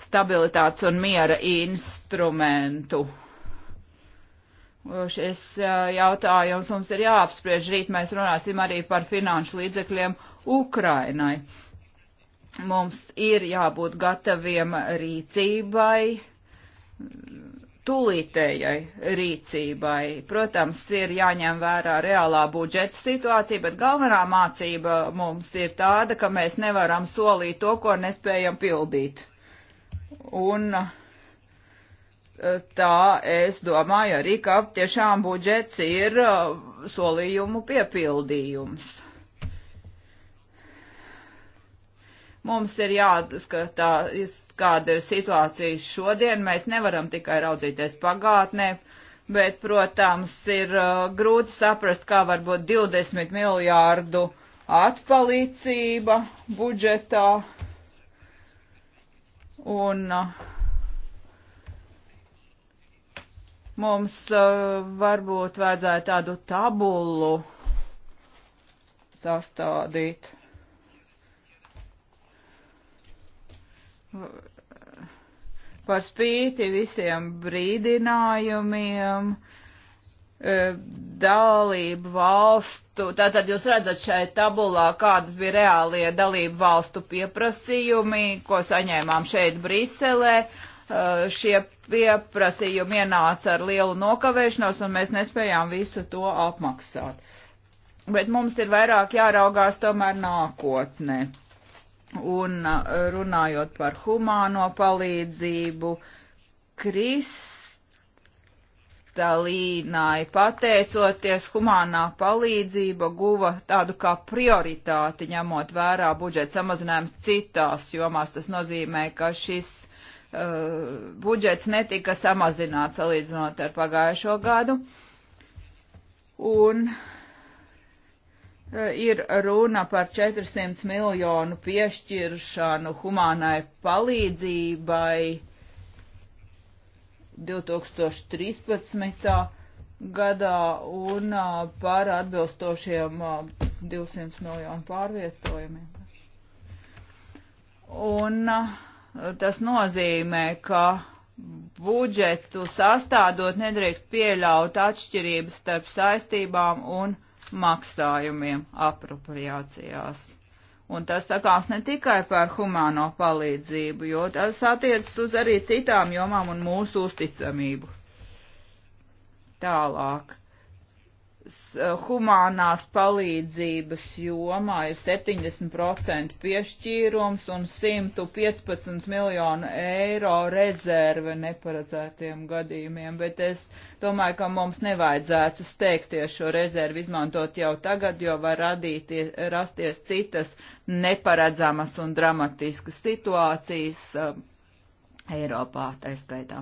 stabilitātes un miera instrumentu šis jautājums mums ir jāapspriež. Rīt mēs runāsim arī par finanšu līdzekļiem Ukrainai. Mums ir jābūt gataviem rīcībai, tūlītējai rīcībai. Protams, ir jāņem vērā reālā budžeta situācija, bet galvenā mācība mums ir tāda, ka mēs nevaram solīt to, ko nespējam pildīt. Un uh, tā es domāju arī, ka tiešām budžets ir uh, solījumu piepildījums. Mums ir jāskatā, kāda ir situācija šodien. Mēs nevaram tikai raudzīties pagātnē, bet, protams, ir uh, grūti saprast, kā var būt 20 miljārdu atpalīdzība budžetā. Un uh, Mums uh, varbūt vajadzēja tādu tabulu sastādīt. Par spīti visiem brīdinājumiem, eh, dalību valstu, tātad jūs redzat šeit tabulā, kādas bija reālie dalību valstu pieprasījumi, ko saņēmām šeit Briselē. Eh, šie pieprasījumi ienāca ar lielu nokavēšanos, un mēs nespējām visu to apmaksāt. Bet mums ir vairāk jāraugās tomēr nākotnē. Un uh, runājot par humāno palīdzību, Kristalīnai pateicoties, humānā palīdzība guva tādu kā prioritāti, ņemot vērā budžeta samazinājums citās jomās. Tas nozīmē, ka šis budžets netika samazināts salīdzinot ar pagājušo gadu. Un e, ir runa par 400 miljonu piešķiršanu humānai palīdzībai 2013. gadā un e, par atbilstošiem 200 e, miljonu pārvietojumiem. Un uh, tas nozīmē, ka budžetu sastādot nedrīkst pieļaut atšķirības starp saistībām un maksājumiem apropriācijās. Un tas sakāms ne tikai par humāno palīdzību, jo tas attiecas uz arī citām jomām un mūsu uzticamību. Tālāk. Eh, humānās palīdzības jomā ir 70% piešķīrums un 115 miljonu eiro rezerve neparedzētiem gadījumiem, bet es domāju, ka mums nevajadzētu steigties šo rezervu izmantot jau tagad, jo var radīties, rasties citas neparedzamas un dramatiskas situācijas eh, Eiropā taiskaitā.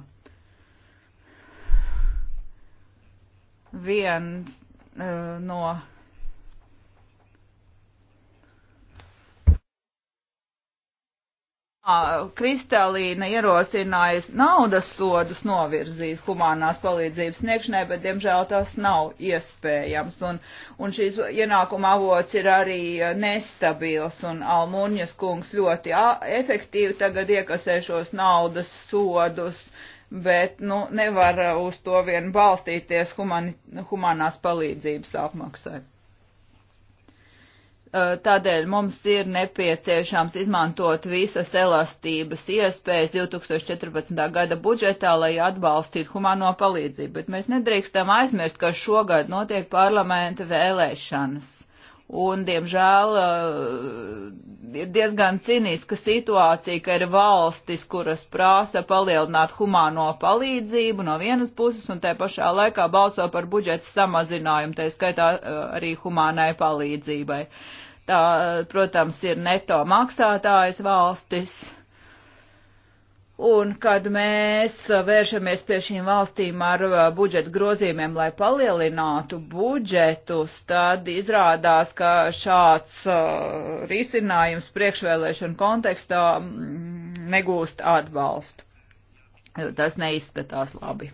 Viens Uh, no ah, Kristālīna ierosinājusi naudas sodus novirzīt humanās palīdzības sniegšanai, bet, diemžēl, tas nav iespējams. Un, un šīs ienākuma avots ir arī nestabils, un Almuņas kungs ļoti efektīvi tagad iekasē šos naudas sodus. Uh, bet nu, nevar uh, uz to vien balstīties humani, humanās palīdzības apmaksai. Uh, tādēļ mums ir nepieciešams izmantot visas elastības iespējas 2014. gada budžetā, lai atbalstītu humano palīdzību, bet mēs nedrīkstam aizmirst, ka šogad notiek parlamenta vēlēšanas un, diemžēl, eh, ir diezgan ciniska situācija, ka ir valstis, kuras prasa palielināt humāno palīdzību no vienas puses, un tai pašā laikā balso par budžeta samazinājumu, tā skaitā eh, arī humānai palīdzībai. Tā, eh, protams, ir neto maksātājas valstis Un kad mēs uh, vēršamies pie šīm valstīm ar uh, budžetu grozījumiem, lai palielinātu budžetus, tad izrādās, ka šāds uh, risinājums priekšvēlēšanu kontekstā mm, negūst atbalstu. Tas neizskatās labi.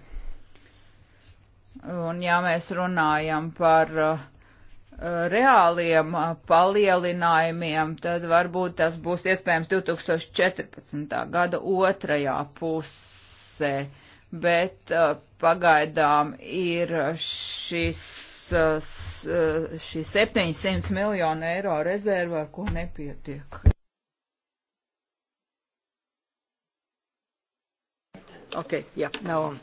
Un ja mēs runājam par uh, reāliem palielinājumiem, tad varbūt tas būs iespējams 2014. gada otrajā pusē, bet pagaidām ir šis, šis 700 miljonu eiro rezerva, ar ko nepietiek. Okay, yeah, now on.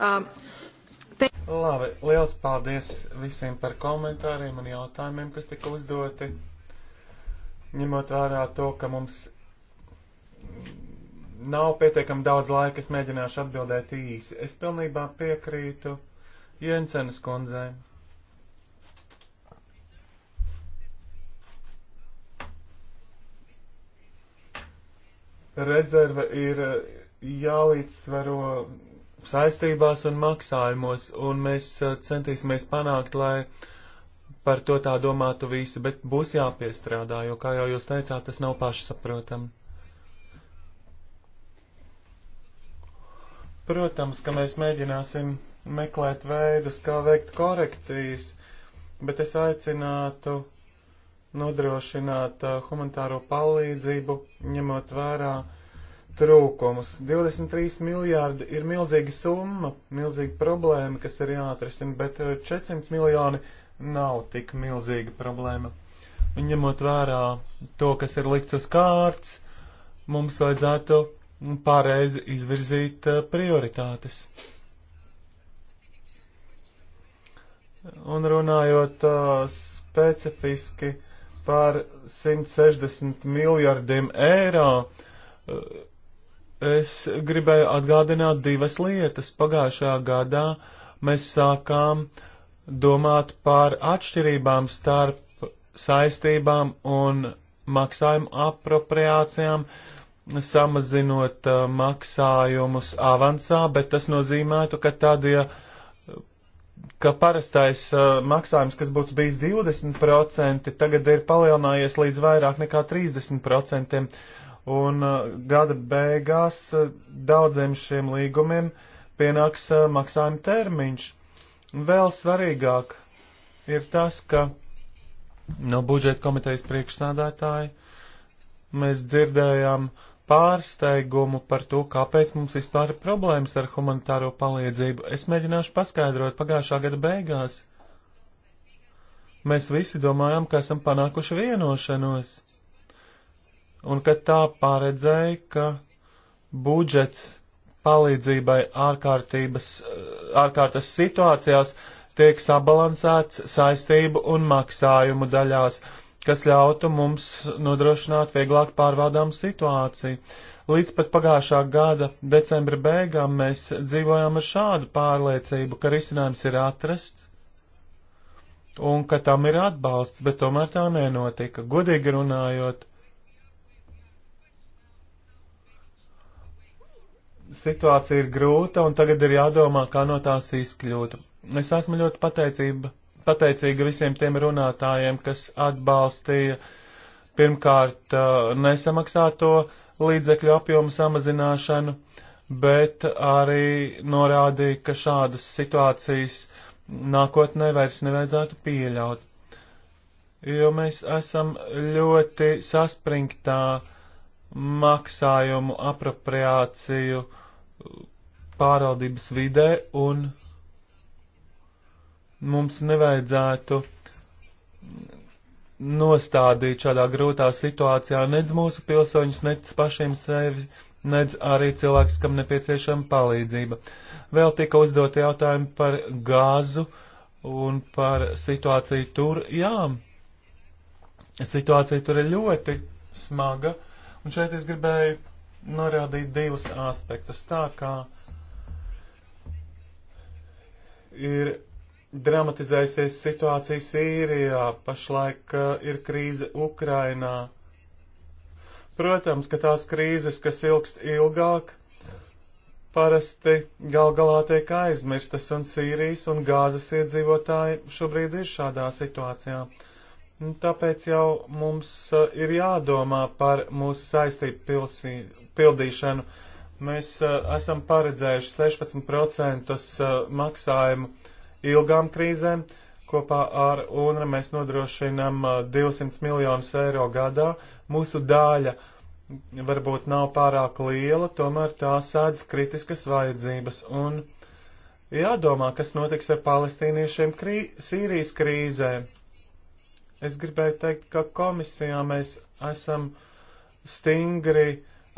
Um, Labi, liels paldies visiem par komentāriem un jautājumiem, kas tika uzdoti. Ņemot vērā to, ka mums nav pietiekami daudz laika, es mēģināšu atbildēt īsi. Es pilnībā piekrītu Jensenas kundzei. Rezerve ir jālīdzsvaro saistībās un maksājumos, un mēs eh, centīsimies panākt, lai par to tā domātu visi, bet būs jāpiestrādā, jo, kā jau jūs teicāt, tas nav pašsaprotami. Protams, ka mēs mēģināsim meklēt veidus, kā veikt korekcijas, bet es aicinātu nodrošināt eh, humanitāro palīdzību, ņemot vērā, uh, trūkumus. 23 miljārdi ir milzīga summa, milzīga problēma, kas ir jāatrisina, bet 400 eh, miljoni nav tik milzīga problēma. Un ņemot vērā to, kas ir likts uz kārts, mums vajadzētu pareizi izvirzīt eh, prioritātes. Un runājot eh, specifiski par 160 miljardiem eiro, Es gribēju atgādināt divas lietas. Pagājušā gadā mēs sākām domāt par atšķirībām starp saistībām un maksājumu apropriācijām, samazinot uh, maksājumus avansā, bet tas nozīmētu, ka tad, ja ka parastais uh, maksājums, kas būtu bijis 20%, tagad ir palielinājies līdz vairāk nekā 30% un uh, gada beigās uh, daudziem šiem līgumiem pienāks uh, maksājuma termiņš. Vēl svarīgāk ir tas, ka no nu, budžeta komitejas priekšsādātāji mēs dzirdējām pārsteigumu par to, kāpēc mums vispār ir problēmas ar humanitāro palīdzību. Es mēģināšu paskaidrot pagājušā gada beigās. Mēs visi domājam, ka esam panākuši vienošanos un ka tā paredzēja, ka budžets palīdzībai ārkārtības, eh, ārkārtas situācijās tiek sabalansēts saistību un maksājumu daļās, kas ļautu mums nodrošināt vieglāk pārvaldām situāciju. Līdz pat pagājušā gada decembra beigām mēs dzīvojām ar šādu pārliecību, ka risinājums ir atrasts un ka tam ir atbalsts, bet tomēr tā nenotika. Godīgi runājot, situācija ir grūta, un tagad ir jādomā, kā no tās izkļūt. Es esmu ļoti pateicība, pateicīga visiem tiem runātājiem, kas atbalstīja pirmkārt uh, nesamaksāto līdzekļu apjomu samazināšanu, bet arī norādīja, ka šādas situācijas nākotnē vairs nevajadzētu pieļaut. Jo mēs esam ļoti saspringtā uh, maksājumu apropriāciju pārvaldības vidē un mums nevajadzētu nostādīt šādā grūtā situācijā nedz mūsu pilsoņus, nedz pašiem sevi, nedz arī cilvēks, kam nepieciešama palīdzība. Vēl tika uzdot jautājumi par gāzu un par situāciju tur. Jā, situācija tur ir ļoti smaga Un šeit es gribēju norādīt divus aspektus. Tā kā ir dramatizējusies situācija Sīrijā, pašlaik uh, ir krīze Ukrainā. Protams, ka tās krīzes, kas ilgst ilgāk, parasti gal galā tiek aizmirstas, un Sīrijas un Gāzes iedzīvotāji šobrīd ir šādā situācijā. Nu, tāpēc jau mums eh, ir jādomā par mūsu saistību pilsī, pildīšanu. Mēs eh, esam paredzējuši 16% eh, maksājumu ilgām krīzēm. Kopā ar UNRA mēs nodrošinam 200 miljonus eiro gadā. Mūsu dāļa varbūt nav pārāk liela, tomēr tā sēdz kritiskas vajadzības. Un jādomā, kas notiks ar palestīniešiem krī Sīrijas krīzēm Es gribēju teikt, ka komisijā mēs esam stingri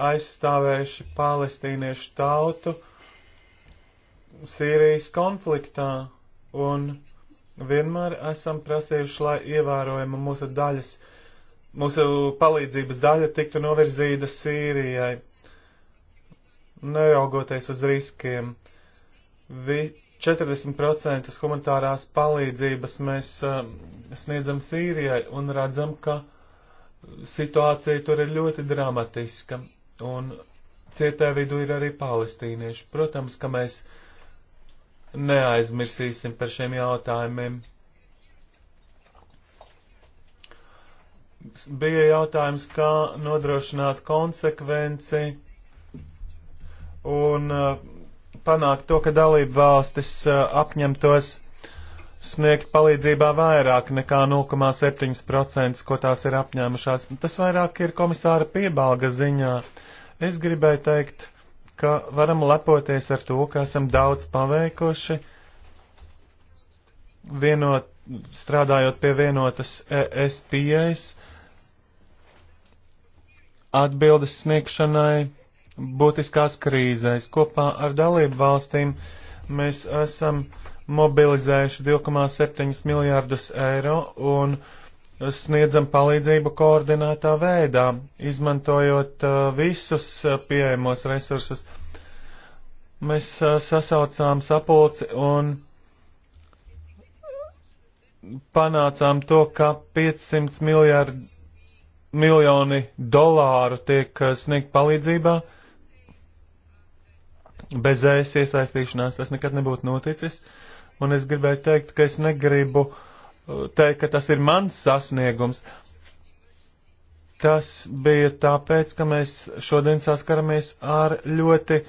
aizstāvējuši palestīniešu tautu Sīrijas konfliktā un vienmēr esam prasījuši, lai ievērojama mūsu daļas, mūsu palīdzības daļa tiktu novirzīta Sīrijai, neraugoties uz riskiem. Vi, 40% humanitārās palīdzības mēs um, sniedzam Sīrijai un redzam, ka situācija tur ir ļoti dramatiska. Un cietē vidū ir arī palestīnieši. Protams, ka mēs neaizmirsīsim par šiem jautājumiem. Bija jautājums, kā nodrošināt konsekvenci un uh, panākt to, ka dalību valstis uh, apņemtos sniegt palīdzībā vairāk nekā 0,7%, ko tās ir apņēmušās. Tas vairāk ir komisāra piebalga ziņā. Es gribēju teikt, ka varam lepoties ar to, ka esam daudz paveikuši, vienot, strādājot pie vienotas ES pieejas, atbildes sniegšanai būtiskās krīzēs. Kopā ar dalību valstīm mēs esam mobilizējuši 2,7 miljārdus eiro un sniedzam palīdzību koordinētā veidā, izmantojot uh, visus uh, pieejamos resursus. Mēs uh, sasaucām sapulci un panācām to, ka 500 miljārdi, miljoni dolāru tiek uh, sniegt palīdzībā. Uh, bez ēs iesaistīšanās tas nekad nebūtu noticis. Un es gribēju teikt, ka es negribu uh, teikt, ka tas ir mans sasniegums. Tas bija tāpēc, ka mēs šodien saskaramies ar ļoti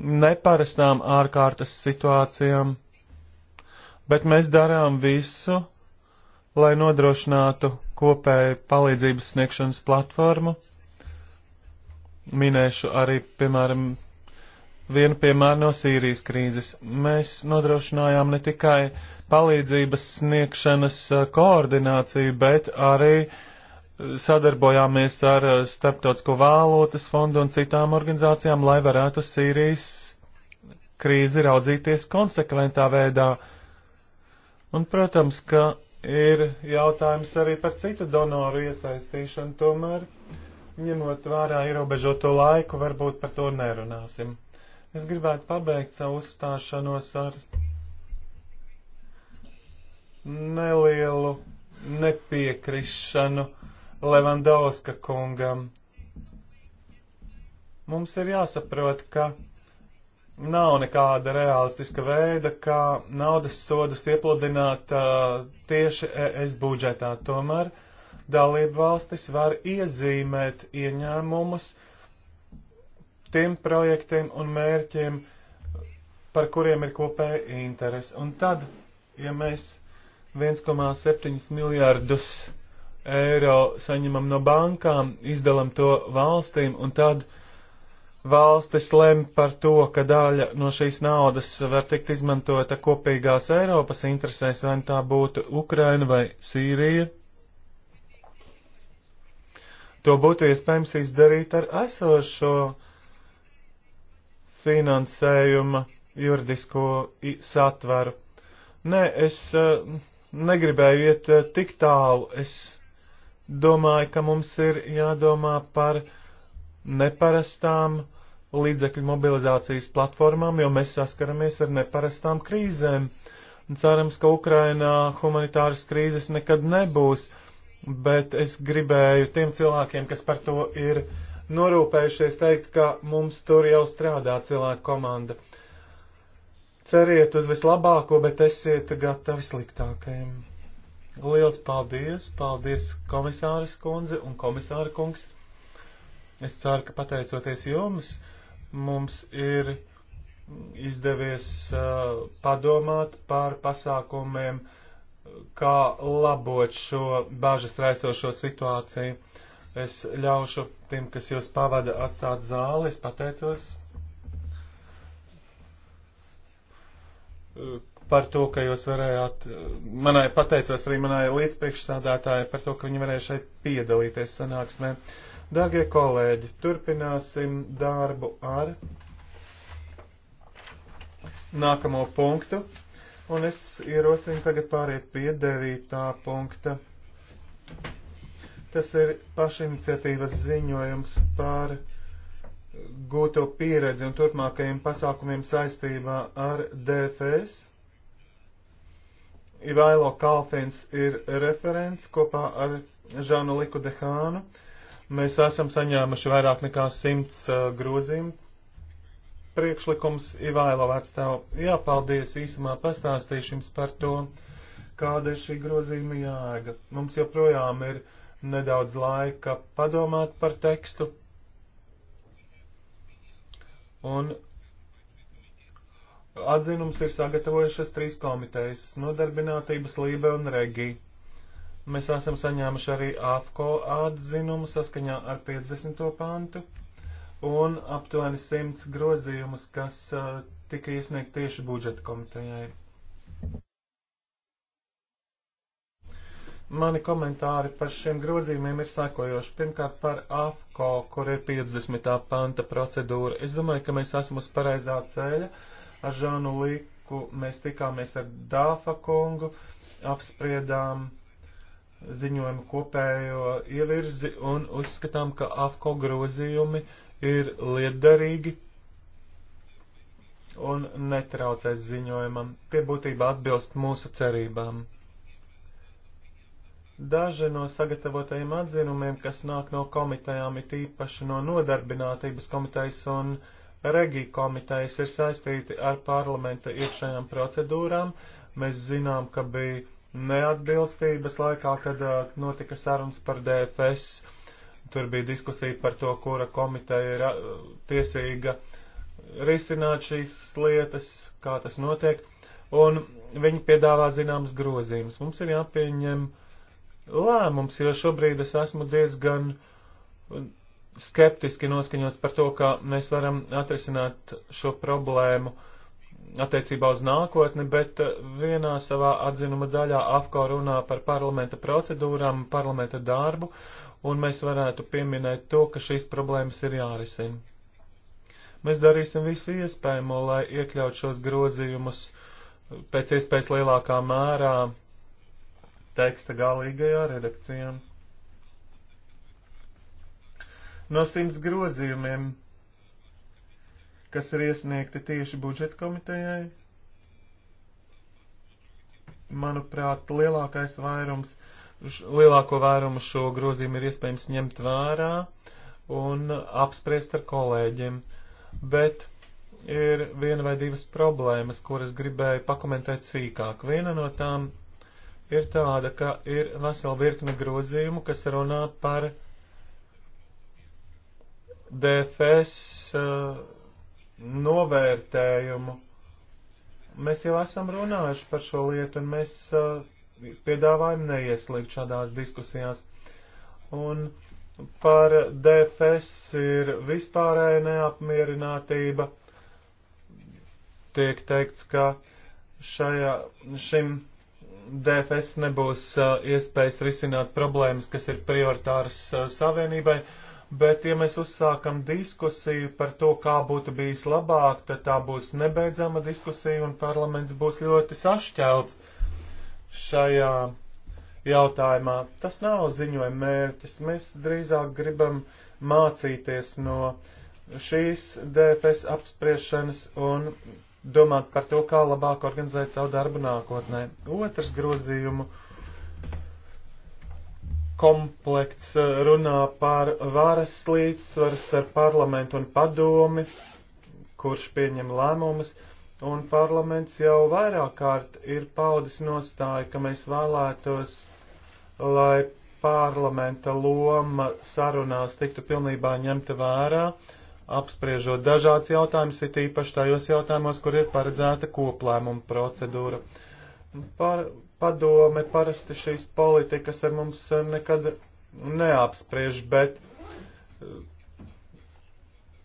neparastām ārkārtas situācijām, bet mēs darām visu, lai nodrošinātu kopēju palīdzības sniegšanas platformu. Minēšu arī, piemēram, Vienu piemēru no Sīrijas krīzes mēs nodrošinājām ne tikai palīdzības sniegšanas koordināciju, bet arī sadarbojāmies ar Starptautisko vālotas fondu un citām organizācijām, lai varētu Sīrijas krīzi raudzīties konsekventā veidā. Un, protams, ka ir jautājums arī par citu donoru iesaistīšanu, tomēr, ņemot vērā ierobežoto laiku, varbūt par to nerunāsim. Es gribētu pabeigt savu uzstāšanos ar nelielu nepiekrišanu Levandauska kungam. Mums ir jāsaprot, ka nav nekāda realistiska veida, kā naudas sodus iepludināt uh, tieši ES budžetā. Tomēr dalību valstis var iezīmēt ieņēmumus, uh, tiem projektiem un mērķiem, par kuriem ir kopēja interese. Un tad, ja mēs 1,7 miljārdus eiro saņemam no bankām, izdalam to valstīm, un tad valstis lem par to, ka daļa no šīs naudas var tikt izmantota kopīgās Eiropas interesēs, vai tā būtu Ukraina vai Sīrija. To būtu iespējams izdarīt ar esošo finansējuma juridisko satvaru. Nē, es eh, negribēju iet eh, tik tālu. Es domāju, ka mums ir jādomā par neparastām līdzekļu mobilizācijas platformām, jo mēs saskaramies ar neparastām krīzēm. Cerams, ka Ukrainā humanitāras krīzes nekad nebūs, bet es gribēju tiem cilvēkiem, kas par to ir norūpējušies teikt, ka mums tur jau strādā cilvēku komanda. Ceriet uz vislabāko, bet esiet gatavi sliktākajiem. Liels paldies, paldies komisāris kundze un komisāra kungs. Es ceru, ka pateicoties jums, mums ir izdevies uh, padomāt par pasākumiem, kā labot šo bažas raisošo situāciju Es ļaušu tiem, kas jūs pavada atstāt zāli, es pateicos eh, par to, ka jūs varējāt, eh, manai pateicos arī manai līdzpriekšsādātāji par to, ka viņi varēja šeit piedalīties sanāksmē. Dargie kolēģi, turpināsim darbu ar nākamo punktu, un es ierosinu tagad pāriet pie devītā punkta. Tas ir pašiniciatīvas ziņojums par gūto pieredzi un turpmākajiem pasākumiem saistībā ar DFS. Ivailo Kalfins ir referents kopā ar Žānu Liku Dehānu. Mēs esam saņēmuši vairāk nekā simts uh, grozījumu. Priekšlikums Ivailo vecstāv jāpaldies īsumā pastāstīšu jums par to, kāda ir šī grozījuma jāga. Mums joprojām ir uh, nedaudz laika padomāt par tekstu. Un atzinums ir sagatavojušas trīs komitejas - nodarbinātības, lībe un regija. Mēs esam saņēmuši arī AFCO atzinumu saskaņā ar 50. pantu un aptuveni 100 grozījumus, kas uh, tika iesniegt tieši budžeta komitejai. Mani komentāri par šiem grozījumiem ir sākojoši. Pirmkārt, par AFCO, kur ir 50. panta procedūra. Es domāju, ka mēs esam uz pareizā ceļa. Ar Žānu Līku mēs tikāmies ar Dāfa kungu, apspriedām ziņojumu kopējo ievirzi un uzskatām, ka AFCO grozījumi ir lietderīgi un netraucēs ziņojumam. Tie būtībā atbilst mūsu cerībām. Daži no sagatavotajiem atzinumiem, kas nāk no komitejām, it īpaši no nodarbinātības komitejas un regiju komitejas, ir saistīti ar parlamenta iekšējām procedūrām. Mēs zinām, ka bija neatbilstības laikā, kad uh, notika sarunas par DFS. Tur bija diskusija par to, kura komiteja ir uh, tiesīga risināt šīs lietas, kā tas notiek. Un viņi piedāvā zināmas grozījumus. Mums ir jāpieņem lēmums, jo šobrīd es esmu diezgan skeptiski noskaņots par to, kā mēs varam atrisināt šo problēmu attiecībā uz nākotni, bet eh, vienā savā atzinuma daļā AFKO runā par parlamenta procedūrām, parlamenta darbu, un mēs varētu pieminēt to, ka šīs problēmas ir jārisina. Mēs darīsim visu iespējamo, lai iekļaut šos grozījumus pēc iespējas lielākā mērā teksta galīgajā redakcijā. No simts grozījumiem, kas ir iesniegti tieši budžeta komitejai, manuprāt, lielākais vairums, lielāko vairumu šo grozījumu ir iespējams ņemt vērā un apspriest ar kolēģiem. Bet ir viena vai divas problēmas, kuras gribēju pakomentēt sīkāk. Viena no tām ir tāda, ka ir vesela virkne grozījumu, kas runā par DFS uh, novērtējumu. Mēs jau esam runājuši par šo lietu, un mēs uh, piedāvājam neieslīgt šādās diskusijās. Un par DFS ir vispārēja neapmierinātība. Tiek teikts, ka šajā, šim DFS nebūs uh, iespējas risināt problēmas, kas ir prioritāras uh, savienībai, bet ja mēs uzsākam diskusiju par to, kā būtu bijis labāk, tad tā būs nebeidzama diskusija un parlaments būs ļoti sašķelts šajā jautājumā. Tas nav ziņojuma mērķis. Mēs drīzāk gribam mācīties no šīs DFS apspriešanas un domāt par to, kā labāk organizēt savu darbu nākotnē. Otrs grozījumu komplekts eh, runā par varas līdzsvaru starp parlamentu un padomi, kurš pieņem lēmumus, un parlaments jau vairāk kārt ir paudis nostāju, ka mēs vēlētos, lai parlamenta loma sarunās tiktu pilnībā ņemta vērā, uh, apspriežot dažādas jautājumas, it īpaši tajos jautājumos, kur ir paredzēta koplēmuma procedūra. Par padome parasti šīs politikas ar mums eh, nekad neapspriež, bet eh,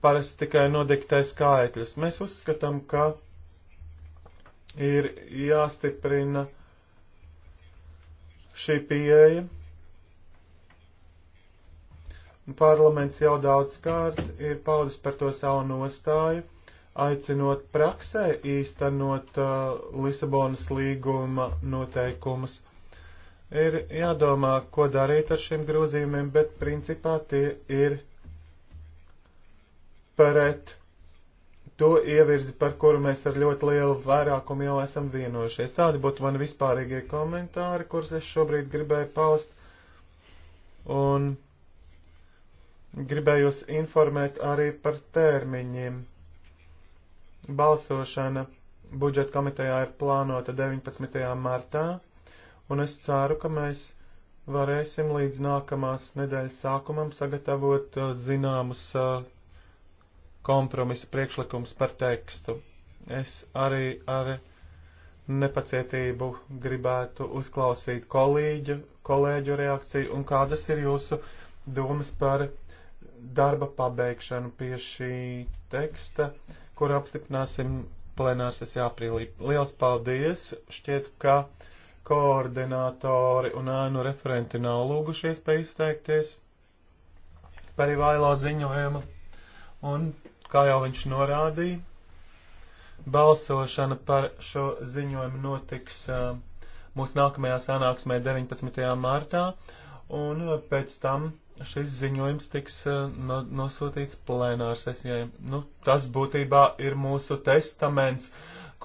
parasti tikai nodiktē skaitļus. Mēs uzskatām, ka ir jāstiprina šī pieeja Parlaments jau daudz kārt ir paudis par to savu nostāju, aicinot praksē īstenot uh, Lisabonas līguma noteikumus. Ir jādomā, ko darīt ar šiem grozījumiem, bet principā tie ir pret to ievirzi, par kuru mēs ar ļoti lielu vairākumu jau esam vienojušies. Tādi būtu mani vispārīgie komentāri, kurus es šobrīd gribēju paust. Un Gribēju jūs informēt arī par termiņiem. Balsošana budžeta komitejā ir plānota 19. martā, un es ceru, ka mēs varēsim līdz nākamās nedēļas sākumam sagatavot uh, zināmus uh, kompromisa priekšlikums par tekstu. Es arī ar nepacietību gribētu uzklausīt kolīģu, kolēģu reakciju un kādas ir jūsu domas par darba pabeigšanu pie šī teksta, kur apstiprināsim plenārsesijā aprīlī. Liels paldies! Šķiet, ka koordinātori un ēnu referenti nav lūgušies pie izteikties par Ivailo ziņojumu. Un, kā jau viņš norādīja, balsošana par šo ziņojumu notiks uh, mūsu nākamajā sanāksmē 19. martā, un pēc tam šis ziņojums tiks eh, no, nosūtīts plenāra sesijai. Nu, tas būtībā ir mūsu testaments,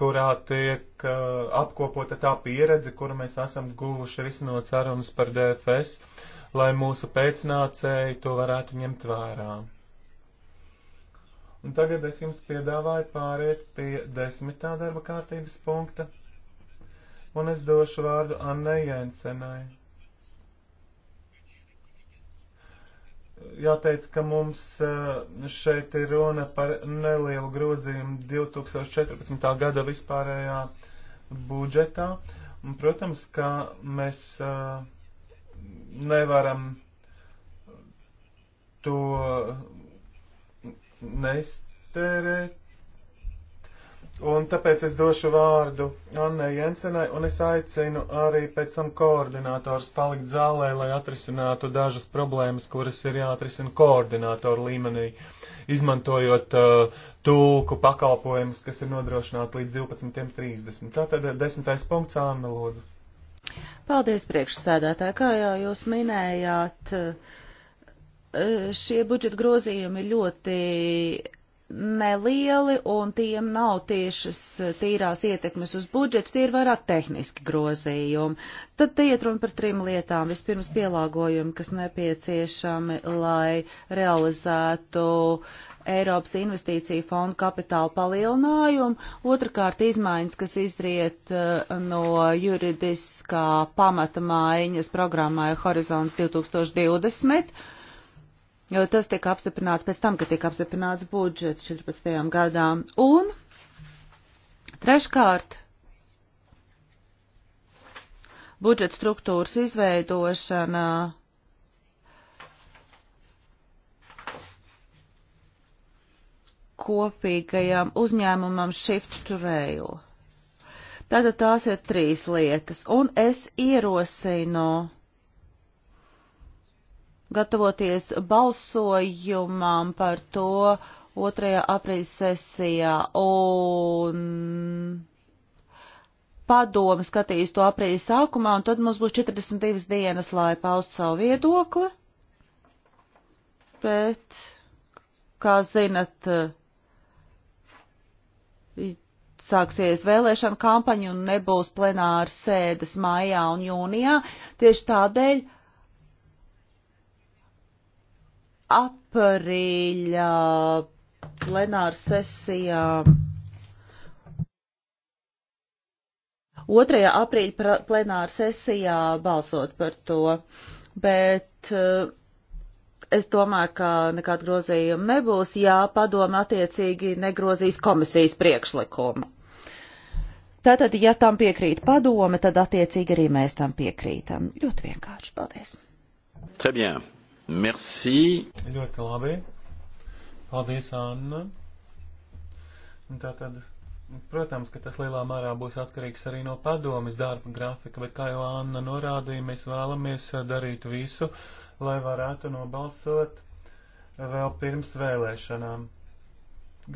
kurā tiek uh, apkopota tā pieredze, kuru mēs esam guvuši risinot sarunas par DFS, lai mūsu pēcnācēji to varētu ņemt vērā. Un tagad es jums piedāvāju pāriet pie desmitā darba kārtības punkta, un es došu vārdu Annai Jensenai. jāteic, ka mums eh, šeit ir runa par nelielu grozījumu 2014. gada vispārējā budžetā. Un, protams, ka mēs eh, nevaram to neiztērēt Un tāpēc es došu vārdu Annai Jensenai, un es aicinu arī pēc tam koordinātors palikt zālē, lai atrisinātu dažas problēmas, kuras ir jāatrisina koordinātoru līmenī, izmantojot uh, tulku pakalpojumus, kas ir nodrošināti līdz 12.30. Tātad desmitais punkts Anna lūdzu. Paldies, priekšsēdētāji, kā jau jūs minējāt, uh, šie budžeta grozījumi ļoti nelieli un tiem nav tiešas eh, tīrās ietekmes uz budžetu, tie ir vairāk tehniski grozījumi. Tad te iet runa par trim lietām. Vispirms pielāgojumi, kas nepieciešami, lai realizētu Eiropas investīciju fondu kapitāla palielinājumu, otrkārt izmaiņas, kas izriet eh, no juridiskā pamata mājiņas programmai Horizons 2020 jo tas tika apstiprināts pēc tam, kad tika apstiprināts budžets 14. gadām. Un treškārt, budžeta struktūras izveidošana kopīgajam uzņēmumam Shift to Rail. Tātad tās ir trīs lietas, un es ierosinu gatavoties balsojumam par to 2. aprīļa sesijā. Un padomu skatīs to aprīļa sākumā, un tad mums būs 42 dienas, lai paustu savu viedokli. Bet, kā zinat, sāksies vēlēšana kampaņa un nebūs plenāras sēdes maijā un jūnijā. Tieši tādēļ aprīļa plenāra sesijā. 2. aprīļa plenāra sesijā balsot par to, bet eh, es domāju, ka nekāda grozījuma nebūs, ja padoma attiecīgi negrozīs komisijas priekšlikumu. Tātad, ja tam piekrīt padome, tad attiecīgi arī mēs tam piekrītam. Ļoti vienkārši. Paldies. Très bien. Merci. Ļoti labi. Paldies, Anna. Tātad, protams, ka tas lielā mērā būs atkarīgs arī no padomis darba grafika, bet kā jau Anna norādīja, mēs vēlamies darīt visu, lai varētu nobalsot vēl pirms vēlēšanām.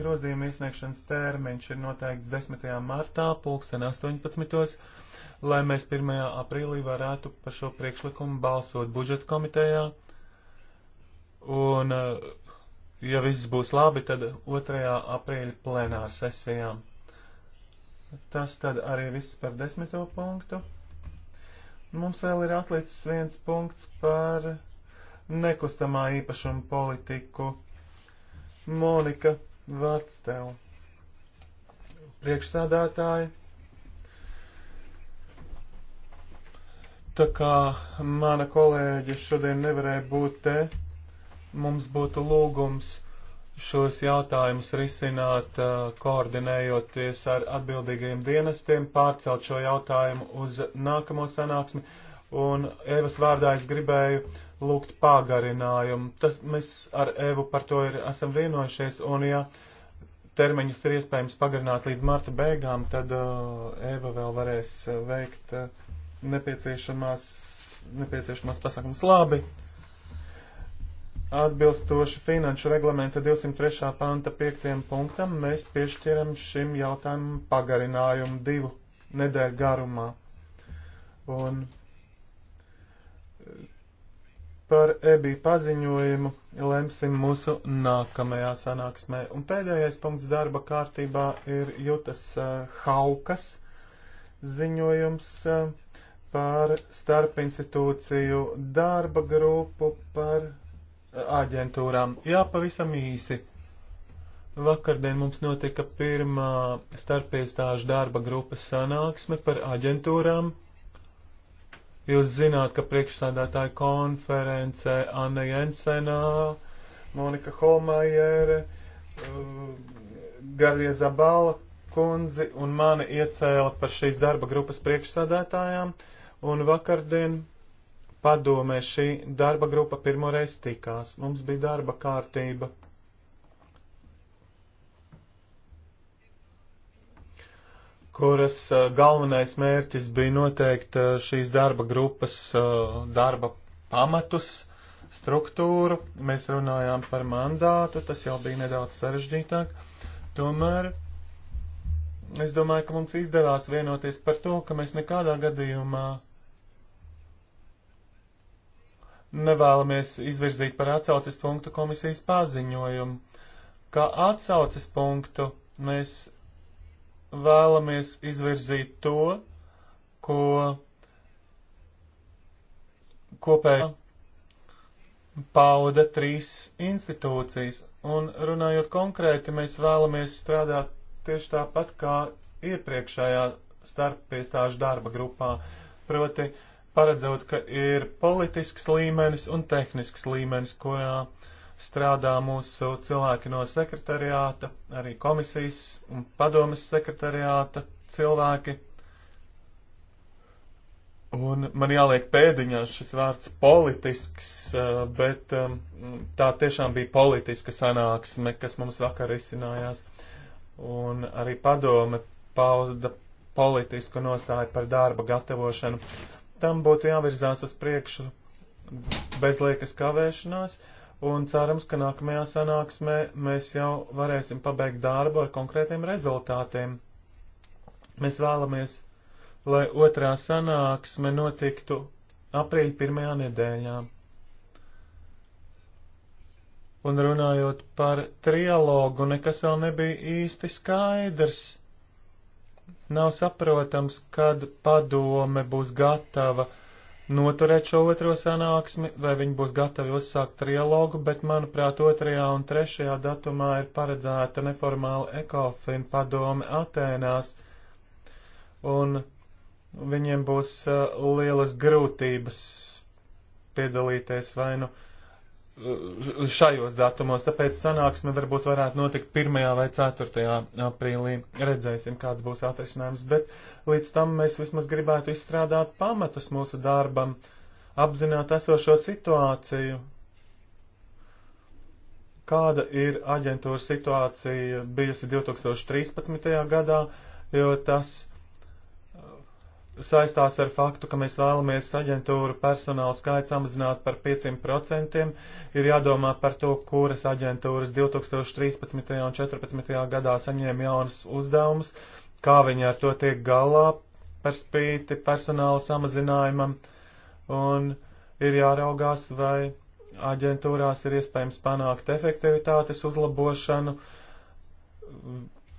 Grozījuma iesniegšanas termiņš ir noteikts 10. martā, pulksten 18. lai mēs 1. aprīlī varētu par šo priekšlikumu balsot budžeta komitejā Un, eh, ja viss būs labi, tad 2. aprīļa plenāra sesijām. Tas tad arī viss par desmito punktu. Mums vēl ir atlicis viens punkts par nekustamā īpašuma politiku. Monika, vārds tev. Priekšsādātāji. Tā kā mana kolēģe šodien nevarēja būt te, mums būtu lūgums šos jautājumus risināt, koordinējoties ar atbildīgajiem dienestiem, pārcelt šo jautājumu uz nākamo sanāksmi. Un Evas vārdā es gribēju lūgt pagarinājumu. Tas, mēs ar Evu par to ir, esam vienojušies, un ja termiņus ir iespējams pagarināt līdz marta beigām, tad uh, Eva vēl varēs veikt uh, nepieciešamās, nepieciešamās pasākumus labi. Atbilstoši finanšu reglamenta 203. panta 5. punktam mēs piešķiram šim jautājumam pagarinājumu divu nedēļu garumā. Un eh, par EBI paziņojumu lemsim mūsu nākamajā sanāksmē. Un pēdējais punkts darba kārtībā ir Jutas uh, Haukas ziņojums. Uh, par starpinstitūciju darba grupu par aģentūrām. Jā, pavisam īsi. Vakardien mums notika pirmā starpiestāžu darba grupas sanāksme par aģentūrām. Jūs zināt, ka priekšstādātāja konferencē Anna Jensenā, Monika Holmajere, eh, Garvie Zabala kundzi un mani iecēla par šīs darba grupas priekšsādātājām, un vakardien padomē šī darba grupa pirmoreiz tikās. Mums bija darba kārtība. kuras galvenais mērķis bija noteikt šīs darba grupas darba pamatus, struktūru. Mēs runājām par mandātu, tas jau bija nedaudz sarežģītāk. Tomēr es domāju, ka mums izdevās vienoties par to, ka mēs nekādā gadījumā nevēlamies izvirzīt par atsauces punktu komisijas paziņojumu. Kā atsauces punktu mēs vēlamies izvirzīt to, ko kopēji pauda trīs institūcijas. Un runājot konkrēti, mēs vēlamies strādāt tieši tāpat kā iepriekšējā starpiestāžu darba grupā. Proti, uh, paredzot, ka ir politisks līmenis un tehnisks līmenis, kurā strādā mūsu cilvēki no sekretariāta, arī komisijas un padomas sekretariāta cilvēki. Un man jāliek pēdiņā šis vārds politisks, eh, bet eh, tā tiešām bija politiska sanāksme, kas mums vakar izcinājās. Un arī padome pauda politisku nostāju par darba gatavošanu tam būtu jāvirzās uz priekšu bez liekas kavēšanās, un cerams, ka nākamajā sanāksmē mēs jau varēsim pabeigt darbu ar konkrētiem rezultātiem. Mēs vēlamies, lai otrā sanāksme notiktu aprīļa pirmajā nedēļā. Un runājot par trialogu, nekas vēl nebija īsti skaidrs Nav saprotams, kad padome būs gatava noturēt šo otro sanāksmi, vai viņi būs gatavi uzsākt trialogu, bet, manuprāt, otrajā un trešajā datumā ir paredzēta neformāla ekofin padome Atēnās, un viņiem būs uh, lielas grūtības piedalīties vai nu. No Uh, šajos datumos, tāpēc sanāksme varbūt varētu notikt 1. vai 4. aprīlī. Redzēsim, kāds būs atrisinājums, bet līdz tam mēs vismaz gribētu izstrādāt pamatus mūsu darbam, apzināt esošo situāciju, kāda ir aģentūra situācija bijusi 2013. gadā, jo tas saistās ar faktu, ka mēs vēlamies aģentūru personāla skaits samazināt par 500%, ir jādomā par to, kuras aģentūras 2013. un 2014. gadā saņēma jaunas uzdevumus, kā viņi ar to tiek galā par spīti personāla samazinājumam, un ir jāraugās, vai aģentūrās ir iespējams panākt efektivitātes uzlabošanu,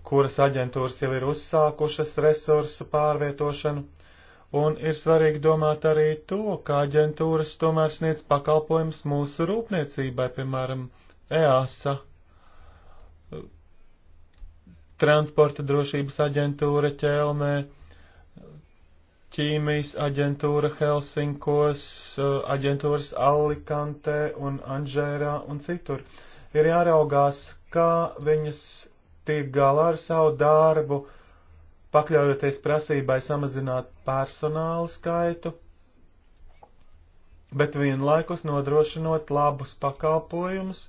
kuras aģentūras jau ir uzsākušas resursu pārvietošanu Un ir svarīgi domāt arī to, kā aģentūras tomēr sniedz pakalpojumus mūsu rūpniecībai, piemēram, EASA, transporta drošības aģentūra ķelmē, ķīmijas aģentūra Helsinkos, uh, aģentūras Alicantē un Anžērā un citur. Ir jāraugās, kā viņas tiek galā ar savu darbu, pakļaujoties prasībai samazināt personālu skaitu, bet vienlaikus nodrošinot labus pakalpojumus.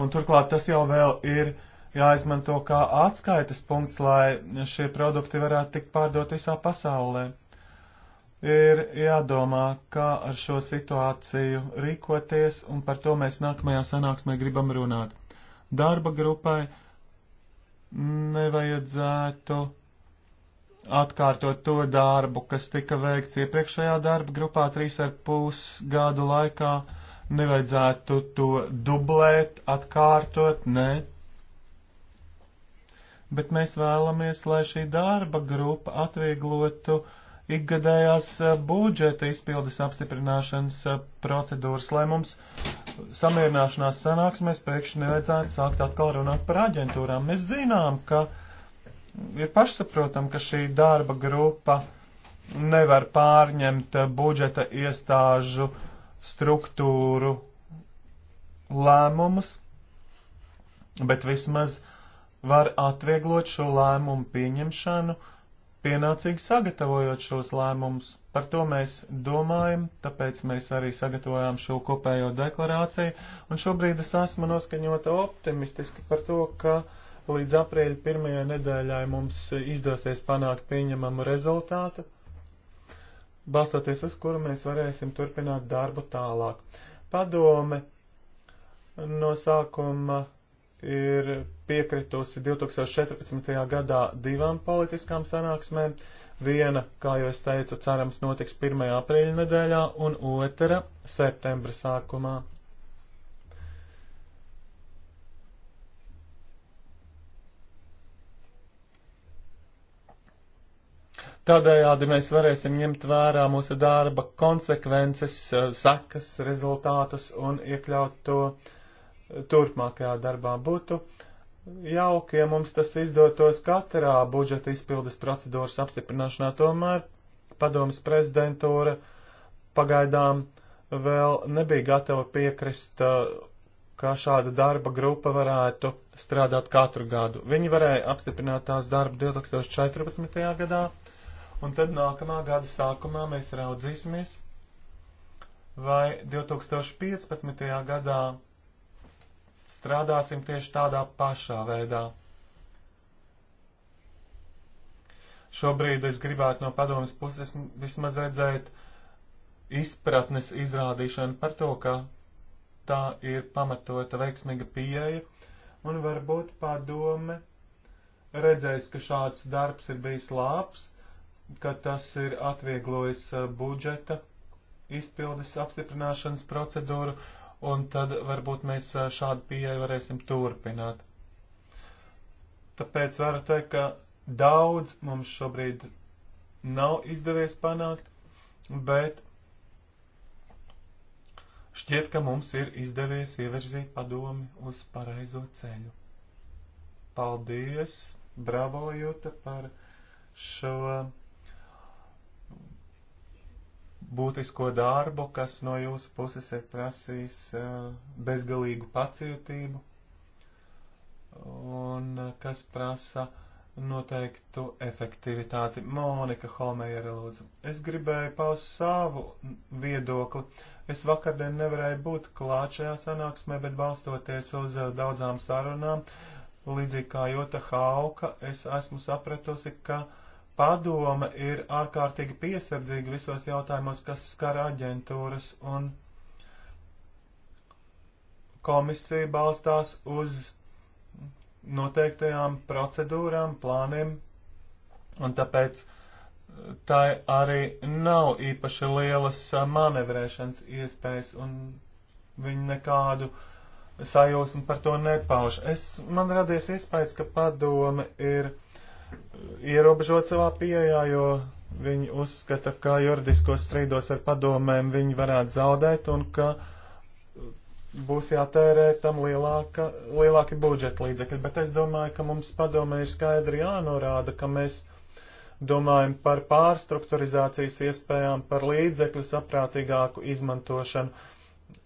Un turklāt tas jau vēl ir jāizmanto kā atskaites punkts, lai šie produkti varētu tikt pārdot visā pasaulē. Ir jādomā, kā ar šo situāciju rīkoties, un par to mēs nākamajā sanāksmē gribam runāt. Darba grupai nevajadzētu atkārtot to darbu, kas tika veikts iepriekšējā darba grupā trīs ar pus gadu laikā. Nevajadzētu to dublēt, atkārtot, nē. Bet mēs vēlamies, lai šī darba grupa atvieglotu ikgadējās eh, budžeta izpildes apstiprināšanas eh, procedūras, lai mums samierināšanās sanāksmēs pēkšņi nevajadzētu sākt atkal runāt par aģentūrām. Mēs zinām, ka ir pašsaprotam, ka šī darba grupa nevar pārņemt budžeta iestāžu struktūru lēmumus, bet vismaz var atvieglot šo lēmumu pieņemšanu pienācīgi sagatavojot šos lēmumus. Par to mēs domājam, tāpēc mēs arī sagatavojām šo kopējo deklarāciju, un šobrīd es esmu noskaņota optimistiski par to, ka līdz aprīļa pirmajai nedēļai mums izdosies panākt pieņemamu rezultātu, balstoties uz kuru mēs varēsim turpināt darbu tālāk. Padome no sākuma ir piekritusi 2014. gadā divām politiskām sanāksmēm. Viena, kā jau es teicu, cerams notiks 1. aprīļa nedēļā un otra septembra sākumā. Tādējādi mēs varēsim ņemt vērā mūsu darba konsekvences, eh, sekas, rezultātus un iekļaut to turpmākajā darbā. Būtu uh, jauki, ja mums tas izdotos katrā budžeta izpildes procedūras apstiprināšanā. Tomēr padomas prezidentūra pagaidām vēl nebija gatava piekrist, uh, kā šāda darba grupa varētu strādāt katru gadu. Viņi varēja apstiprināt tās darbu 2014. gadā, un tad nākamā gada sākumā mēs raudzīsimies, vai 2015. gadā strādāsim tieši tādā pašā veidā. Šobrīd es gribētu no padomas puses vismaz redzēt izpratnes izrādīšanu par to, ka tā ir pamatota veiksmīga pieeja, un varbūt padome redzēs, ka šāds darbs ir bijis labs, ka tas ir atvieglojis uh, budžeta izpildes apstiprināšanas procedūru, un tad varbūt mēs šādu pieeju varēsim turpināt. Tāpēc varu teikt, ka daudz mums šobrīd nav izdevies panākt, bet šķiet, ka mums ir izdevies ievirzīt padomi uz pareizo ceļu. Paldies, bravo jūta par šo būtisko darbu, kas no jūsu puses ir prasījis eh, bezgalīgu pacietību un eh, kas prasa noteiktu efektivitāti. Monika Holmējere lūdzu. Es gribēju paust savu viedokli. Es vakardien nevarēju būt klāt šajā sanāksmē, bet balstoties uz eh, daudzām sarunām, līdzīgi kā Jota Hauka, es esmu sapratusi, ka uh, padome ir ārkārtīgi piesardzīga visos jautājumos, kas skar aģentūras, un komisija balstās uz noteiktajām procedūrām, plāniem, un tāpēc eh, tai arī nav īpaši lielas eh, manevrēšanas iespējas, un viņi nekādu sajūsmu par to nepauž. Es, man radies iespējas, ka padome ir ierobežot savā pieejā, jo viņi uzskata, ka juridiskos strīdos ar padomēm viņi varētu zaudēt un ka būs jātērē tam lielāka, lielāki budžeta līdzekļi. Bet es domāju, ka mums padomē ir skaidri jānorāda, ka mēs domājam par pārstrukturizācijas iespējām, par līdzekļu saprātīgāku izmantošanu.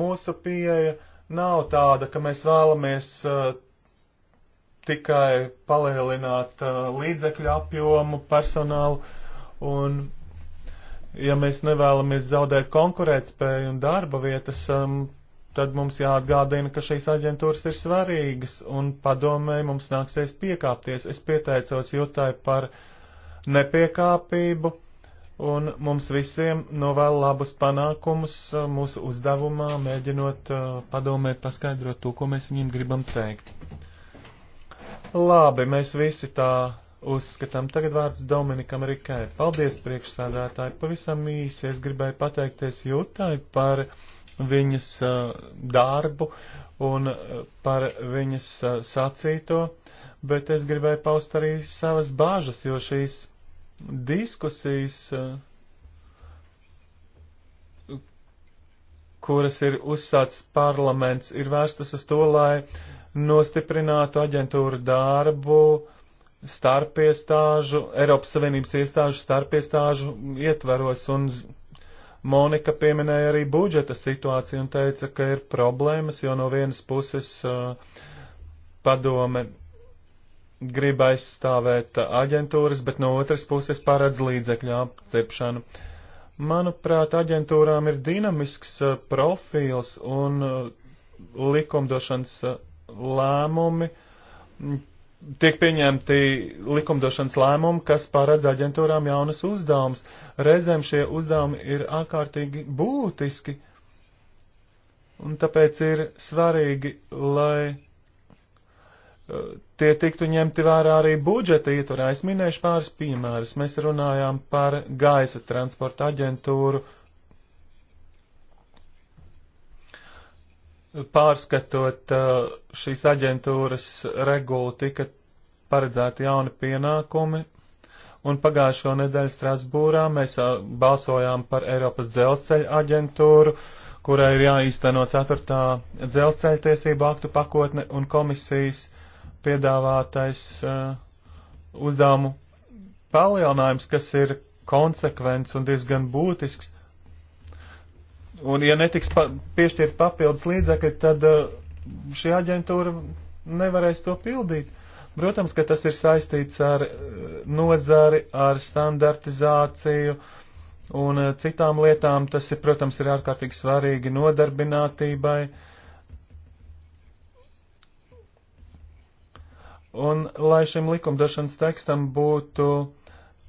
Mūsu pieeja nav tāda, ka mēs vēlamies uh, tikai palielināt uh, līdzekļu apjomu, personālu, un ja mēs nevēlamies zaudēt konkurētspēju un darba vietas, um, tad mums jāatgādina, ka šīs aģentūras ir svarīgas, un padomē mums nāksies piekāpties. Es pieteicos jūtai par nepiekāpību, un mums visiem novēl labus panākumus uh, mūsu uzdevumā, mēģinot uh, padomēt, paskaidrot to, ko mēs viņiem gribam teikt. Labi, mēs visi tā uzskatām. Tagad vārds Dominikam Rikai. Paldies, priekšsādātāji. Pavisam īsi es gribēju pateikties Jūtai par viņas uh, darbu un uh, par viņas uh, sacīto, bet es gribēju paust arī savas bāžas, jo šīs diskusijas, uh, kuras ir uzsācis parlaments, ir vērstas uz to, lai nostiprinātu aģentūru darbu starpiestāžu, Eiropas Savienības iestāžu starpiestāžu ietvaros, un Monika pieminēja arī budžeta situāciju un teica, ka ir problēmas, jo no vienas puses uh, padome grib aizstāvēt aģentūras, bet no otras puses paredz līdzekļu apcepšanu. Manuprāt, aģentūrām ir dinamisks uh, profils un uh, likumdošanas lēmumi, tiek pieņemti likumdošanas lēmumi, kas paredz aģentūrām jaunas uzdevumus. Reizēm šie uzdevumi ir ārkārtīgi būtiski, un tāpēc ir svarīgi, lai eh, tie tiktu ņemti vērā arī budžeta ietvarā. Es minēšu pāris piemērus. Mēs runājām par gaisa transporta aģentūru pārskatot uh, šīs aģentūras regulu, tika paredzēti jauni pienākumi, un pagājušo nedēļu Strasbūrā mēs uh, balsojām par Eiropas dzelzceļa aģentūru, kurai ir jāīsteno 4. dzelzceļa tiesību aktu pakotne un komisijas piedāvātais uh, uzdevumu palielinājums, kas ir konsekvents un diezgan būtisks, Un, ja netiks pa piešķirt papildus līdzekļi, tad uh, šī aģentūra nevarēs to pildīt. Protams, ka tas ir saistīts ar uh, nozari, ar standartizāciju un uh, citām lietām. Tas, ir, protams, ir ārkārtīgi svarīgi nodarbinātībai. Un, lai šim likumdošanas tekstam būtu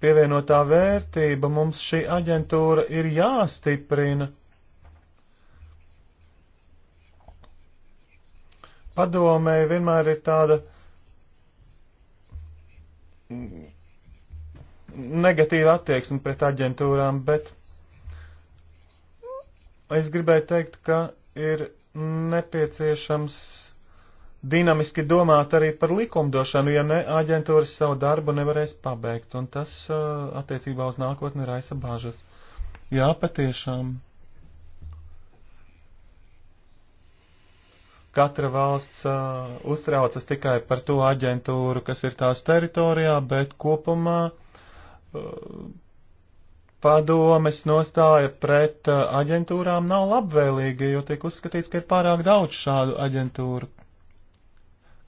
pievienotā vērtība, mums šī aģentūra ir jāstiprina padomē vienmēr ir tāda negatīva attieksme pret aģentūrām, bet es gribēju teikt, ka ir nepieciešams dinamiski domāt arī par likumdošanu, ja ne aģentūras savu darbu nevarēs pabeigt, un tas uh, attiecībā uz nākotni raisa bāžas. Jā, patiešām. katra valsts uh, uztraucas tikai par to aģentūru, kas ir tās teritorijā, bet kopumā uh, padomes nostāja pret uh, aģentūrām nav labvēlīga, jo tiek uzskatīts, ka ir pārāk daudz šādu aģentūru.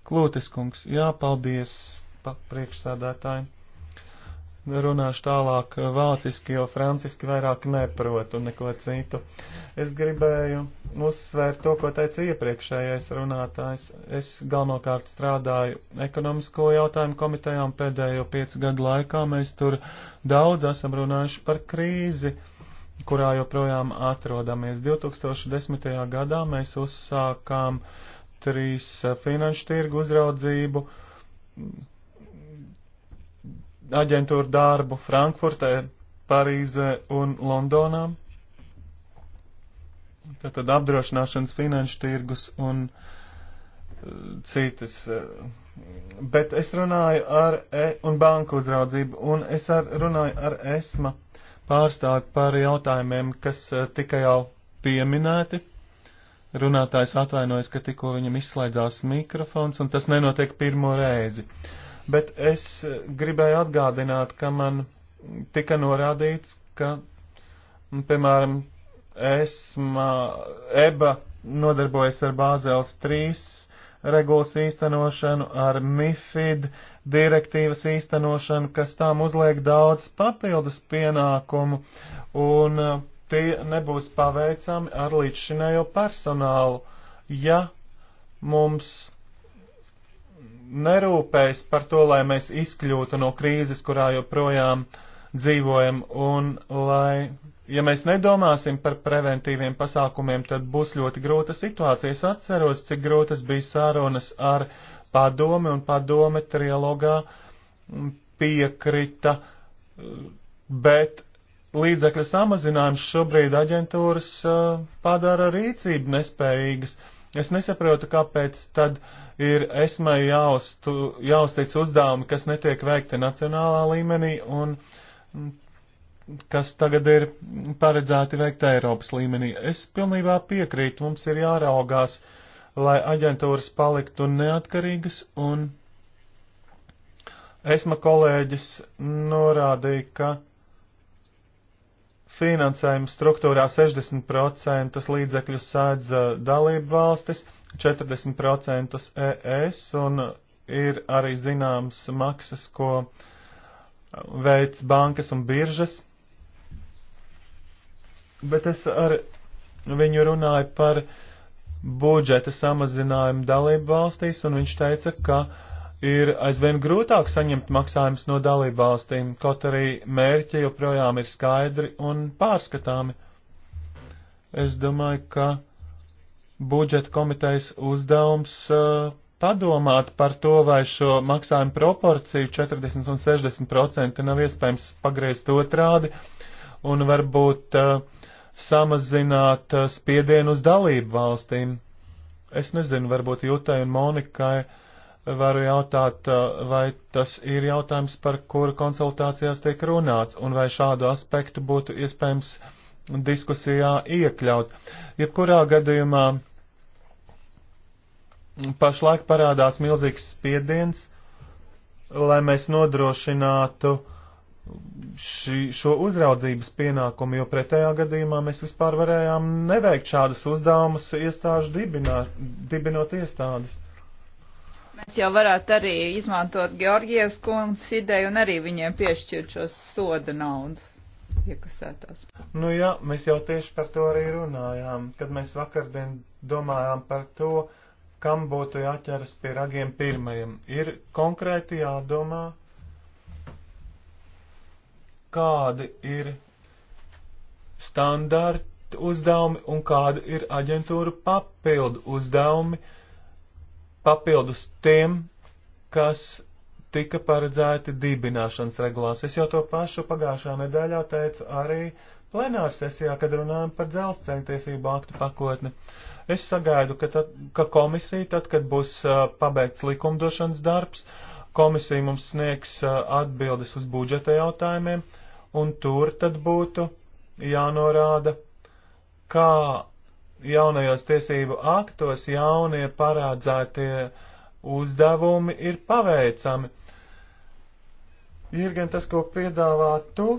Klūtiskungs, jā, paldies pa priekšsādātājiem runāšu tālāk vāciski, jo franciski vairāk neprotu neko citu. Es gribēju uzsvērt to, ko teica iepriekšējais runātājs. Es galvenokārt strādāju ekonomisko jautājumu komitejām pēdējo piecu gadu laikā. Mēs tur daudz esam runājuši par krīzi, kurā joprojām atrodamies. 2010. gadā mēs uzsākām trīs finanšu tirgu uzraudzību aģentūru darbu Frankfurtē, Parīzē un Londonā. Tātad apdrošināšanas finanšu tirgus un e, citas. E, bet es runāju ar e un banku uzraudzību, un es ar, runāju ar ESMA pārstāvi par jautājumiem, kas e, tika jau pieminēti. Runātājs atvainojas, ka tikko viņam izslēdzās mikrofons, un tas nenotiek pirmo reizi. Uh, bet es eh, gribēju atgādināt, ka man tika norādīts, ka, piemēram, esma, EBA nodarbojas ar Bāzēls 3 regulas īstenošanu, ar MIFID direktīvas īstenošanu, kas tām uzliek daudz papildus pienākumu, un eh, tie nebūs paveicami ar līdzšinējo personālu, ja mums nerūpējas par to, lai mēs izkļūtu no krīzes, kurā joprojām dzīvojam, un lai, ja mēs nedomāsim par preventīviem pasākumiem, tad būs ļoti grūta situācija. Es atceros, cik grūtas bija sārunas ar padomi, un padome trilogā piekrita, bet līdzekļu samazinājums šobrīd aģentūras eh, padara rīcību nespējīgas. Uh, Es nesaprotu, kāpēc tad ir esmai jāuztu, jāuztic uzdevumi, kas netiek veikti nacionālā līmenī un kas tagad ir paredzēti veikt Eiropas līmenī. Es pilnībā piekrītu, mums ir jāraugās, lai aģentūras paliktu neatkarīgas un esma kolēģis norādīja, ka finansējuma struktūrā 60% līdzekļu sēdz eh, dalību valstis, 40% ES un ir arī zināms maksas, ko eh, veids bankas un biržas. Bet es ar viņu runāju par budžeta samazinājumu dalību valstīs, un viņš teica, ka ir aizvien grūtāk saņemt maksājumus no dalību valstīm, kaut arī mērķi joprojām ir skaidri un pārskatāmi. Es domāju, ka budžeta komitejas uzdevums uh, padomāt par to, vai šo maksājumu proporciju 40 un 60% nav iespējams pagriezt otrādi un varbūt uh, samazināt uh, spiedienu uz dalību valstīm. Es nezinu, varbūt Jutai un Monikai uh, varu jautāt, vai tas ir jautājums, par kuru konsultācijās tiek runāts, un vai šādu aspektu būtu iespējams diskusijā iekļaut. Jebkurā gadījumā pašlaik parādās milzīgs spiediens, lai mēs nodrošinātu šī, šo uzraudzības pienākumu, jo pretējā gadījumā mēs vispār varējām neveikt šādus uzdevumus iestāžu dibinā, dibinot iestādes. Mēs jau varētu arī izmantot Georgievs kundzes ideju un arī viņiem piešķirt šos soda naudu iekasētās. Nu jā, mēs jau tieši par to arī runājām, kad mēs vakardien domājām par to, kam būtu jāķeras pie ragiem pirmajam. Ir konkrēti jādomā, kādi ir standarti uzdevumi un kādi ir aģentūra papildu uzdevumi, uh, papildus tiem, kas tika paredzēti dibināšanas regulās. Es jau to pašu pagājušā nedēļā teicu arī plenāra sesijā, kad runājam par dzelzceļa tiesību aktu pakotni. Es sagaidu, ka, tad, ka komisija, tad, kad būs uh, pabeigts likumdošanas darbs, komisija mums sniegs uh, atbildes uz budžeta jautājumiem, un tur tad būtu jānorāda, kā jaunajos tiesību aktos jaunie parādzētie uzdevumi ir paveicami. Ir gan tas, ko piedāvā tu.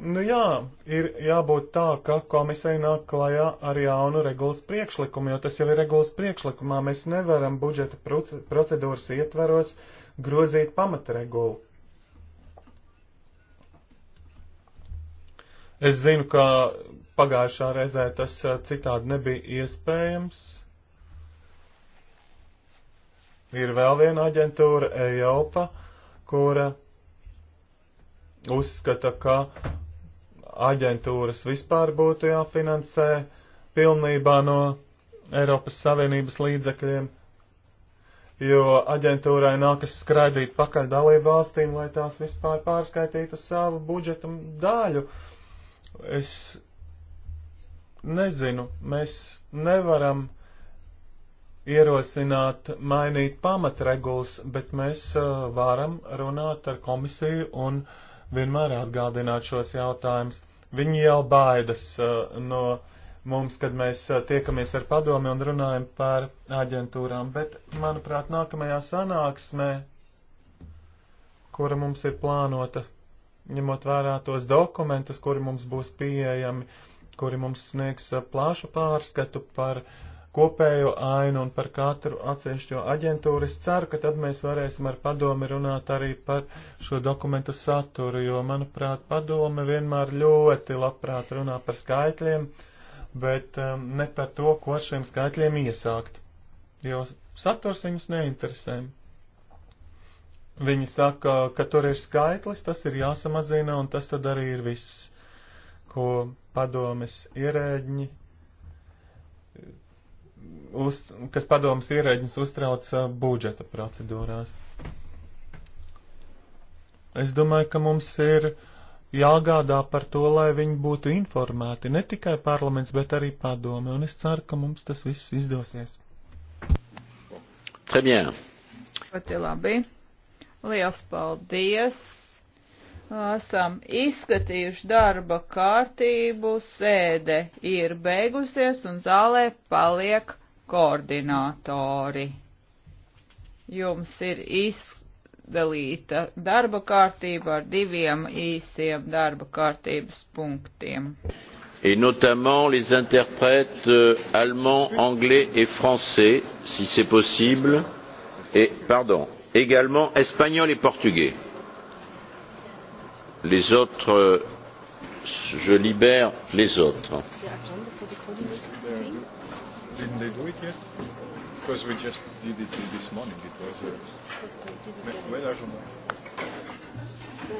Nu jā, ir jābūt tā, ka komisija nāk klajā ar jaunu regulas priekšlikumu, jo tas jau ir regulas priekšlikumā. Mēs nevaram budžeta procedūras ietveros grozīt pamatregulu. Es zinu, ka Pagājušā reizē tas eh, citādi nebija iespējams. Ir vēl viena aģentūra, Eiropa, kura uzskata, ka aģentūras vispār būtu jāfinansē pilnībā no Eiropas Savienības līdzekļiem, jo aģentūrai nākas skraidīt pakaļ dalību valstīm, lai tās vispār pārskaitītu savu budžetu daļu. Es Nezinu, mēs nevaram ierosināt, mainīt pamatregulas, bet mēs uh, varam runāt ar komisiju un vienmēr atgādināt šos jautājumus. Viņi jau baidas uh, no mums, kad mēs uh, tiekamies ar padomi un runājam par aģentūrām, bet, manuprāt, nākamajā sanāksmē, kura mums ir plānota, ņemot vērā tos dokumentus, kuri mums būs pieejami, uh, kuri mums sniegs eh, plāšu pārskatu par kopējo ainu un par katru atsevišķo aģentūru. Es ceru, ka tad mēs varēsim ar padomi runāt arī par šo dokumentu saturu, jo, manuprāt, padome vienmēr ļoti labprāt runā par skaitļiem, bet um, ne par to, ko ar šiem skaitļiem iesākt, jo saturs viņus neinteresē. Viņi saka, ka tur ir skaitlis, tas ir jāsamazina, un tas tad arī ir viss, ko padomes ierēģi, uz, kas padomes ierēģis uztrauc budžeta procedūrās. Es domāju, ka mums ir jāgādā par to, lai viņi būtu informēti, ne tikai parlaments, bet arī padome, un es ceru, ka mums tas viss izdosies. Très bien. Ļoti labi. Liels paldies! esam izskatījuši darba kārtību, sēde ir beigusies un zālē paliek koordinātori. Jums ir izdalīta darba kārtība ar diviem īsiem darba kārtības punktiem. Et notamment les interprètes euh, allemands, anglais et français, si c'est possible, et, pardon, également espagnol et portugais les autres je libère les autres. Didn't they do it yet? Because we just did it this morning. It was. Uh, where are you?